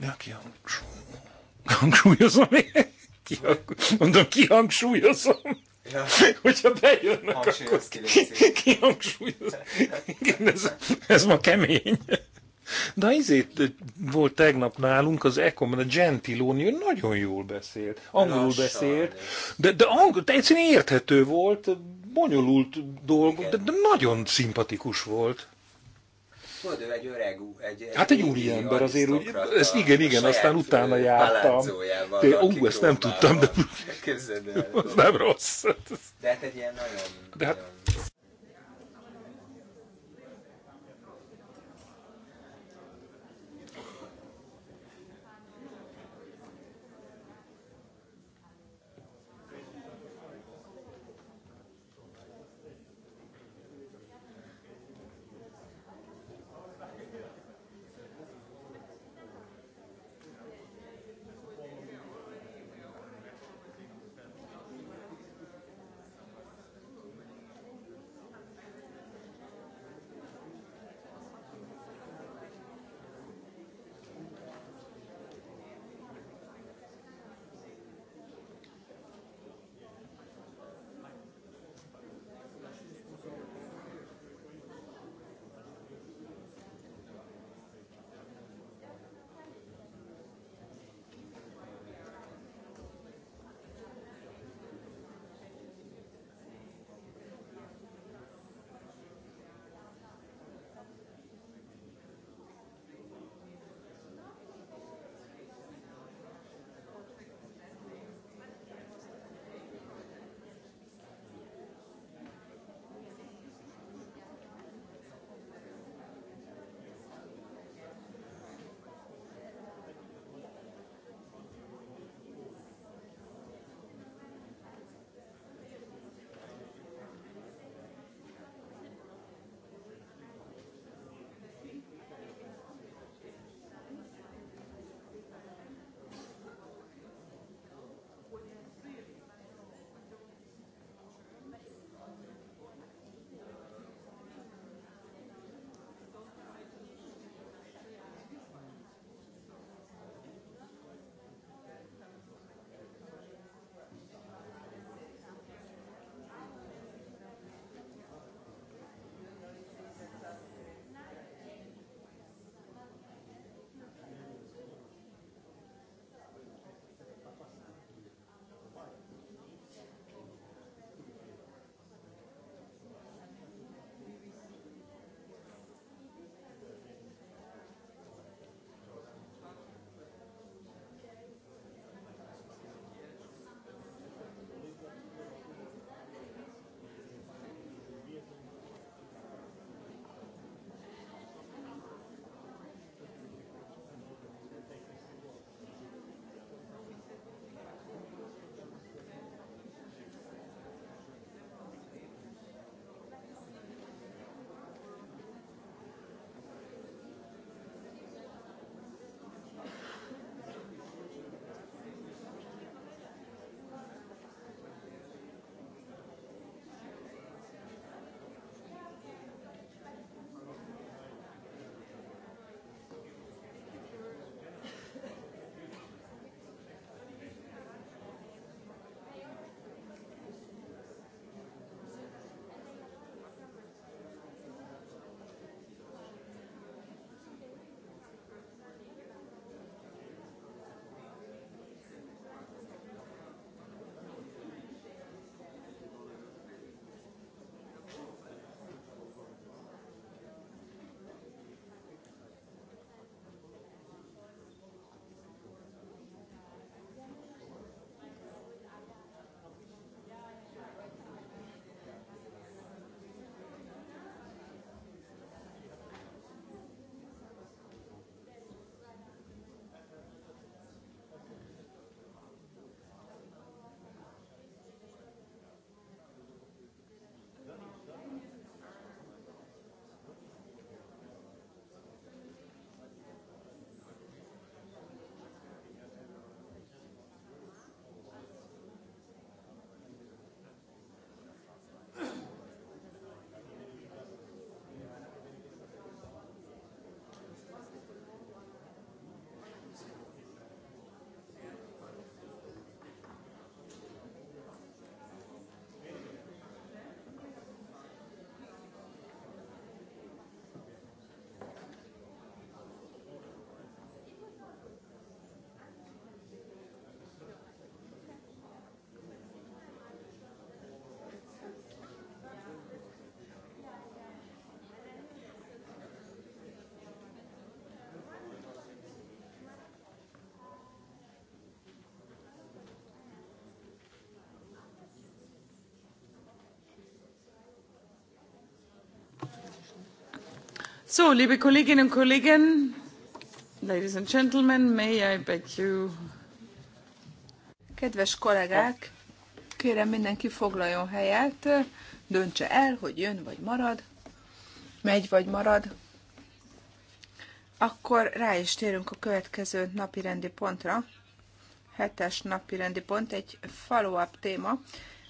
Ja, kihangsúlyozom. Mondom, kihangsúlyozom. Ja. Hogyha bejönnek, akkor (laughs) kihangsúlyozom. ez, ez ma kemény. De azért volt tegnap nálunk az Ecomban, a Gentiloni, nagyon jól beszélt, angolul Lassan, beszélt, de, de, angol, de egyszerűen érthető volt, bonyolult dolgok, de, de nagyon szimpatikus volt tudod, ő egy öreg, egy, egy Hát egy úri ember azért, úgy, ez igen, igen, aztán utána jártam. Te, ú, ezt nem tudtam, de... (laughs) Ez (laughs) nem rossz. De hát egy ilyen nagyon... De hát... Nagyon So, liebe Kolleginnen und Kollegen, ladies and gentlemen, may I beg you... Kedves kollégák, kérem mindenki foglaljon helyet, döntse el, hogy jön vagy marad, megy vagy marad. Akkor rá is térünk a következő napi rendi pontra. Hetes napi rendi pont, egy follow-up téma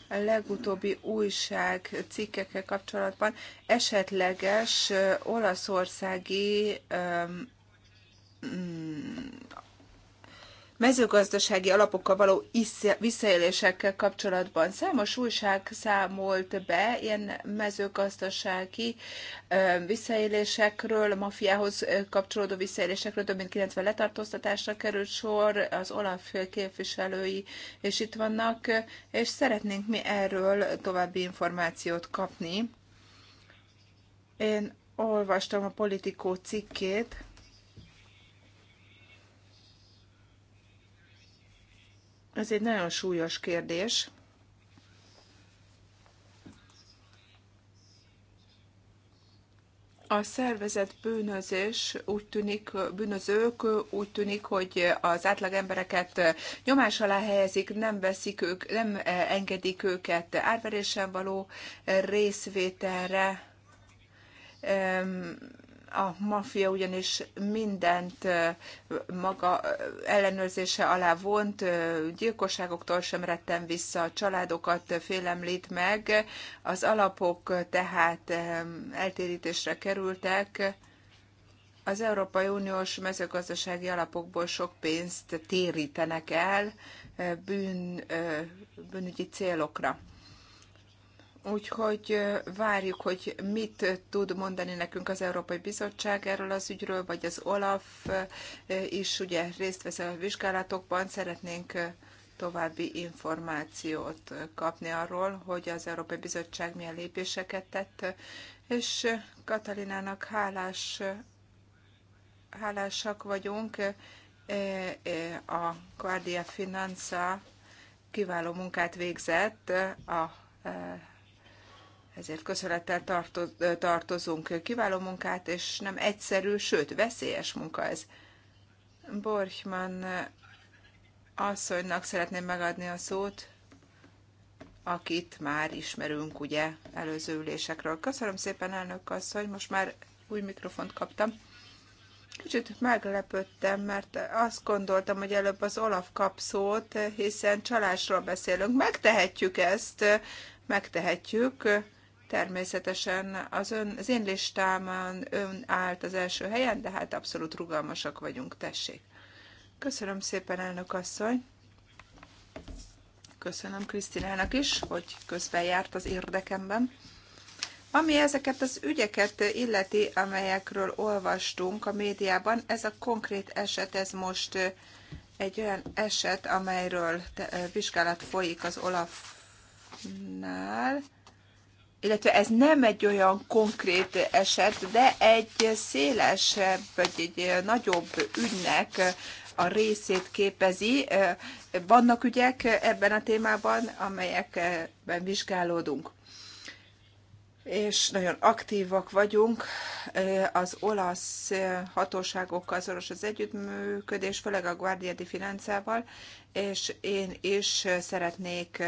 legutóbbi újság cikkekkel kapcsolatban esetleges olaszországi mezőgazdasági alapokkal való visszaélésekkel kapcsolatban. Számos újság számolt be ilyen mezőgazdasági visszaélésekről, a mafiához kapcsolódó visszaélésekről, több mint 90 letartóztatásra került sor, az Olaf képviselői és itt vannak, és szeretnénk mi erről további információt kapni. Én olvastam a politikó cikkét, Ez egy nagyon súlyos kérdés. A szervezet bűnözés úgy tűnik, bűnözők úgy tűnik, hogy az átlag embereket nyomás alá helyezik, nem veszik ők, nem eh, engedik őket árverésen való részvételre a maffia ugyanis mindent maga ellenőrzése alá vont, gyilkosságoktól sem rettem vissza, a családokat félemlít meg, az alapok tehát eltérítésre kerültek, az Európai Uniós mezőgazdasági alapokból sok pénzt térítenek el bűn, bűnügyi célokra. Úgyhogy várjuk, hogy mit tud mondani nekünk az Európai Bizottság erről az ügyről, vagy az OLAF is ugye részt vesz a vizsgálatokban. Szeretnénk további információt kapni arról, hogy az Európai Bizottság milyen lépéseket tett, és Katalinának hálás, hálásak vagyunk a Guardia Finanza kiváló munkát végzett a ezért köszönettel tartozunk. Kiváló munkát, és nem egyszerű, sőt, veszélyes munka ez. Borchman asszonynak szeretném megadni a szót, akit már ismerünk, ugye, előző ülésekről. Köszönöm szépen, elnök asszony, most már új mikrofont kaptam. Kicsit meglepődtem, mert azt gondoltam, hogy előbb az Olaf kap szót, hiszen csalásról beszélünk. Megtehetjük ezt, megtehetjük Természetesen az, ön, az én listámon ön állt az első helyen, de hát abszolút rugalmasak vagyunk, tessék. Köszönöm szépen, elnök asszony. Köszönöm Krisztinának is, hogy közben járt az érdekemben. Ami ezeket az ügyeket illeti, amelyekről olvastunk a médiában, ez a konkrét eset, ez most egy olyan eset, amelyről te, vizsgálat folyik az Olafnál illetve ez nem egy olyan konkrét eset, de egy szélesebb, vagy egy nagyobb ügynek a részét képezi. Vannak ügyek ebben a témában, amelyekben vizsgálódunk. És nagyon aktívak vagyunk az olasz hatóságokkal szoros az együttműködés, főleg a Guardia di Finanzával, és én is szeretnék,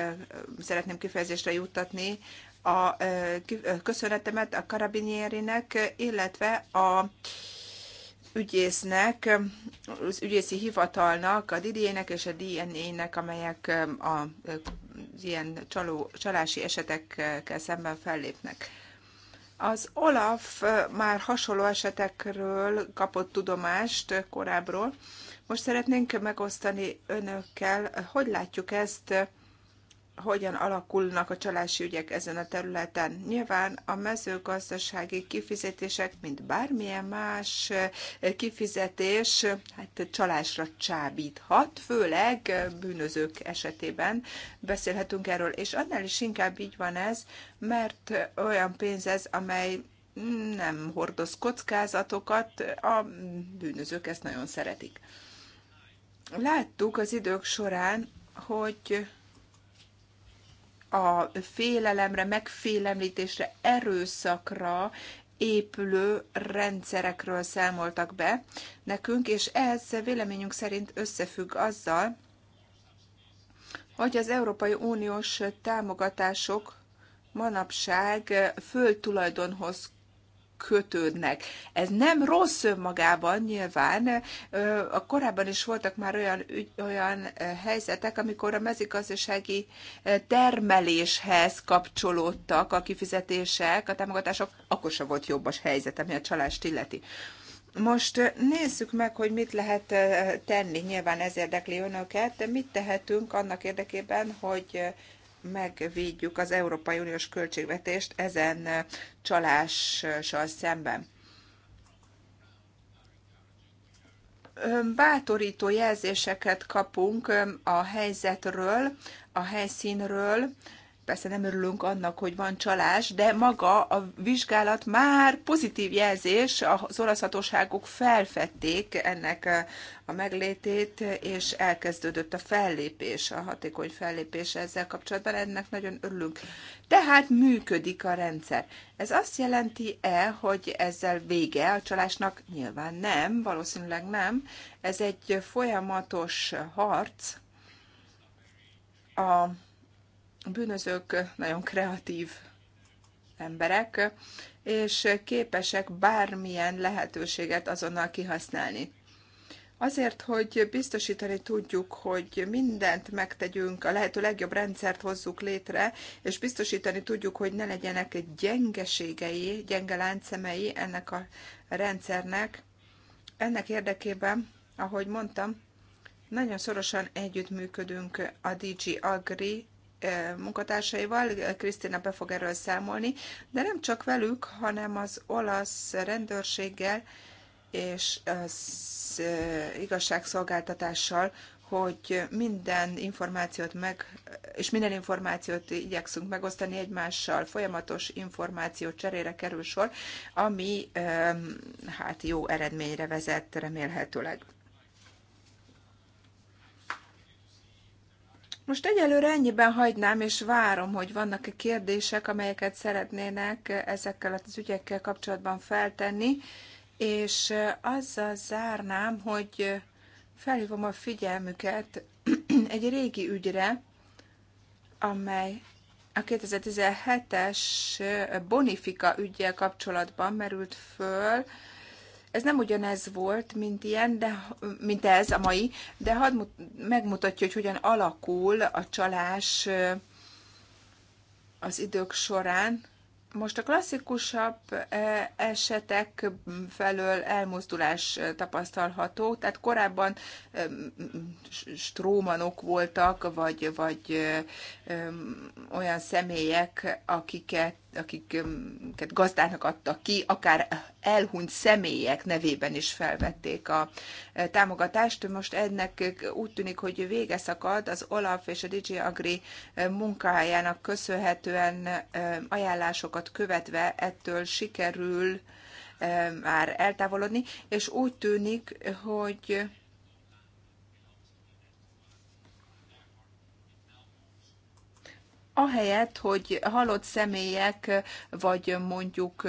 szeretném kifejezésre juttatni a köszönetemet a karabinérinek, illetve a ügyésznek, az ügyészi hivatalnak, a DDA-nek és a DNA-nek, amelyek az ilyen csaló, csalási esetekkel szemben fellépnek. Az Olaf már hasonló esetekről kapott tudomást korábbról. Most szeretnénk megosztani önökkel, hogy látjuk ezt hogyan alakulnak a csalási ügyek ezen a területen. Nyilván a mezőgazdasági kifizetések, mint bármilyen más eh, kifizetés, hát csalásra csábíthat, főleg eh, bűnözők esetében beszélhetünk erről, és annál is inkább így van ez, mert eh, olyan pénz ez, amely nem hordoz kockázatokat, a bűnözők ezt nagyon szeretik. Láttuk az idők során, hogy a félelemre, megfélemlítésre, erőszakra épülő rendszerekről számoltak be nekünk, és ez véleményünk szerint összefügg azzal, hogy az Európai Uniós támogatások manapság földtulajdonhoz kötődnek. Ez nem rossz önmagában nyilván. A korábban is voltak már olyan, olyan helyzetek, amikor a mezőgazdasági termeléshez kapcsolódtak a kifizetések, a támogatások, akkor sem volt jobb a helyzet, ami a csalást illeti. Most nézzük meg, hogy mit lehet tenni, nyilván ez érdekli önöket, de mit tehetünk annak érdekében, hogy megvédjük az Európai Uniós költségvetést ezen csalással szemben. Bátorító jelzéseket kapunk a helyzetről, a helyszínről, persze nem örülünk annak, hogy van csalás, de maga a vizsgálat már pozitív jelzés, az olasz hatóságok felfedték ennek eh, a meglétét, és elkezdődött a fellépés, a hatékony fellépés ezzel kapcsolatban, ennek nagyon örülünk. Tehát működik a rendszer. Ez azt jelenti-e, hogy ezzel vége a csalásnak? Nyilván nem, valószínűleg nem. Ez egy folyamatos harc, a a bűnözők nagyon kreatív emberek, és képesek bármilyen lehetőséget azonnal kihasználni. Azért, hogy biztosítani tudjuk, hogy mindent megtegyünk, a lehető legjobb rendszert hozzuk létre, és biztosítani tudjuk, hogy ne legyenek gyengeségei, gyenge láncszemei ennek a rendszernek. Ennek érdekében, ahogy mondtam, nagyon szorosan együttműködünk a DG Agri munkatársaival, Krisztina be fog erről számolni, de nem csak velük, hanem az olasz rendőrséggel és az igazságszolgáltatással, hogy minden információt meg, és minden információt igyekszünk megosztani egymással, folyamatos információ cserére kerül sor, ami hát jó eredményre vezet remélhetőleg. Most egyelőre ennyiben hagynám, és várom, hogy vannak-e kérdések, amelyeket szeretnének ezekkel az ügyekkel kapcsolatban feltenni, és azzal zárnám, hogy felhívom a figyelmüket (clears throat) egy régi ügyre, amely a 2017-es Bonifika ügyjel kapcsolatban merült föl, ez nem ugyanez volt, mint ilyen, de, mint ez a mai, de hadd megmutatja, hogy hogyan alakul a csalás az idők során. Most a klasszikusabb esetek felől elmozdulás tapasztalható, tehát korábban strómanok voltak, vagy, vagy olyan személyek, akiket akiket gazdának adtak ki, akár elhunyt személyek nevében is felvették a támogatást. Most ennek úgy tűnik, hogy vége szakad az Olaf és a DJ Agri munkájának köszönhetően ajánlásokat követve ettől sikerül már eltávolodni, és úgy tűnik, hogy ahelyett, hogy halott személyek, vagy mondjuk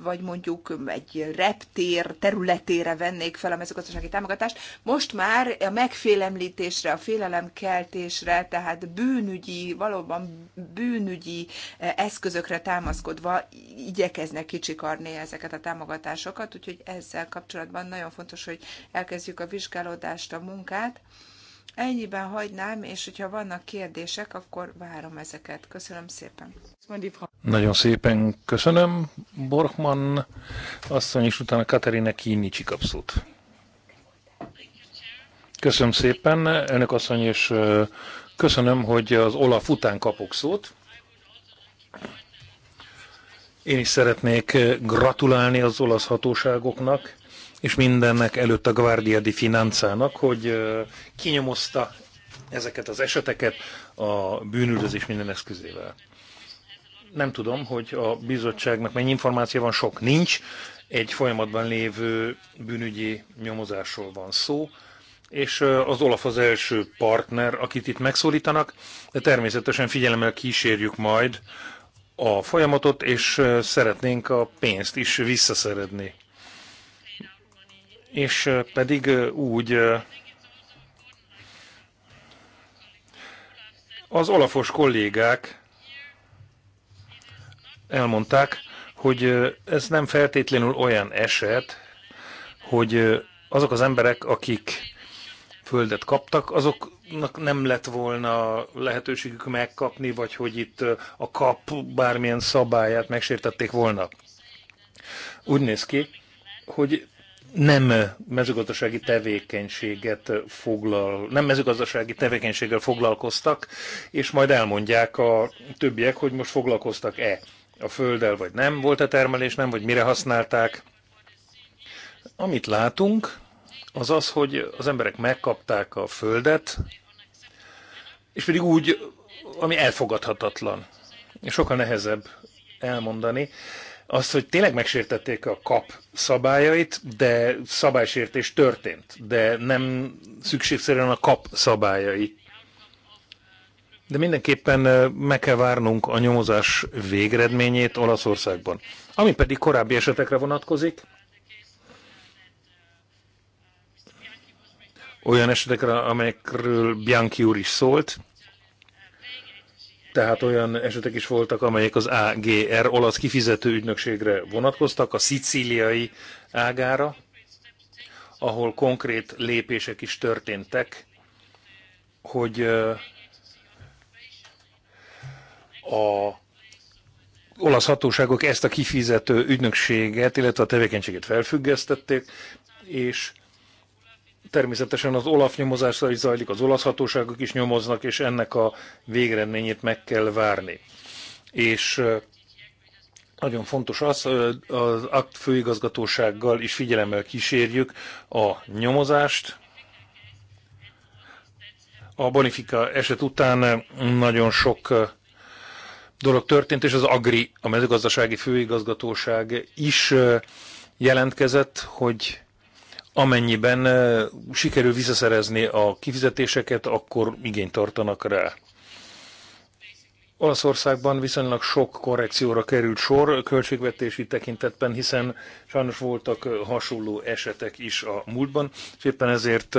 vagy mondjuk egy reptér területére vennék fel a mezőgazdasági támogatást. Most már a megfélemlítésre, a félelemkeltésre, tehát bűnügyi, valóban bűnügyi eszközökre támaszkodva igyekeznek kicsikarni ezeket a támogatásokat, úgyhogy ezzel kapcsolatban nagyon fontos, hogy elkezdjük a vizsgálódást, a munkát. Ennyiben hagynám, és hogyha vannak kérdések, akkor várom ezeket. Köszönöm szépen. Nagyon szépen köszönöm. Borchmann asszony, és utána Katerina Kínicsi csikapszót. Köszönöm szépen, elnök asszony, és köszönöm, hogy az Olaf után kapok szót. Én is szeretnék gratulálni az olasz hatóságoknak és mindennek előtt a Guardia di Finanzának, hogy kinyomozta ezeket az eseteket a bűnüldözés minden eszközével. Nem tudom, hogy a bizottságnak mennyi információ van, sok nincs. Egy folyamatban lévő bűnügyi nyomozásról van szó, és az Olaf az első partner, akit itt megszólítanak, de természetesen figyelemmel kísérjük majd a folyamatot, és szeretnénk a pénzt is visszaszeredni és pedig úgy az olafos kollégák elmondták, hogy ez nem feltétlenül olyan eset, hogy azok az emberek, akik földet kaptak, azoknak nem lett volna lehetőségük megkapni, vagy hogy itt a kap bármilyen szabályát megsértették volna. Úgy néz ki, hogy nem mezőgazdasági tevékenységet foglal, nem mezőgazdasági tevékenységgel foglalkoztak, és majd elmondják a többiek, hogy most foglalkoztak-e a földdel, vagy nem, volt-e termelés, nem, vagy mire használták. Amit látunk, az az, hogy az emberek megkapták a földet, és pedig úgy, ami elfogadhatatlan. És sokkal nehezebb elmondani, az, hogy tényleg megsértették a kap szabályait, de szabálysértés történt, de nem szükségszerűen a kap szabályai. De mindenképpen meg kell várnunk a nyomozás végeredményét Olaszországban. Ami pedig korábbi esetekre vonatkozik, olyan esetekre, amelyekről Bianchi úr is szólt, tehát olyan esetek is voltak, amelyek az AGR olasz kifizető ügynökségre vonatkoztak, a szicíliai ágára, ahol konkrét lépések is történtek, hogy a olasz hatóságok ezt a kifizető ügynökséget, illetve a tevékenységet felfüggesztették, és természetesen az Olaf nyomozásra is zajlik, az olasz hatóságok is nyomoznak, és ennek a végeredményét meg kell várni. És nagyon fontos az, az akt főigazgatósággal is figyelemmel kísérjük a nyomozást. A Bonifika eset után nagyon sok dolog történt, és az Agri, a mezőgazdasági főigazgatóság is jelentkezett, hogy amennyiben sikerül visszaszerezni a kifizetéseket, akkor igényt tartanak rá. Olaszországban viszonylag sok korrekcióra került sor költségvetési tekintetben, hiszen sajnos voltak hasonló esetek is a múltban, és éppen ezért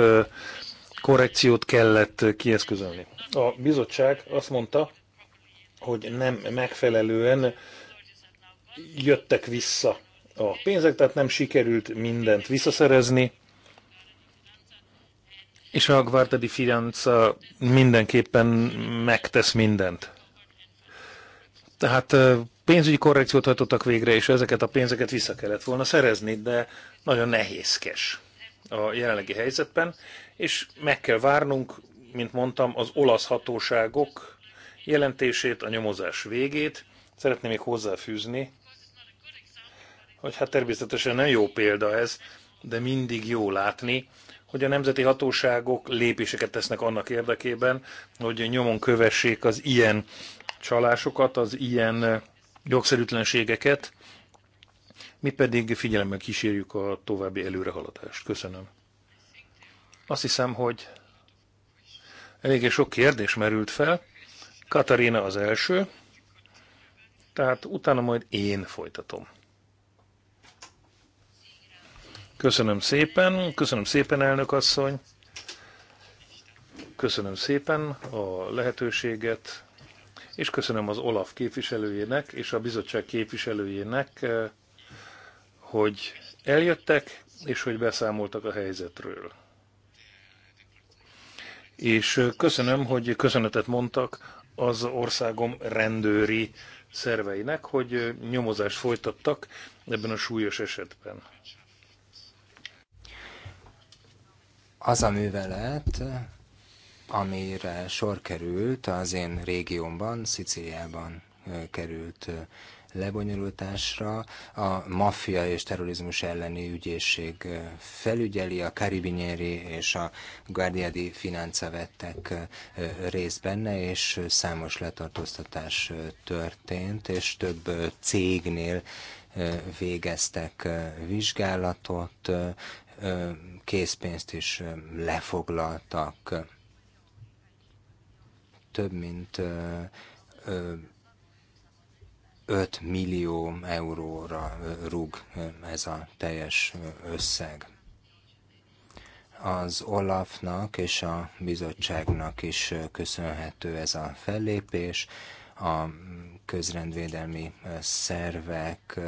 korrekciót kellett kieszközölni. A bizottság azt mondta, hogy nem megfelelően jöttek vissza a pénzek, tehát nem sikerült mindent visszaszerezni, és a Guarda di Fianza mindenképpen megtesz mindent. Tehát pénzügyi korrekciót hajtottak végre, és ezeket a pénzeket vissza kellett volna szerezni, de nagyon nehézkes a jelenlegi helyzetben, és meg kell várnunk, mint mondtam, az olasz hatóságok jelentését, a nyomozás végét. Szeretném még hozzáfűzni, hogy hát természetesen nem jó példa ez, de mindig jó látni, hogy a nemzeti hatóságok lépéseket tesznek annak érdekében, hogy nyomon kövessék az ilyen csalásokat, az ilyen jogszerűtlenségeket, mi pedig figyelemmel kísérjük a további előrehaladást. Köszönöm. Azt hiszem, hogy eléggé sok kérdés merült fel. Katarina az első, tehát utána majd én folytatom. Köszönöm szépen, köszönöm szépen, elnök asszony. Köszönöm szépen a lehetőséget, és köszönöm az OLAF képviselőjének és a bizottság képviselőjének, eh, hogy eljöttek, és hogy beszámoltak a helyzetről. És eh, köszönöm, hogy köszönetet mondtak az országom rendőri szerveinek, hogy eh, nyomozást folytattak ebben a súlyos esetben. az a művelet, amire sor került az én régiómban, Szicíliában került lebonyolításra. A maffia és terrorizmus elleni ügyészség felügyeli, a Carabinieri és a Guardia di Finanza vettek részt benne, és számos letartóztatás történt, és több cégnél végeztek vizsgálatot, készpénzt is lefoglaltak. Több mint 5 millió euróra rúg ez a teljes összeg. Az Olafnak és a bizottságnak is köszönhető ez a fellépés. A közrendvédelmi szervek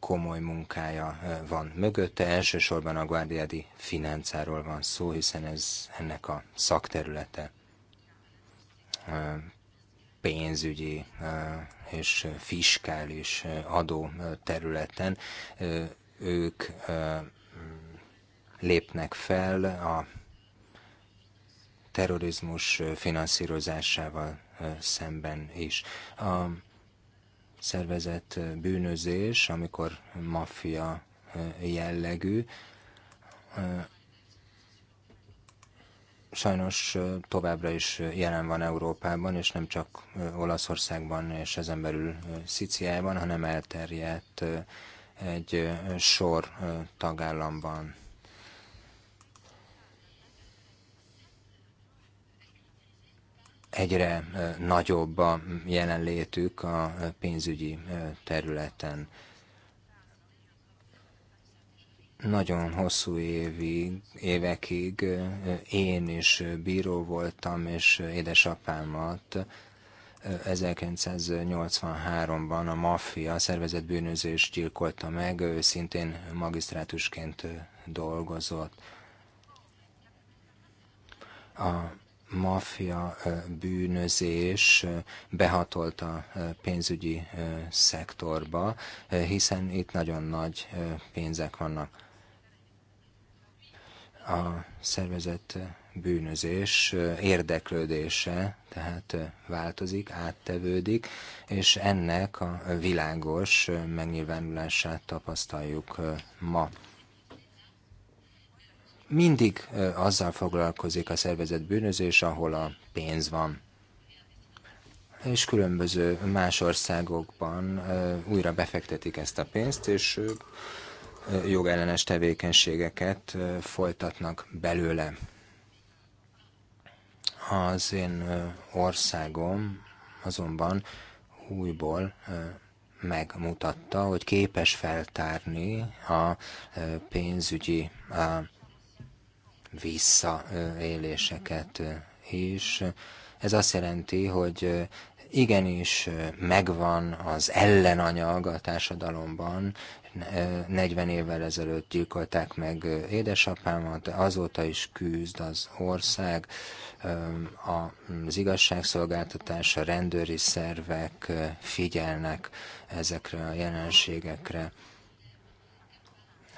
komoly munkája van mögötte. Elsősorban a Guardiadi financáról van szó, hiszen ez ennek a szakterülete pénzügyi és fiskális adó területen. Ők lépnek fel a terrorizmus finanszírozásával szemben is. A szervezett bűnözés, amikor maffia jellegű, sajnos továbbra is jelen van Európában, és nem csak Olaszországban és ezen belül Sziciliában, hanem elterjedt egy sor tagállamban. egyre nagyobb a jelenlétük a pénzügyi területen. Nagyon hosszú évig, évekig én is bíró voltam, és édesapámat 1983-ban a maffia szervezett bűnözés gyilkolta meg, ő szintén magisztrátusként dolgozott. A mafia bűnözés behatolt a pénzügyi szektorba, hiszen itt nagyon nagy pénzek vannak. A szervezet bűnözés érdeklődése tehát változik, áttevődik, és ennek a világos megnyilvánulását tapasztaljuk ma mindig azzal foglalkozik a szervezet bűnözés, ahol a pénz van. És különböző más országokban újra befektetik ezt a pénzt, és jogellenes tevékenységeket folytatnak belőle. Az én országom azonban újból megmutatta, hogy képes feltárni a pénzügyi a visszaéléseket is. Ez azt jelenti, hogy igenis megvan az ellenanyag a társadalomban. 40 évvel ezelőtt gyilkolták meg édesapámat, azóta is küzd az ország, az igazságszolgáltatás, a rendőri szervek figyelnek ezekre a jelenségekre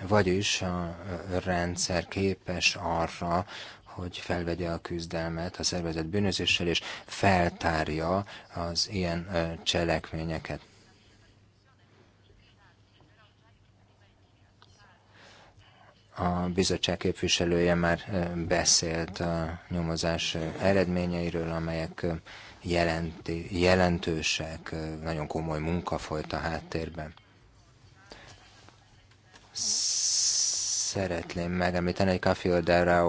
vagyis a rendszer képes arra, hogy felvegye a küzdelmet a szervezet bűnözéssel, és feltárja az ilyen cselekményeket. a bizottság képviselője már beszélt a nyomozás eredményeiről, amelyek jelenti, jelentősek, nagyon komoly munka folyt a háttérben szeretném megemlíteni, hogy Cafil de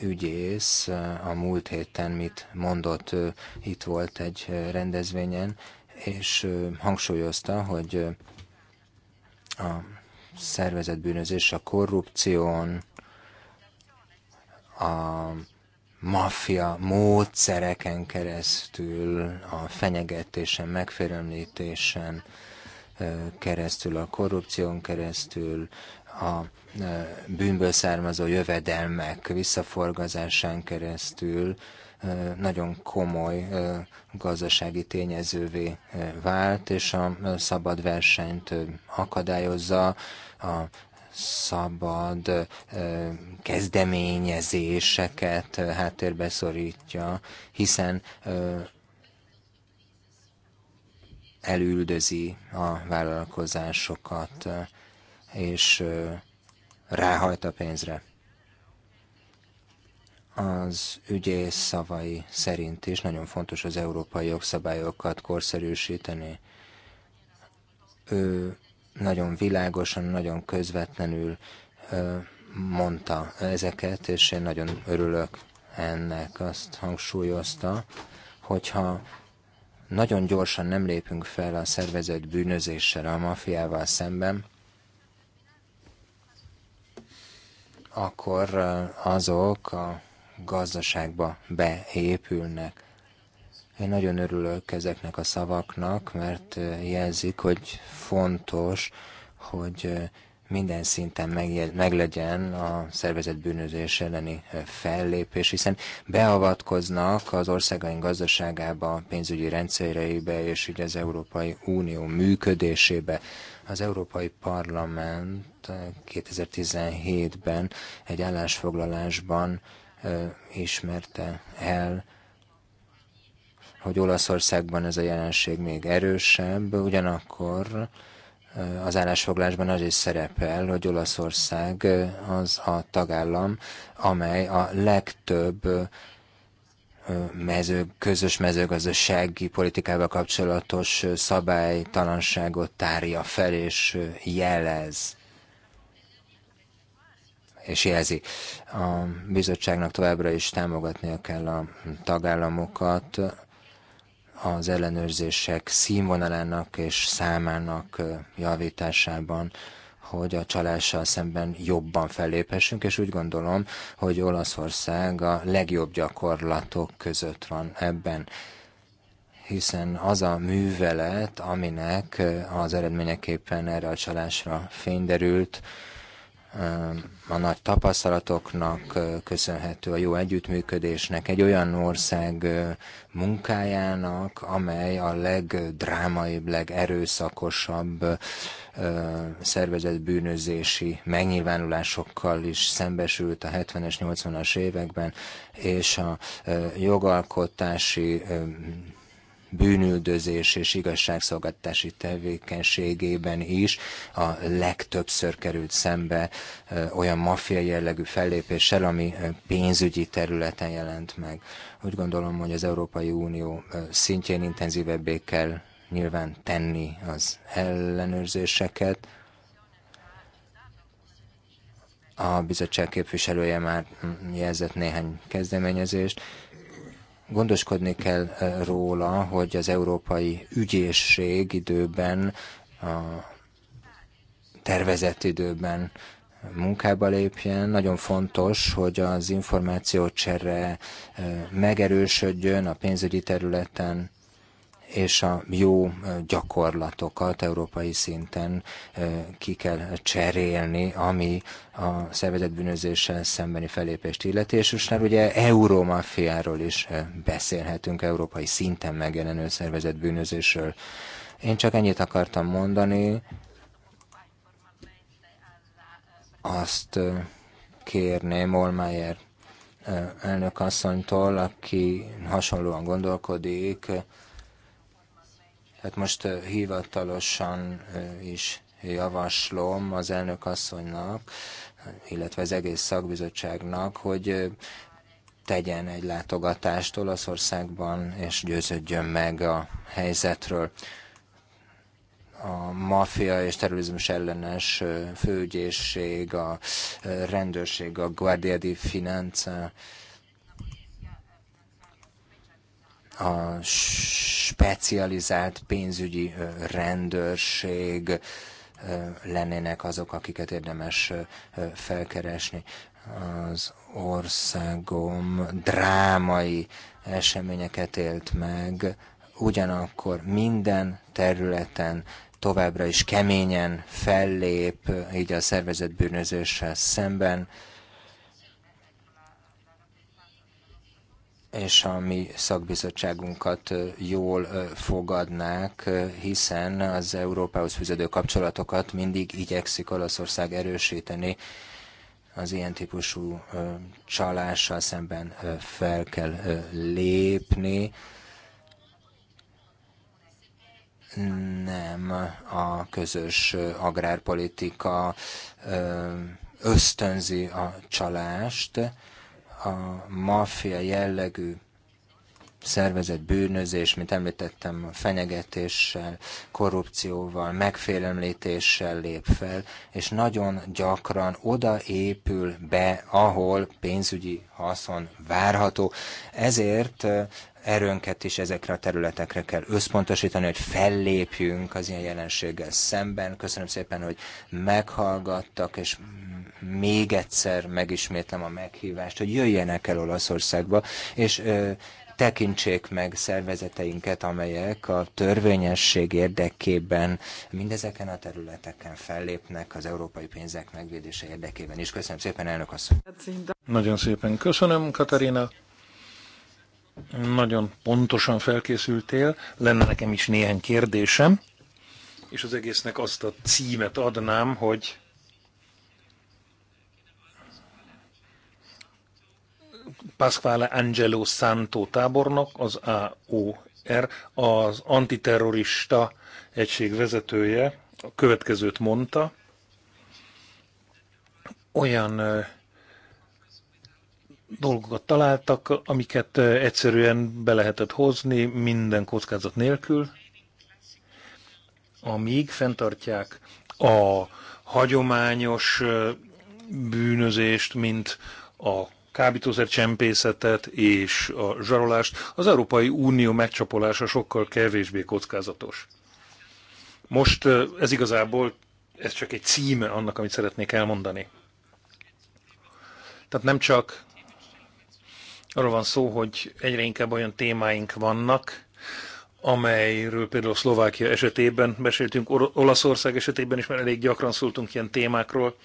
ügyész a múlt héten mit mondott, itt volt egy rendezvényen, és hangsúlyozta, hogy a szervezetbűnözés a korrupción, a maffia módszereken keresztül, a fenyegetésen, megfélemlítésen, keresztül, a korrupción keresztül, a bűnből származó jövedelmek visszaforgazásán keresztül nagyon komoly gazdasági tényezővé vált, és a szabad versenyt akadályozza, a szabad kezdeményezéseket háttérbe szorítja, hiszen elüldözi a vállalkozásokat, és ráhajt a pénzre. Az ügyész szavai szerint is nagyon fontos az európai jogszabályokat korszerűsíteni. Ő nagyon világosan, nagyon közvetlenül mondta ezeket, és én nagyon örülök ennek. Azt hangsúlyozta, hogyha nagyon gyorsan nem lépünk fel a szervezett bűnözéssel, a mafiával szemben, akkor uh, azok a gazdaságba beépülnek. Én nagyon örülök ezeknek a szavaknak, mert uh, jelzik, hogy fontos, hogy uh, minden szinten meg, legyen a szervezet bűnözés elleni fellépés, hiszen beavatkoznak az országaink gazdaságába, pénzügyi rendszereibe és így az Európai Unió működésébe. Az Európai Parlament 2017-ben egy állásfoglalásban ismerte el, hogy Olaszországban ez a jelenség még erősebb, ugyanakkor az állásfoglásban az is szerepel, hogy Olaszország az a tagállam, amely a legtöbb mező, közös mezőgazdasági politikával kapcsolatos szabálytalanságot tárja fel és jelez és jelzi. A bizottságnak továbbra is támogatnia kell a tagállamokat az ellenőrzések színvonalának és számának javításában, hogy a csalással szemben jobban felléphessünk, és úgy gondolom, hogy Olaszország a legjobb gyakorlatok között van ebben hiszen az a művelet, aminek az eredményeképpen erre a csalásra fény derült, a nagy tapasztalatoknak köszönhető a jó együttműködésnek, egy olyan ország munkájának, amely a legdrámaibb, legerőszakosabb szervezett bűnözési megnyilvánulásokkal is szembesült a 70-es, 80-as években, és a jogalkotási bűnüldözés és igazságszolgáltási tevékenységében is a legtöbbször került szembe olyan maffia jellegű fellépéssel, ami pénzügyi területen jelent meg. Úgy gondolom, hogy az Európai Unió szintjén intenzívebbé kell nyilván tenni az ellenőrzéseket, a bizottság képviselője már jelzett néhány kezdeményezést gondoskodni kell eh, róla, hogy az európai ügyészség időben, a tervezett időben munkába lépjen. Nagyon fontos, hogy az információcsere eh, megerősödjön a pénzügyi területen, és a jó gyakorlatokat európai szinten ki kell cserélni, ami a szervezetbűnözéssel szembeni felépést illeti, és most már ugye euromafiáról is beszélhetünk, európai szinten megjelenő szervezetbűnözésről. Én csak ennyit akartam mondani, azt kérném Olmájer elnök asszonytól, aki hasonlóan gondolkodik, Hát most hivatalosan is javaslom az elnök asszonynak, illetve az egész szakbizottságnak, hogy tegyen egy látogatást Olaszországban, és győződjön meg a helyzetről. A mafia és terrorizmus ellenes főügyészség, a rendőrség, a Guardia di Finanza, a specializált pénzügyi rendőrség lennének azok, akiket érdemes felkeresni. Az országom drámai eseményeket élt meg, ugyanakkor minden területen továbbra is keményen fellép, így a szervezetbűnözéssel szemben, és a mi szakbizottságunkat jól fogadnák, hiszen az Európához fűződő kapcsolatokat mindig igyekszik Olaszország erősíteni, az ilyen típusú csalással szemben fel kell lépni. Nem a közös agrárpolitika ösztönzi a csalást, a maffia jellegű szervezett bűnözés, mint említettem, fenyegetéssel, korrupcióval, megfélemlítéssel lép fel, és nagyon gyakran oda épül be, ahol pénzügyi haszon várható. Ezért erőnket is ezekre a területekre kell összpontosítani, hogy fellépjünk az ilyen jelenséggel szemben. Köszönöm szépen, hogy meghallgattak, és még egyszer megismétlem a meghívást, hogy jöjjenek el Olaszországba, és tekintsék meg szervezeteinket, amelyek a törvényesség érdekében mindezeken a területeken fellépnek az európai pénzek megvédése érdekében is. Köszönöm szépen, elnök asszony! Nagyon szépen köszönöm, Katarina! Nagyon pontosan felkészültél, lenne nekem is néhány kérdésem, és az egésznek azt a címet adnám, hogy Pasquale Angelo Santo tábornok, az AOR, az antiterrorista egység vezetője a következőt mondta, olyan dolgokat találtak, amiket egyszerűen be lehetett hozni minden kockázat nélkül, amíg fenntartják a hagyományos bűnözést, mint a kábítószercsempészetet és a zsarolást, az Európai Unió megcsapolása sokkal kevésbé kockázatos. Most ez igazából, ez csak egy címe annak, amit szeretnék elmondani. Tehát nem csak arról van szó, hogy egyre inkább olyan témáink vannak, amelyről például Szlovákia esetében beszéltünk, Olaszország esetében is, mert elég gyakran szóltunk ilyen témákról.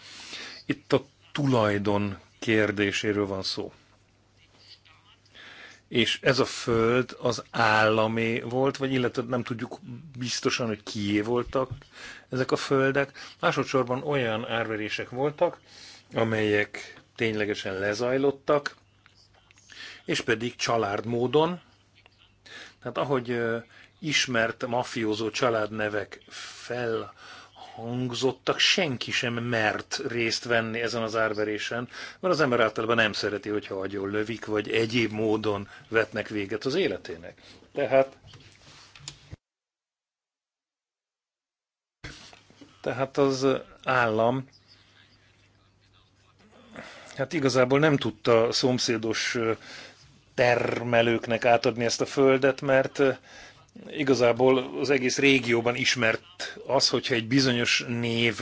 Itt a tulajdon kérdéséről van szó. És ez a föld az államé volt, vagy illetve nem tudjuk biztosan, hogy kié voltak ezek a földek. Másodszorban olyan árverések voltak, amelyek ténylegesen lezajlottak, és pedig család módon. Tehát ahogy ismert mafiózó családnevek fel hangzottak senki sem mert részt venni ezen az árverésen, mert az ember általában nem szereti, hogyha agyon lövik, vagy egyéb módon vetnek véget az életének. Tehát Tehát az állam hát igazából nem tudta szomszédos termelőknek átadni ezt a földet, mert igazából az egész régióban ismert az, hogyha egy bizonyos név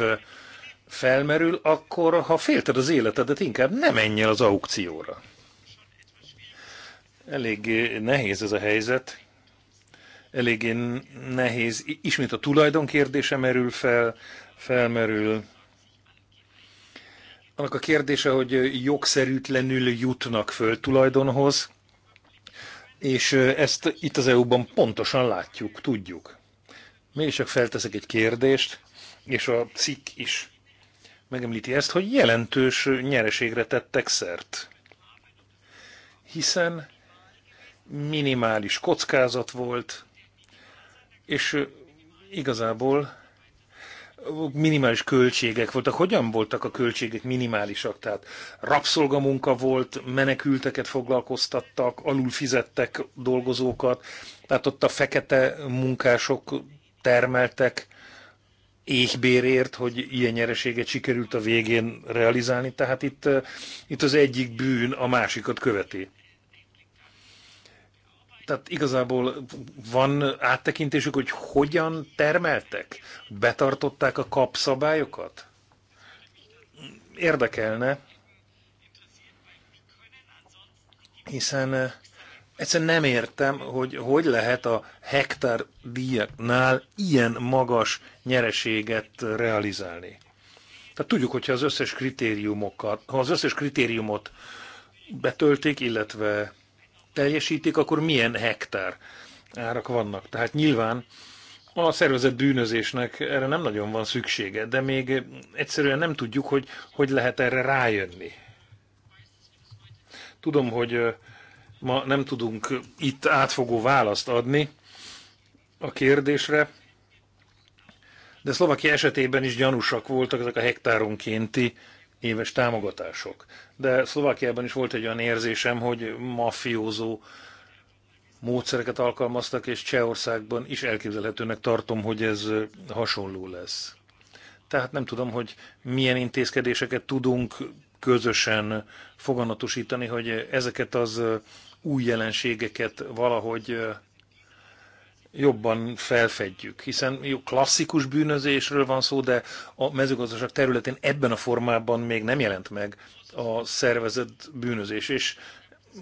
felmerül, akkor ha félted az életedet, inkább nem menj el az aukcióra. Elég nehéz ez a helyzet. Eléggé nehéz. Ismét a tulajdon kérdése merül fel, felmerül. Annak a kérdése, hogy jogszerűtlenül jutnak föl tulajdonhoz, és ezt itt az EU-ban pontosan látjuk, tudjuk. Még csak felteszek egy kérdést, és a cikk is megemlíti ezt, hogy jelentős nyereségre tettek szert. Hiszen minimális kockázat volt, és igazából minimális költségek voltak. Hogyan voltak a költségek minimálisak? Tehát rabszolgamunka volt, menekülteket foglalkoztattak, alul fizettek dolgozókat, tehát ott a fekete munkások termeltek éhbérért, hogy ilyen nyereséget sikerült a végén realizálni. Tehát itt, eh, itt az egyik bűn a másikat követi tehát igazából van áttekintésük, hogy hogyan termeltek? Betartották a kapszabályokat? Érdekelne, hiszen eh, egyszerűen nem értem, hogy hogy lehet a hektár díjaknál ilyen magas nyereséget realizálni. Tehát tudjuk, hogyha az összes kritériumokat, ha az összes kritériumot betöltik, illetve teljesítik, akkor milyen hektár árak vannak. Tehát nyilván a szervezett bűnözésnek erre nem nagyon van szüksége, de még egyszerűen nem tudjuk, hogy hogy lehet erre rájönni. Tudom, hogy ma nem tudunk itt átfogó választ adni a kérdésre, de Szlovakia esetében is gyanúsak voltak ezek a hektáronkénti éves támogatások. De Szlovákiában is volt egy olyan érzésem, hogy mafiózó módszereket alkalmaztak, és Csehországban is elképzelhetőnek tartom, hogy ez hasonló lesz. Tehát nem tudom, hogy milyen intézkedéseket tudunk közösen foganatosítani, hogy ezeket az új jelenségeket valahogy jobban felfedjük, hiszen jó klasszikus bűnözésről van szó, de a mezőgazdaság területén ebben a formában még nem jelent meg a szervezett bűnözés, és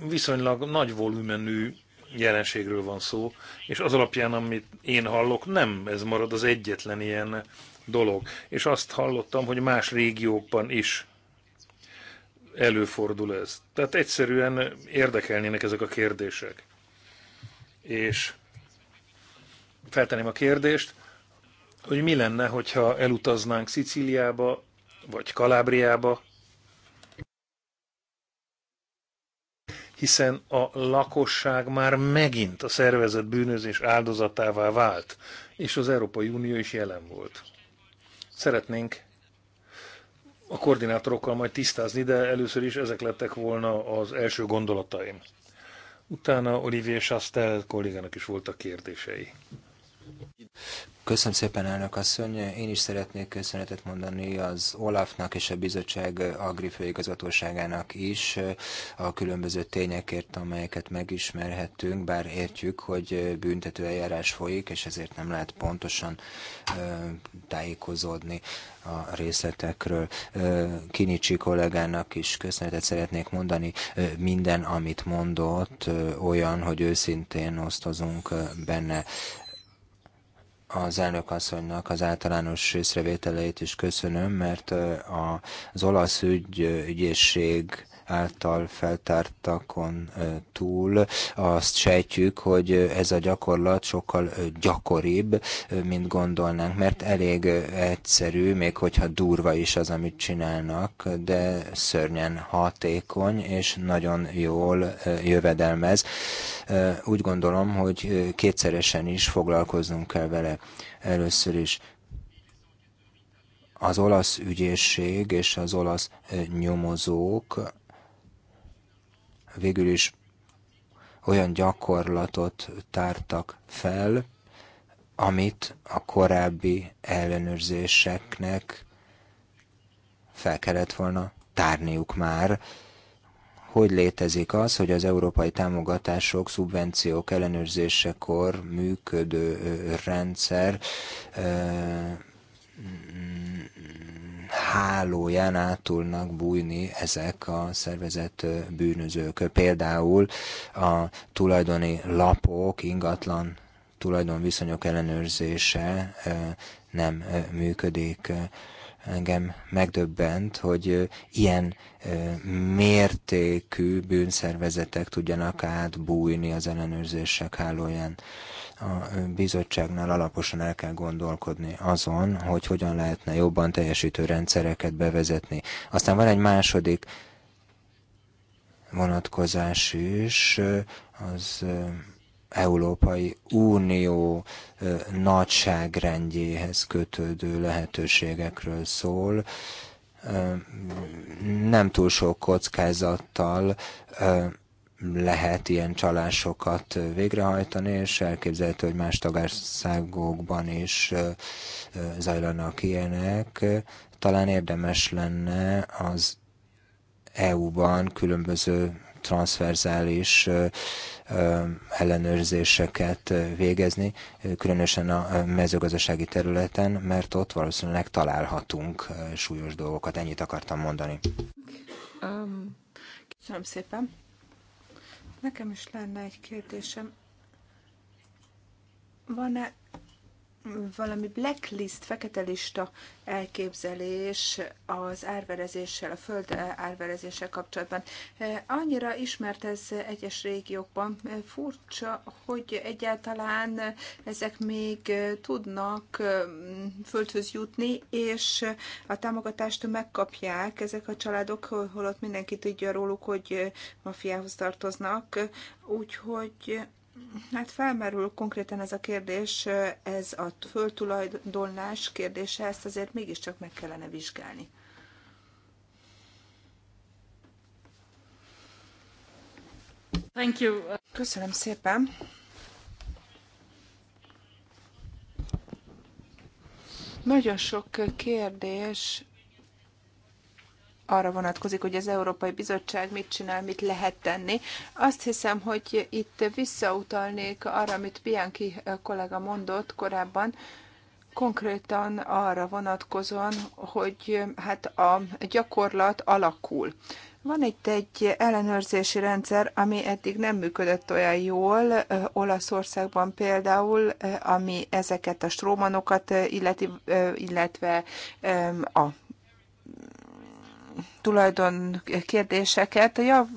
viszonylag nagy volumenű jelenségről van szó, és az alapján, amit én hallok, nem ez marad az egyetlen ilyen dolog. És azt hallottam, hogy más régiókban is előfordul ez. Tehát egyszerűen érdekelnének ezek a kérdések. És feltenném a kérdést, hogy mi lenne, hogyha elutaznánk Szicíliába, vagy Kalábriába, hiszen a lakosság már megint a szervezett bűnözés áldozatává vált, és az Európai Unió is jelen volt. Szeretnénk a koordinátorokkal majd tisztázni, de először is ezek lettek volna az első gondolataim. Utána Olivier Chastel kollégának is voltak kérdései. Köszönöm szépen, elnök asszony. Én is szeretnék köszönetet mondani az Olafnak és a bizottság Agri főigazgatóságának is a különböző tényekért, amelyeket megismerhettünk, bár értjük, hogy büntető eljárás folyik, és ezért nem lehet pontosan tájékozódni a részletekről. Kinicsi kollégának is köszönetet szeretnék mondani. Minden, amit mondott, olyan, hogy őszintén osztozunk benne az elnökasszonynak az általános észrevételeit is köszönöm, mert az olasz ügy, ügyészség által feltártakon túl azt sejtjük, hogy ez a gyakorlat sokkal gyakoribb, mint gondolnánk, mert elég egyszerű, még hogyha durva is az, amit csinálnak, de szörnyen hatékony, és nagyon jól jövedelmez. Úgy gondolom, hogy kétszeresen is foglalkoznunk kell vele. Először is az olasz ügyészség és az olasz nyomozók végül is olyan gyakorlatot tártak fel, amit a korábbi ellenőrzéseknek fel kellett volna tárniuk már, hogy létezik az, hogy az európai támogatások, szubvenciók ellenőrzésekor működő rendszer hálóján át tudnak bújni ezek a szervezett bűnözők. Például a tulajdoni lapok, ingatlan tulajdonviszonyok ellenőrzése nem működik. Engem megdöbbent, hogy ilyen mértékű bűnszervezetek tudjanak átbújni az ellenőrzések hálóján a bizottságnál alaposan el kell gondolkodni azon, hogy hogyan lehetne jobban teljesítő rendszereket bevezetni. Aztán van egy második vonatkozás is, az Európai Unió nagyságrendjéhez kötődő lehetőségekről szól. Nem túl sok kockázattal lehet ilyen csalásokat végrehajtani, és elképzelhető, hogy más tagországokban is zajlanak ilyenek. Talán érdemes lenne az EU-ban különböző transzverzális ellenőrzéseket végezni, különösen a mezőgazdasági területen, mert ott valószínűleg találhatunk súlyos dolgokat. Ennyit akartam mondani. Um, köszönöm szépen. Nekem is lenne egy kérdésem. Van-e valami blacklist, fekete lista elképzelés az árverezéssel, a föld árverezéssel kapcsolatban. E, annyira ismert ez egyes régiókban. E, furcsa, hogy egyáltalán ezek még tudnak e, földhöz jutni, és a támogatást megkapják ezek a családok, holott mindenki tudja róluk, hogy mafiához tartoznak. Úgyhogy Hát felmerül konkrétan ez a kérdés, ez a föltulajdonlás kérdése, ezt azért mégiscsak meg kellene vizsgálni. Thank you. Köszönöm szépen. Nagyon sok kérdés arra vonatkozik, hogy az Európai Bizottság mit csinál, mit lehet tenni. Azt hiszem, hogy itt visszautalnék arra, amit Bianchi kollega mondott korábban, konkrétan arra vonatkozóan, hogy hát a gyakorlat alakul. Van itt egy ellenőrzési rendszer, ami eddig nem működött olyan jól, Olaszországban például, ami ezeket a strómanokat, illeti, illetve a tulajdon kérdéseket. Jav,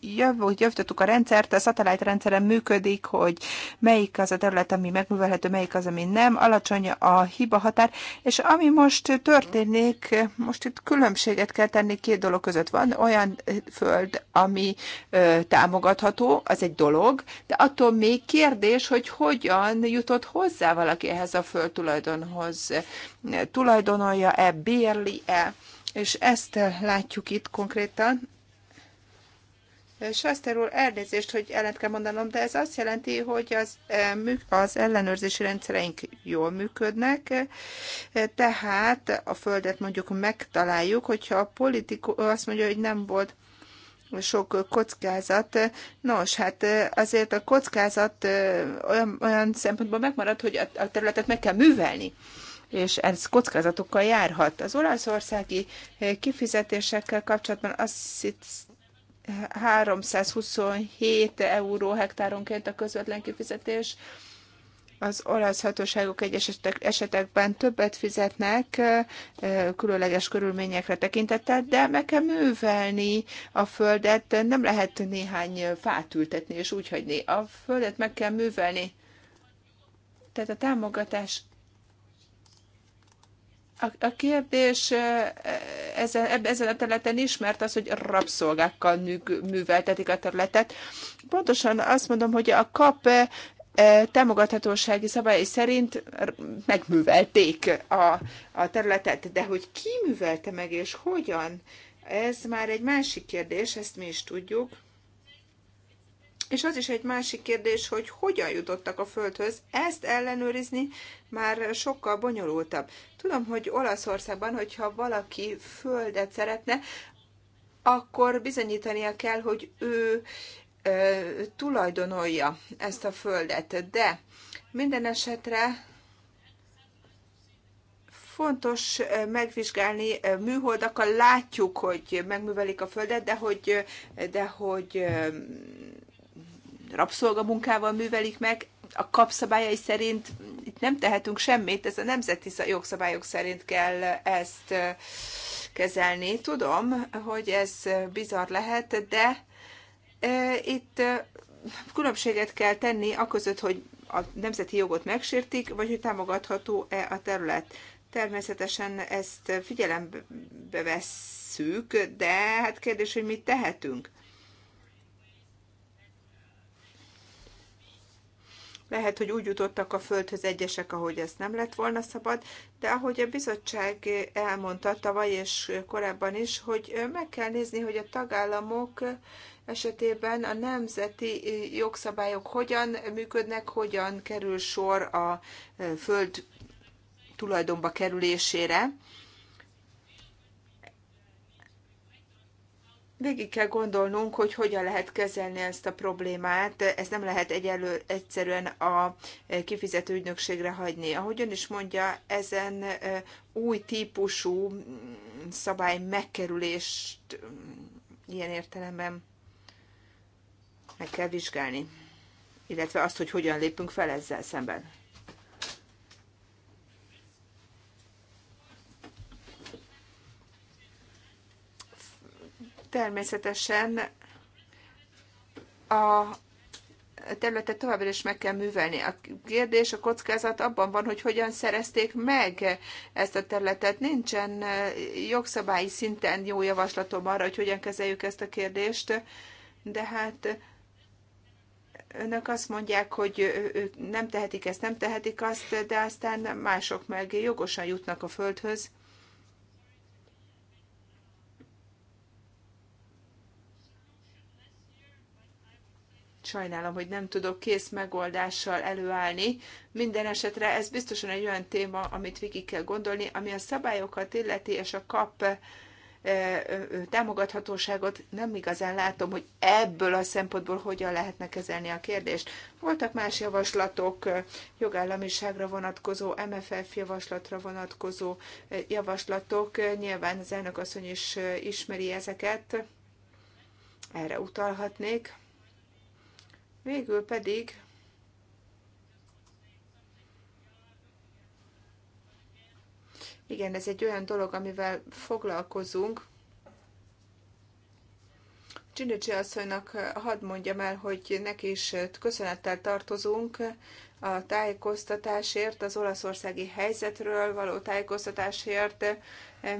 jav, javítottuk a rendszert, a satellite rendszeren működik, hogy melyik az a terület, ami megművelhető, melyik az, ami nem. Alacsony a hiba határ, és ami most történik, most itt különbséget kell tenni két dolog között. Van olyan föld, ami ö, támogatható, az egy dolog, de attól még kérdés, hogy hogyan jutott hozzá valaki ehhez a tulajdonhoz, Tulajdonolja-e, bérli-e? és ezt eh, látjuk itt konkrétan. Saster úr, elnézést, hogy ellent kell mondanom, de ez azt jelenti, hogy az, eh, az ellenőrzési rendszereink jól működnek, eh, tehát a földet mondjuk megtaláljuk, hogyha a politikus azt mondja, hogy nem volt sok kockázat. Nos, hát azért a kockázat olyan, olyan szempontból megmarad, hogy a, a területet meg kell művelni és ez kockázatokkal járhat. Az olaszországi eh, kifizetésekkel kapcsolatban azt 327 euró hektáronként a közvetlen kifizetés. Az olasz hatóságok egy esetek, esetekben többet fizetnek eh, eh, különleges körülményekre tekintettel, de meg kell művelni a földet, nem lehet néhány fát ültetni és úgy hagyni. A földet meg kell művelni. Tehát a támogatás a, a kérdés ezen, ezen a területen ismert az, hogy rabszolgákkal műveltetik a területet. Pontosan azt mondom, hogy a kap támogathatósági szabályai szerint megművelték a, a területet, de hogy ki művelte meg és hogyan, ez már egy másik kérdés, ezt mi is tudjuk. És az is egy másik kérdés, hogy hogyan jutottak a földhöz, ezt ellenőrizni már sokkal bonyolultabb. Tudom, hogy Olaszországban, hogyha valaki földet szeretne, akkor bizonyítania kell, hogy ő ö, tulajdonolja ezt a földet. De minden esetre fontos megvizsgálni műholdakkal, látjuk, hogy megművelik a földet, de hogy, de hogy rabszolgamunkával művelik meg, a kapszabályai szerint itt nem tehetünk semmit, ez a nemzeti jogszabályok szerint kell ezt kezelni. Tudom, hogy ez bizarr lehet, de itt különbséget kell tenni aközött, hogy a nemzeti jogot megsértik, vagy hogy támogatható-e a terület. Természetesen ezt figyelembe vesszük, de hát kérdés, hogy mit tehetünk. Lehet, hogy úgy jutottak a földhöz egyesek, ahogy ez nem lett volna szabad, de ahogy a bizottság elmondta tavaly és korábban is, hogy meg kell nézni, hogy a tagállamok esetében a nemzeti jogszabályok hogyan működnek, hogyan kerül sor a föld tulajdonba kerülésére Végig kell gondolnunk, hogy hogyan lehet kezelni ezt a problémát. Ez nem lehet egyelő, egyszerűen a kifizető ügynökségre hagyni. Ahogy ön is mondja, ezen új típusú szabály megkerülést ilyen értelemben meg kell vizsgálni, illetve azt, hogy hogyan lépünk fel ezzel szemben. Természetesen a területet továbbra is meg kell művelni. A kérdés, a kockázat abban van, hogy hogyan szerezték meg ezt a területet. Nincsen jogszabályi szinten jó javaslatom arra, hogy hogyan kezeljük ezt a kérdést, de hát önök azt mondják, hogy ők nem tehetik ezt, nem tehetik azt, de aztán mások meg jogosan jutnak a földhöz. sajnálom, hogy nem tudok kész megoldással előállni. Minden esetre ez biztosan egy olyan téma, amit végig kell gondolni, ami a szabályokat illeti, és a kap eh, támogathatóságot nem igazán látom, hogy ebből a szempontból hogyan lehetne kezelni a kérdést. Voltak más javaslatok, eh, jogállamiságra vonatkozó, MFF javaslatra vonatkozó eh, javaslatok, nyilván az elnök asszony is ismeri ezeket, erre utalhatnék. Végül pedig igen, ez egy olyan dolog, amivel foglalkozunk. Csinicsi asszonynak hadd mondjam el, hogy neki is köszönettel tartozunk a tájékoztatásért, az olaszországi helyzetről való tájékoztatásért.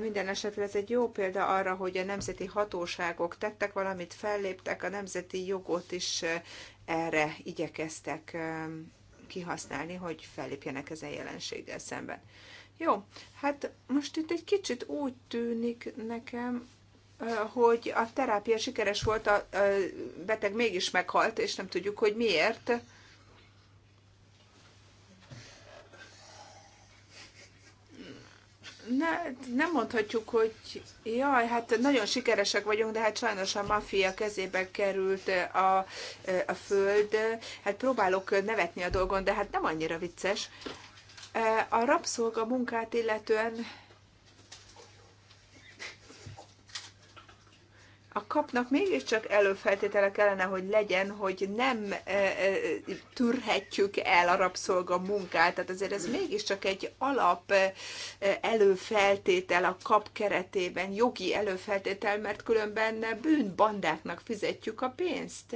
Minden esetre ez egy jó példa arra, hogy a nemzeti hatóságok tettek valamit, felléptek, a nemzeti jogot is erre igyekeztek um, kihasználni, hogy fellépjenek ezen jelenséggel szemben. Jó, hát most itt egy kicsit úgy tűnik nekem, uh, hogy a terápia sikeres volt, a beteg mégis meghalt, és nem tudjuk, hogy miért. ne, nem mondhatjuk, hogy jaj, hát nagyon sikeresek vagyunk, de hát sajnos a maffia kezébe került a, a föld. Hát próbálok nevetni a dolgon, de hát nem annyira vicces. A rabszolga munkát illetően a kapnak mégiscsak előfeltétele kellene, hogy legyen, hogy nem e, e, törhetjük el a rabszolga munkát, tehát azért ez mégiscsak egy alap e, előfeltétel a kap keretében, jogi előfeltétel, mert különben bűnbandáknak fizetjük a pénzt.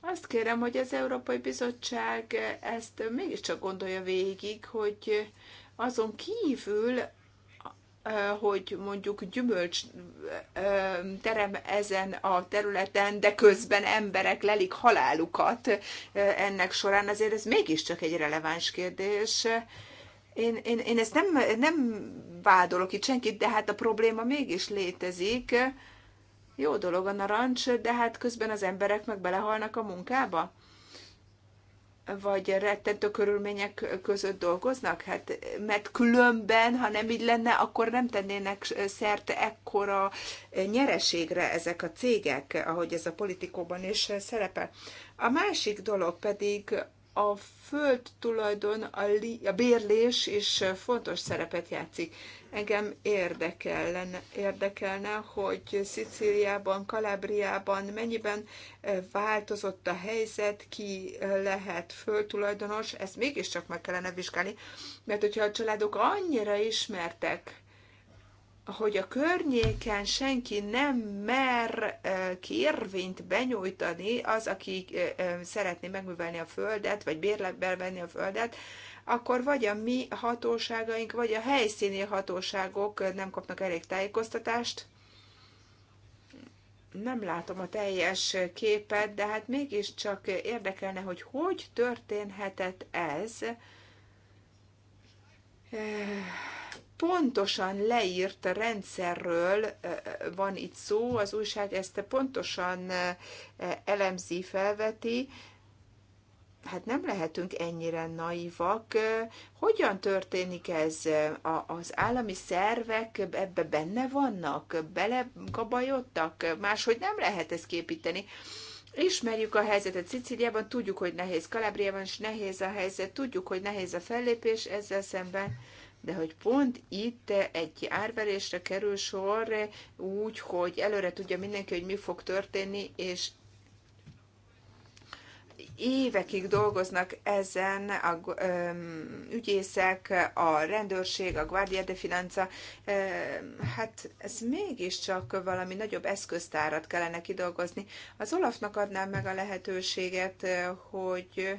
Azt kérem, hogy az Európai Bizottság ezt mégiscsak gondolja végig, hogy azon kívül hogy mondjuk gyümölcs terem ezen a területen, de közben emberek lelik halálukat ennek során, azért ez mégiscsak egy releváns kérdés. Én, én, én ezt nem, nem vádolok itt senkit, de hát a probléma mégis létezik. Jó dolog a narancs, de hát közben az emberek meg belehalnak a munkába vagy rettentő körülmények között dolgoznak? Hát, mert különben, ha nem így lenne, akkor nem tennének szerte ekkora nyereségre ezek a cégek, ahogy ez a politikóban is szerepel. A másik dolog pedig a föld tulajdon, a, li, a bérlés is fontos szerepet játszik. Engem érdekelne, érdekelne, hogy Szicíliában, Kalábriában mennyiben eh, változott a helyzet, ki eh, lehet földtulajdonos, ezt mégiscsak meg kellene vizsgálni, mert hogyha a családok annyira ismertek, hogy a környéken senki nem mer kérvényt benyújtani, az, aki szeretné megművelni a földet, vagy bérletbe venni a földet, akkor vagy a mi hatóságaink, vagy a helyszíni hatóságok nem kapnak elég tájékoztatást. Nem látom a teljes képet, de hát mégiscsak érdekelne, hogy hogy történhetett ez pontosan leírt rendszerről van itt szó, az újság ezt pontosan elemzi, felveti, hát nem lehetünk ennyire naivak. Hogyan történik ez? A, az állami szervek ebbe benne vannak, belegabajodtak, máshogy nem lehet ezt képíteni. Ismerjük a helyzetet Sziciliában, tudjuk, hogy nehéz Kalabriában is nehéz a helyzet, tudjuk, hogy nehéz a fellépés ezzel szemben de hogy pont itt egy árverésre kerül sor úgy, hogy előre tudja mindenki, hogy mi fog történni, és évekig dolgoznak ezen a öm, ügyészek, a rendőrség, a Guardia de Finanza. hát ez mégiscsak valami nagyobb eszköztárat kellene kidolgozni. Az Olafnak adnám meg a lehetőséget, hogy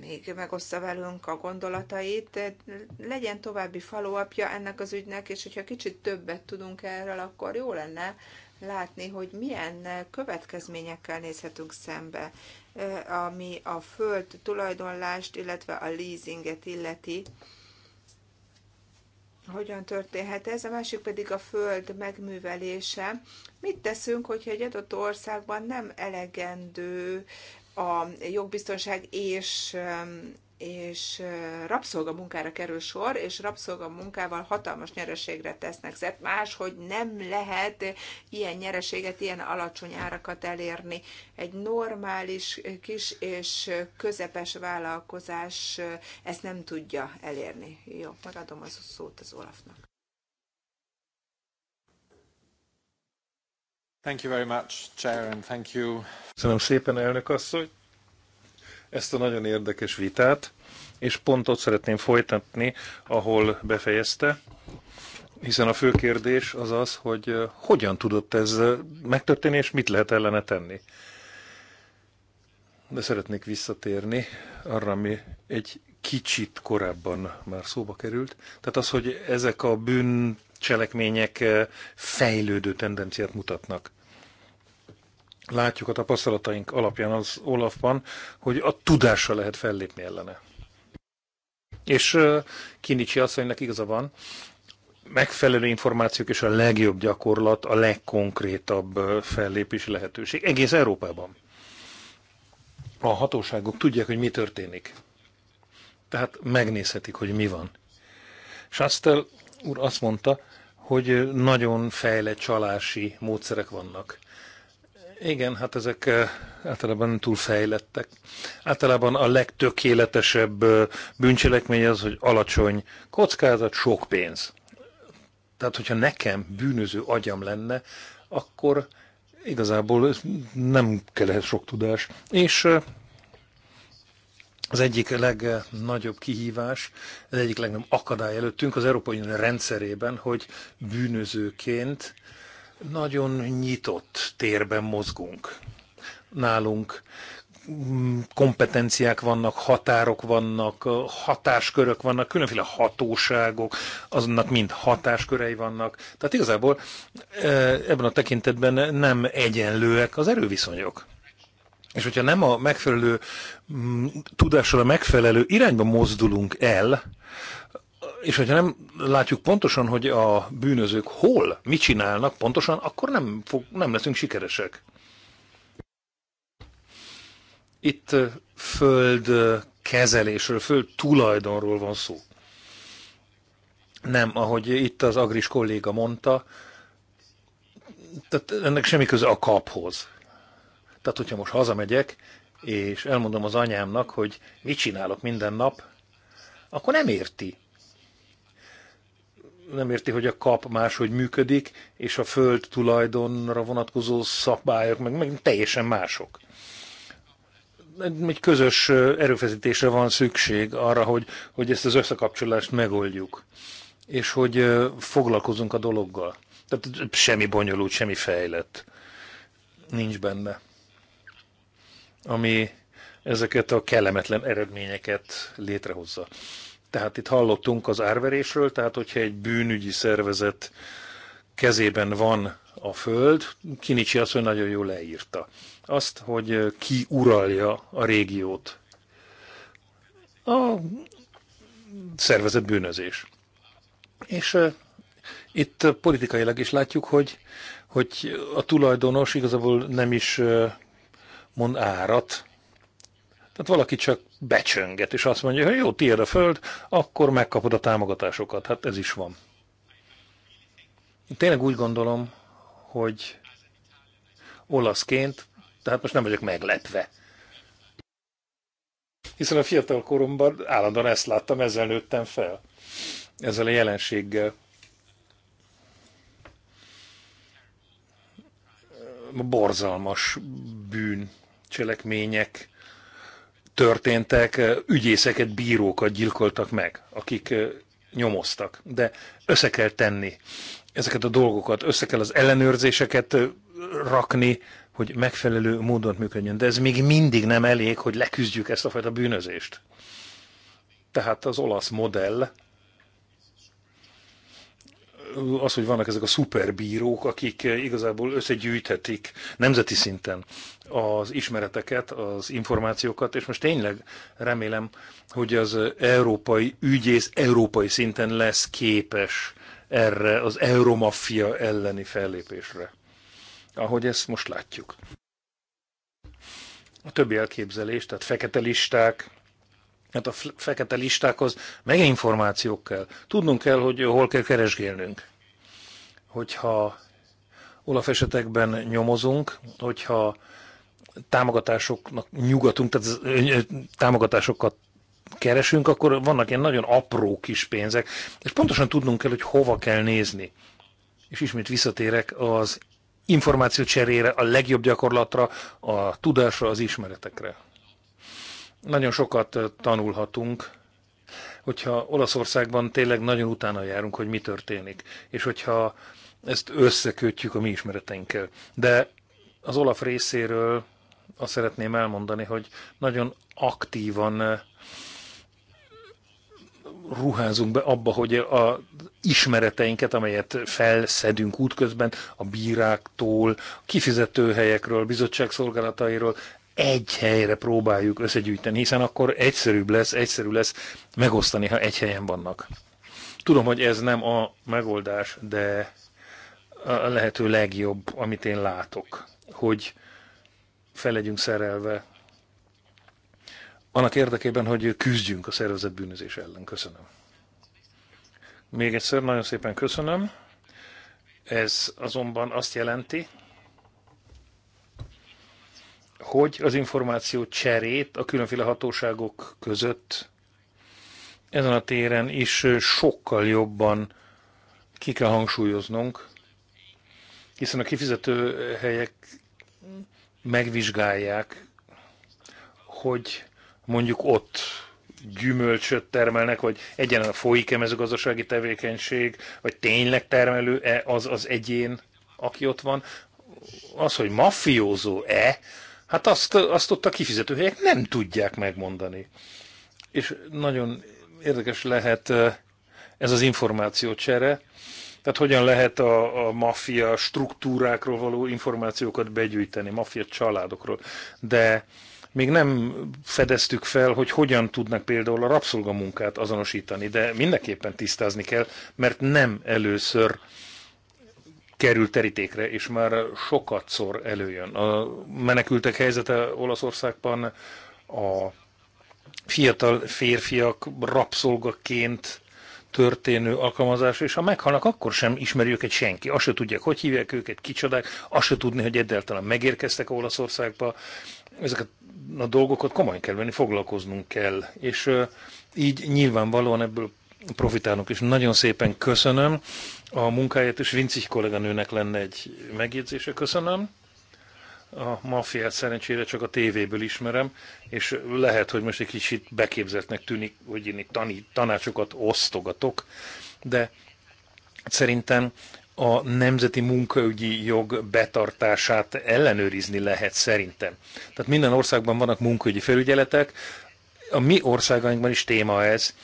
még megoszta velünk a gondolatait. Legyen további falóapja ennek az ügynek, és hogyha kicsit többet tudunk erről, akkor jó lenne látni, hogy milyen következményekkel nézhetünk szembe, eh, ami a föld tulajdonlást, illetve a leasinget illeti. Hogyan történhet ez? A másik pedig a föld megművelése. Mit teszünk, hogyha egy adott országban nem elegendő a jogbiztonság és és eh, rabszolgamunkára kerül sor, és rabszolgamunkával hatalmas nyereségre tesznek szert. Máshogy nem lehet ilyen nyereséget, ilyen alacsony árakat elérni. Egy normális eh, kis és eh, közepes vállalkozás ezt nem tudja elérni. Jó, megadom az szót az Olafnak. Köszönöm szépen, elnök asszony, ezt a nagyon érdekes vitát, és pont ott szeretném folytatni, ahol befejezte, hiszen a fő kérdés az az, hogy eh, hogyan tudott ez eh, megtörténni, és mit lehet ellene tenni. De szeretnék visszatérni arra, ami egy kicsit korábban már szóba került. Tehát az, hogy ezek a bűn cselekmények fejlődő tendenciát mutatnak. Látjuk a tapasztalataink alapján az Olafban, hogy a tudással lehet fellépni ellene. És Kinicsi asszonynak igaza van, megfelelő információk és a legjobb gyakorlat a legkonkrétabb fellépési lehetőség egész Európában. A hatóságok tudják, hogy mi történik. Tehát megnézhetik, hogy mi van. Sastel úr azt mondta, hogy nagyon fejlett csalási módszerek vannak. Igen, hát ezek eh, általában túl fejlettek. Általában a legtökéletesebb eh, bűncselekmény az, hogy alacsony kockázat, sok pénz. Tehát, hogyha nekem bűnöző agyam lenne, akkor igazából nem kellett sok tudás. És eh, az egyik legnagyobb kihívás, az egyik legnagyobb akadály előttünk az Európai Unió rendszerében, hogy bűnözőként nagyon nyitott térben mozgunk. Nálunk mm, kompetenciák vannak, határok vannak, hatáskörök vannak, különféle hatóságok, azonnak mind hatáskörei vannak. Tehát igazából eh, ebben a tekintetben nem egyenlőek az erőviszonyok. És hogyha nem a megfelelő mm, tudással a megfelelő irányba mozdulunk el, és hogyha nem látjuk pontosan, hogy a bűnözők hol, mit csinálnak pontosan, akkor nem, fog, nem leszünk sikeresek. Itt föld kezelésről, föld tulajdonról van szó. Nem, ahogy itt az agris kolléga mondta, tehát ennek semmi köze a kaphoz. Tehát, hogyha most hazamegyek, és elmondom az anyámnak, hogy mit csinálok minden nap, akkor nem érti. Nem érti, hogy a kap máshogy működik, és a föld tulajdonra vonatkozó szabályok meg, meg teljesen mások. Egy közös erőfeszítésre van szükség arra, hogy, hogy ezt az összekapcsolást megoldjuk, és hogy foglalkozunk a dologgal. Tehát semmi bonyolult, semmi fejlett nincs benne ami ezeket a kellemetlen eredményeket létrehozza. Tehát itt hallottunk az árverésről, tehát hogyha egy bűnügyi szervezet kezében van a föld, Kinicsi azt, hogy nagyon jól leírta. Azt, hogy ki uralja a régiót. A szervezet bűnözés. És uh, itt politikailag is látjuk, hogy, hogy a tulajdonos igazából nem is uh, mon árat. Tehát valaki csak becsönget, és azt mondja, hogy jó, tiéd a föld, akkor megkapod a támogatásokat. Hát ez is van. Én tényleg úgy gondolom, hogy olaszként, tehát most nem vagyok meglepve. Hiszen a fiatal koromban állandóan ezt láttam, ezzel nőttem fel. Ezzel a jelenséggel. Borzalmas bűn cselekmények történtek, ügyészeket, bírókat gyilkoltak meg, akik nyomoztak. De össze kell tenni ezeket a dolgokat, össze kell az ellenőrzéseket rakni, hogy megfelelő módon működjön. De ez még mindig nem elég, hogy leküzdjük ezt a fajta bűnözést. Tehát az olasz modell az, hogy vannak ezek a szuperbírók, akik igazából összegyűjthetik nemzeti szinten az ismereteket, az információkat, és most tényleg remélem, hogy az európai ügyész európai szinten lesz képes erre az euromafia elleni fellépésre, ahogy ezt most látjuk. A többi elképzelés, tehát fekete listák, hát a fekete listákhoz meg információk kell. Tudnunk kell, hogy hol kell keresgélnünk. Hogyha Olaf esetekben nyomozunk, hogyha támogatásoknak nyugatunk, tehát támogatásokat keresünk, akkor vannak ilyen nagyon apró kis pénzek, és pontosan tudnunk kell, hogy hova kell nézni. És ismét visszatérek az információ cserére, a legjobb gyakorlatra, a tudásra, az ismeretekre. Nagyon sokat tanulhatunk, hogyha Olaszországban tényleg nagyon utána járunk, hogy mi történik, és hogyha ezt összekötjük a mi ismereteinkkel. De az Olaf részéről azt szeretném elmondani, hogy nagyon aktívan ruházunk be abba, hogy a ismereteinket, amelyet felszedünk útközben, a bíráktól, kifizetőhelyekről, bizottság szolgálatairól, egy helyre próbáljuk összegyűjteni, hiszen akkor egyszerűbb lesz, egyszerű lesz megosztani, ha egy helyen vannak. Tudom, hogy ez nem a megoldás, de a lehető legjobb, amit én látok, hogy fel legyünk szerelve annak érdekében, hogy küzdjünk a szervezett bűnözés ellen. Köszönöm. Még egyszer nagyon szépen köszönöm. Ez azonban azt jelenti, hogy az információ cserét a különféle hatóságok között ezen a téren is sokkal jobban ki kell hangsúlyoznunk, hiszen a kifizető helyek megvizsgálják, hogy mondjuk ott gyümölcsöt termelnek, vagy egyenlően folyik-e mezőgazdasági tevékenység, vagy tényleg termelő-e az az egyén, aki ott van. Az, hogy mafiózó-e, Hát azt, azt ott a kifizetőhelyek nem tudják megmondani. És nagyon érdekes lehet ez az információcsere, tehát hogyan lehet a, a maffia struktúrákról való információkat begyűjteni, maffia családokról. De még nem fedeztük fel, hogy hogyan tudnak például a rabszolgamunkát azonosítani, de mindenképpen tisztázni kell, mert nem először uh, kerül terítékre, és már sokat szor előjön. A menekültek helyzete Olaszországban a fiatal férfiak rabszolgaként történő alkalmazás, és ha meghalnak, akkor sem ismeri őket senki. Azt se tudják, hogy hívják őket, kicsodák, azt se tudni, hogy egyáltalán megérkeztek Olaszországba. Ezeket a dolgokat komolyan kell venni, foglalkoznunk kell. És így nyilvánvalóan ebből profitálunk. És nagyon szépen köszönöm a munkáját, és Vincik kolléganőnek lenne egy megjegyzése. Köszönöm. A maffiát szerencsére csak a tévéből ismerem, és lehet, hogy most egy kicsit beképzetnek tűnik, hogy én itt tanácsokat osztogatok, de szerintem a nemzeti munkaügyi jog betartását ellenőrizni lehet szerintem. Tehát minden országban vannak munkaügyi felügyeletek, a mi országainkban is téma ez,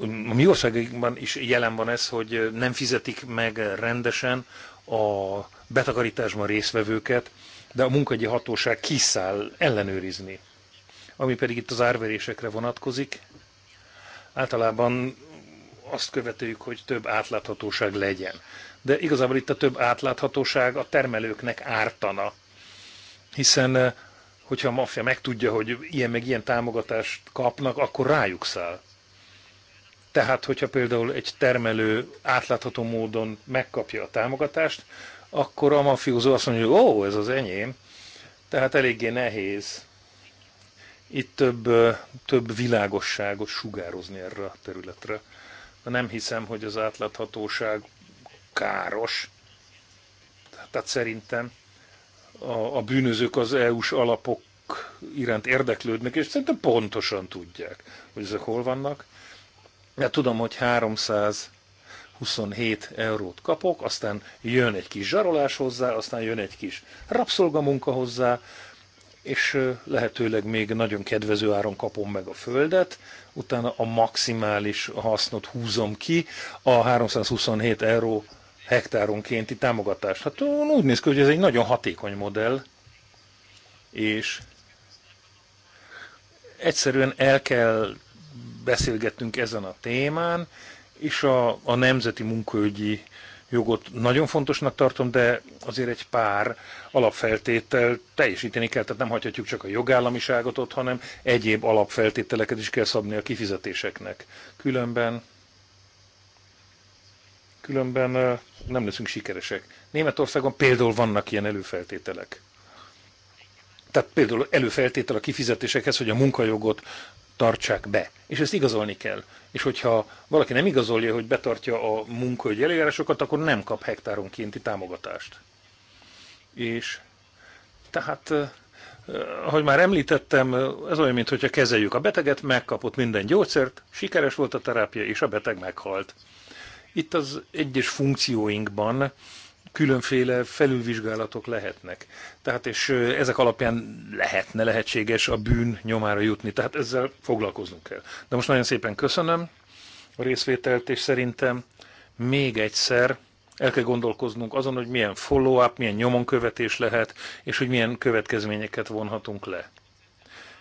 a mi országainkban is jelen van ez, hogy nem fizetik meg rendesen a betakarításban részvevőket, de a munkagyi hatóság kiszáll ellenőrizni. Ami pedig itt az árverésekre vonatkozik, általában azt követeljük, hogy több átláthatóság legyen. De igazából itt a több átláthatóság a termelőknek ártana, hiszen eh, hogyha a maffia megtudja, hogy ilyen meg ilyen támogatást kapnak, akkor rájuk száll. Tehát, hogyha például egy termelő átlátható módon megkapja a támogatást, akkor a mafiózó azt mondja, hogy ó, ez az enyém. Tehát eléggé nehéz itt több, több világosságot sugározni erre a területre. De nem hiszem, hogy az átláthatóság káros. Tehát szerintem a, a bűnözők az EU-s alapok iránt érdeklődnek, és szerintem pontosan tudják, hogy ezek hol vannak mert tudom, hogy 327 eurót kapok, aztán jön egy kis zsarolás hozzá, aztán jön egy kis rabszolgamunka hozzá, és lehetőleg még nagyon kedvező áron kapom meg a földet, utána a maximális hasznot húzom ki, a 327 euró hektáronkénti támogatást. Hát úgy néz ki, hogy ez egy nagyon hatékony modell, és egyszerűen el kell beszélgettünk ezen a témán, és a, a nemzeti munkaügyi jogot nagyon fontosnak tartom, de azért egy pár alapfeltétel teljesíteni kell, tehát nem hagyhatjuk csak a jogállamiságot ott, hanem egyéb alapfeltételeket is kell szabni a kifizetéseknek. Különben különben nem leszünk sikeresek. Németországon például vannak ilyen előfeltételek. Tehát például előfeltétel a kifizetésekhez, hogy a munkajogot tartsák be. És ezt igazolni kell. És hogyha valaki nem igazolja, hogy betartja a munkahogy eljárásokat, akkor nem kap hektáronkénti támogatást. És tehát, eh, eh, ahogy már említettem, eh, ez olyan, mintha kezeljük a beteget, megkapott minden gyógyszert, sikeres volt a terápia, és a beteg meghalt. Itt az egyes funkcióinkban különféle felülvizsgálatok lehetnek. Tehát és ezek alapján lehetne lehetséges a bűn nyomára jutni. Tehát ezzel foglalkoznunk kell. De most nagyon szépen köszönöm a részvételt, és szerintem még egyszer el kell gondolkoznunk azon, hogy milyen follow-up, milyen nyomonkövetés lehet, és hogy milyen következményeket vonhatunk le.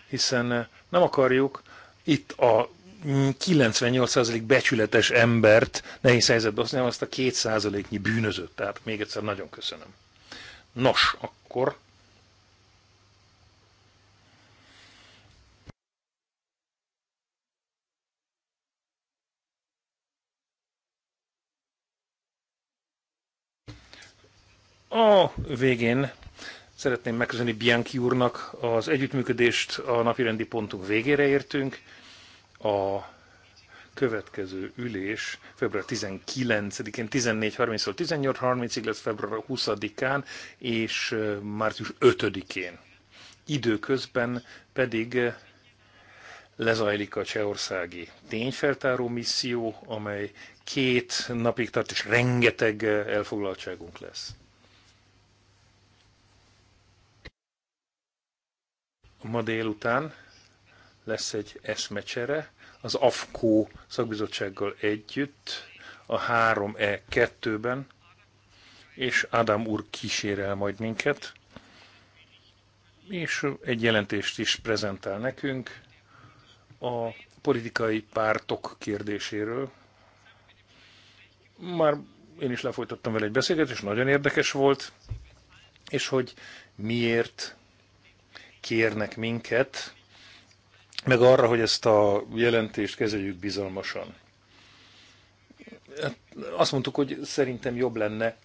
Hiszen nem akarjuk itt a 98% becsületes embert nehéz helyzetbe hozni, azt a 2%-nyi bűnözött. Tehát még egyszer nagyon köszönöm. Nos, akkor A végén szeretném megköszönni Bianchi úrnak az együttműködést, a napirendi pontunk végére értünk a következő ülés február 19-én 14.30-tól 18.30-ig lesz február 20-án és március 5-én. Időközben pedig lezajlik a csehországi tényfeltáró misszió, amely két napig tart, és rengeteg elfoglaltságunk lesz. Ma délután lesz egy eszmecsere az AFKO szakbizottsággal együtt a 3E2-ben, és Ádám úr kísérel majd minket, és egy jelentést is prezentál nekünk a politikai pártok kérdéséről. Már én is lefolytattam vele egy beszélgetést, nagyon érdekes volt, és hogy miért kérnek minket meg arra, hogy ezt a jelentést kezeljük bizalmasan. Hát azt mondtuk, hogy szerintem jobb lenne,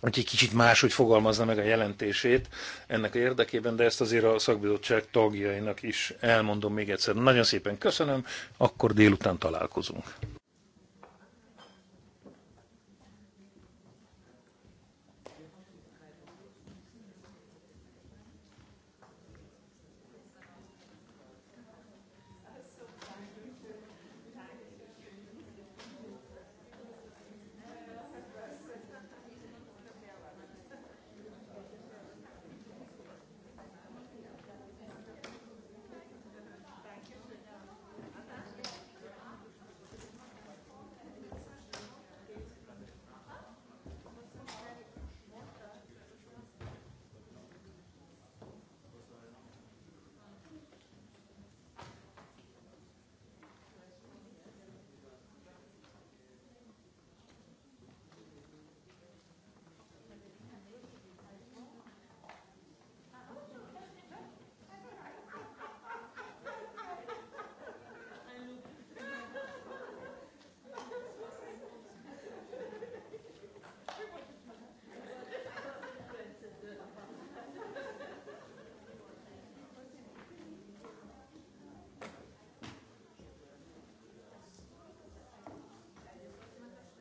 hogy egy kicsit máshogy fogalmazna meg a jelentését ennek a érdekében, de ezt azért a szakbizottság tagjainak is elmondom még egyszer. Nagyon szépen köszönöm, akkor délután találkozunk.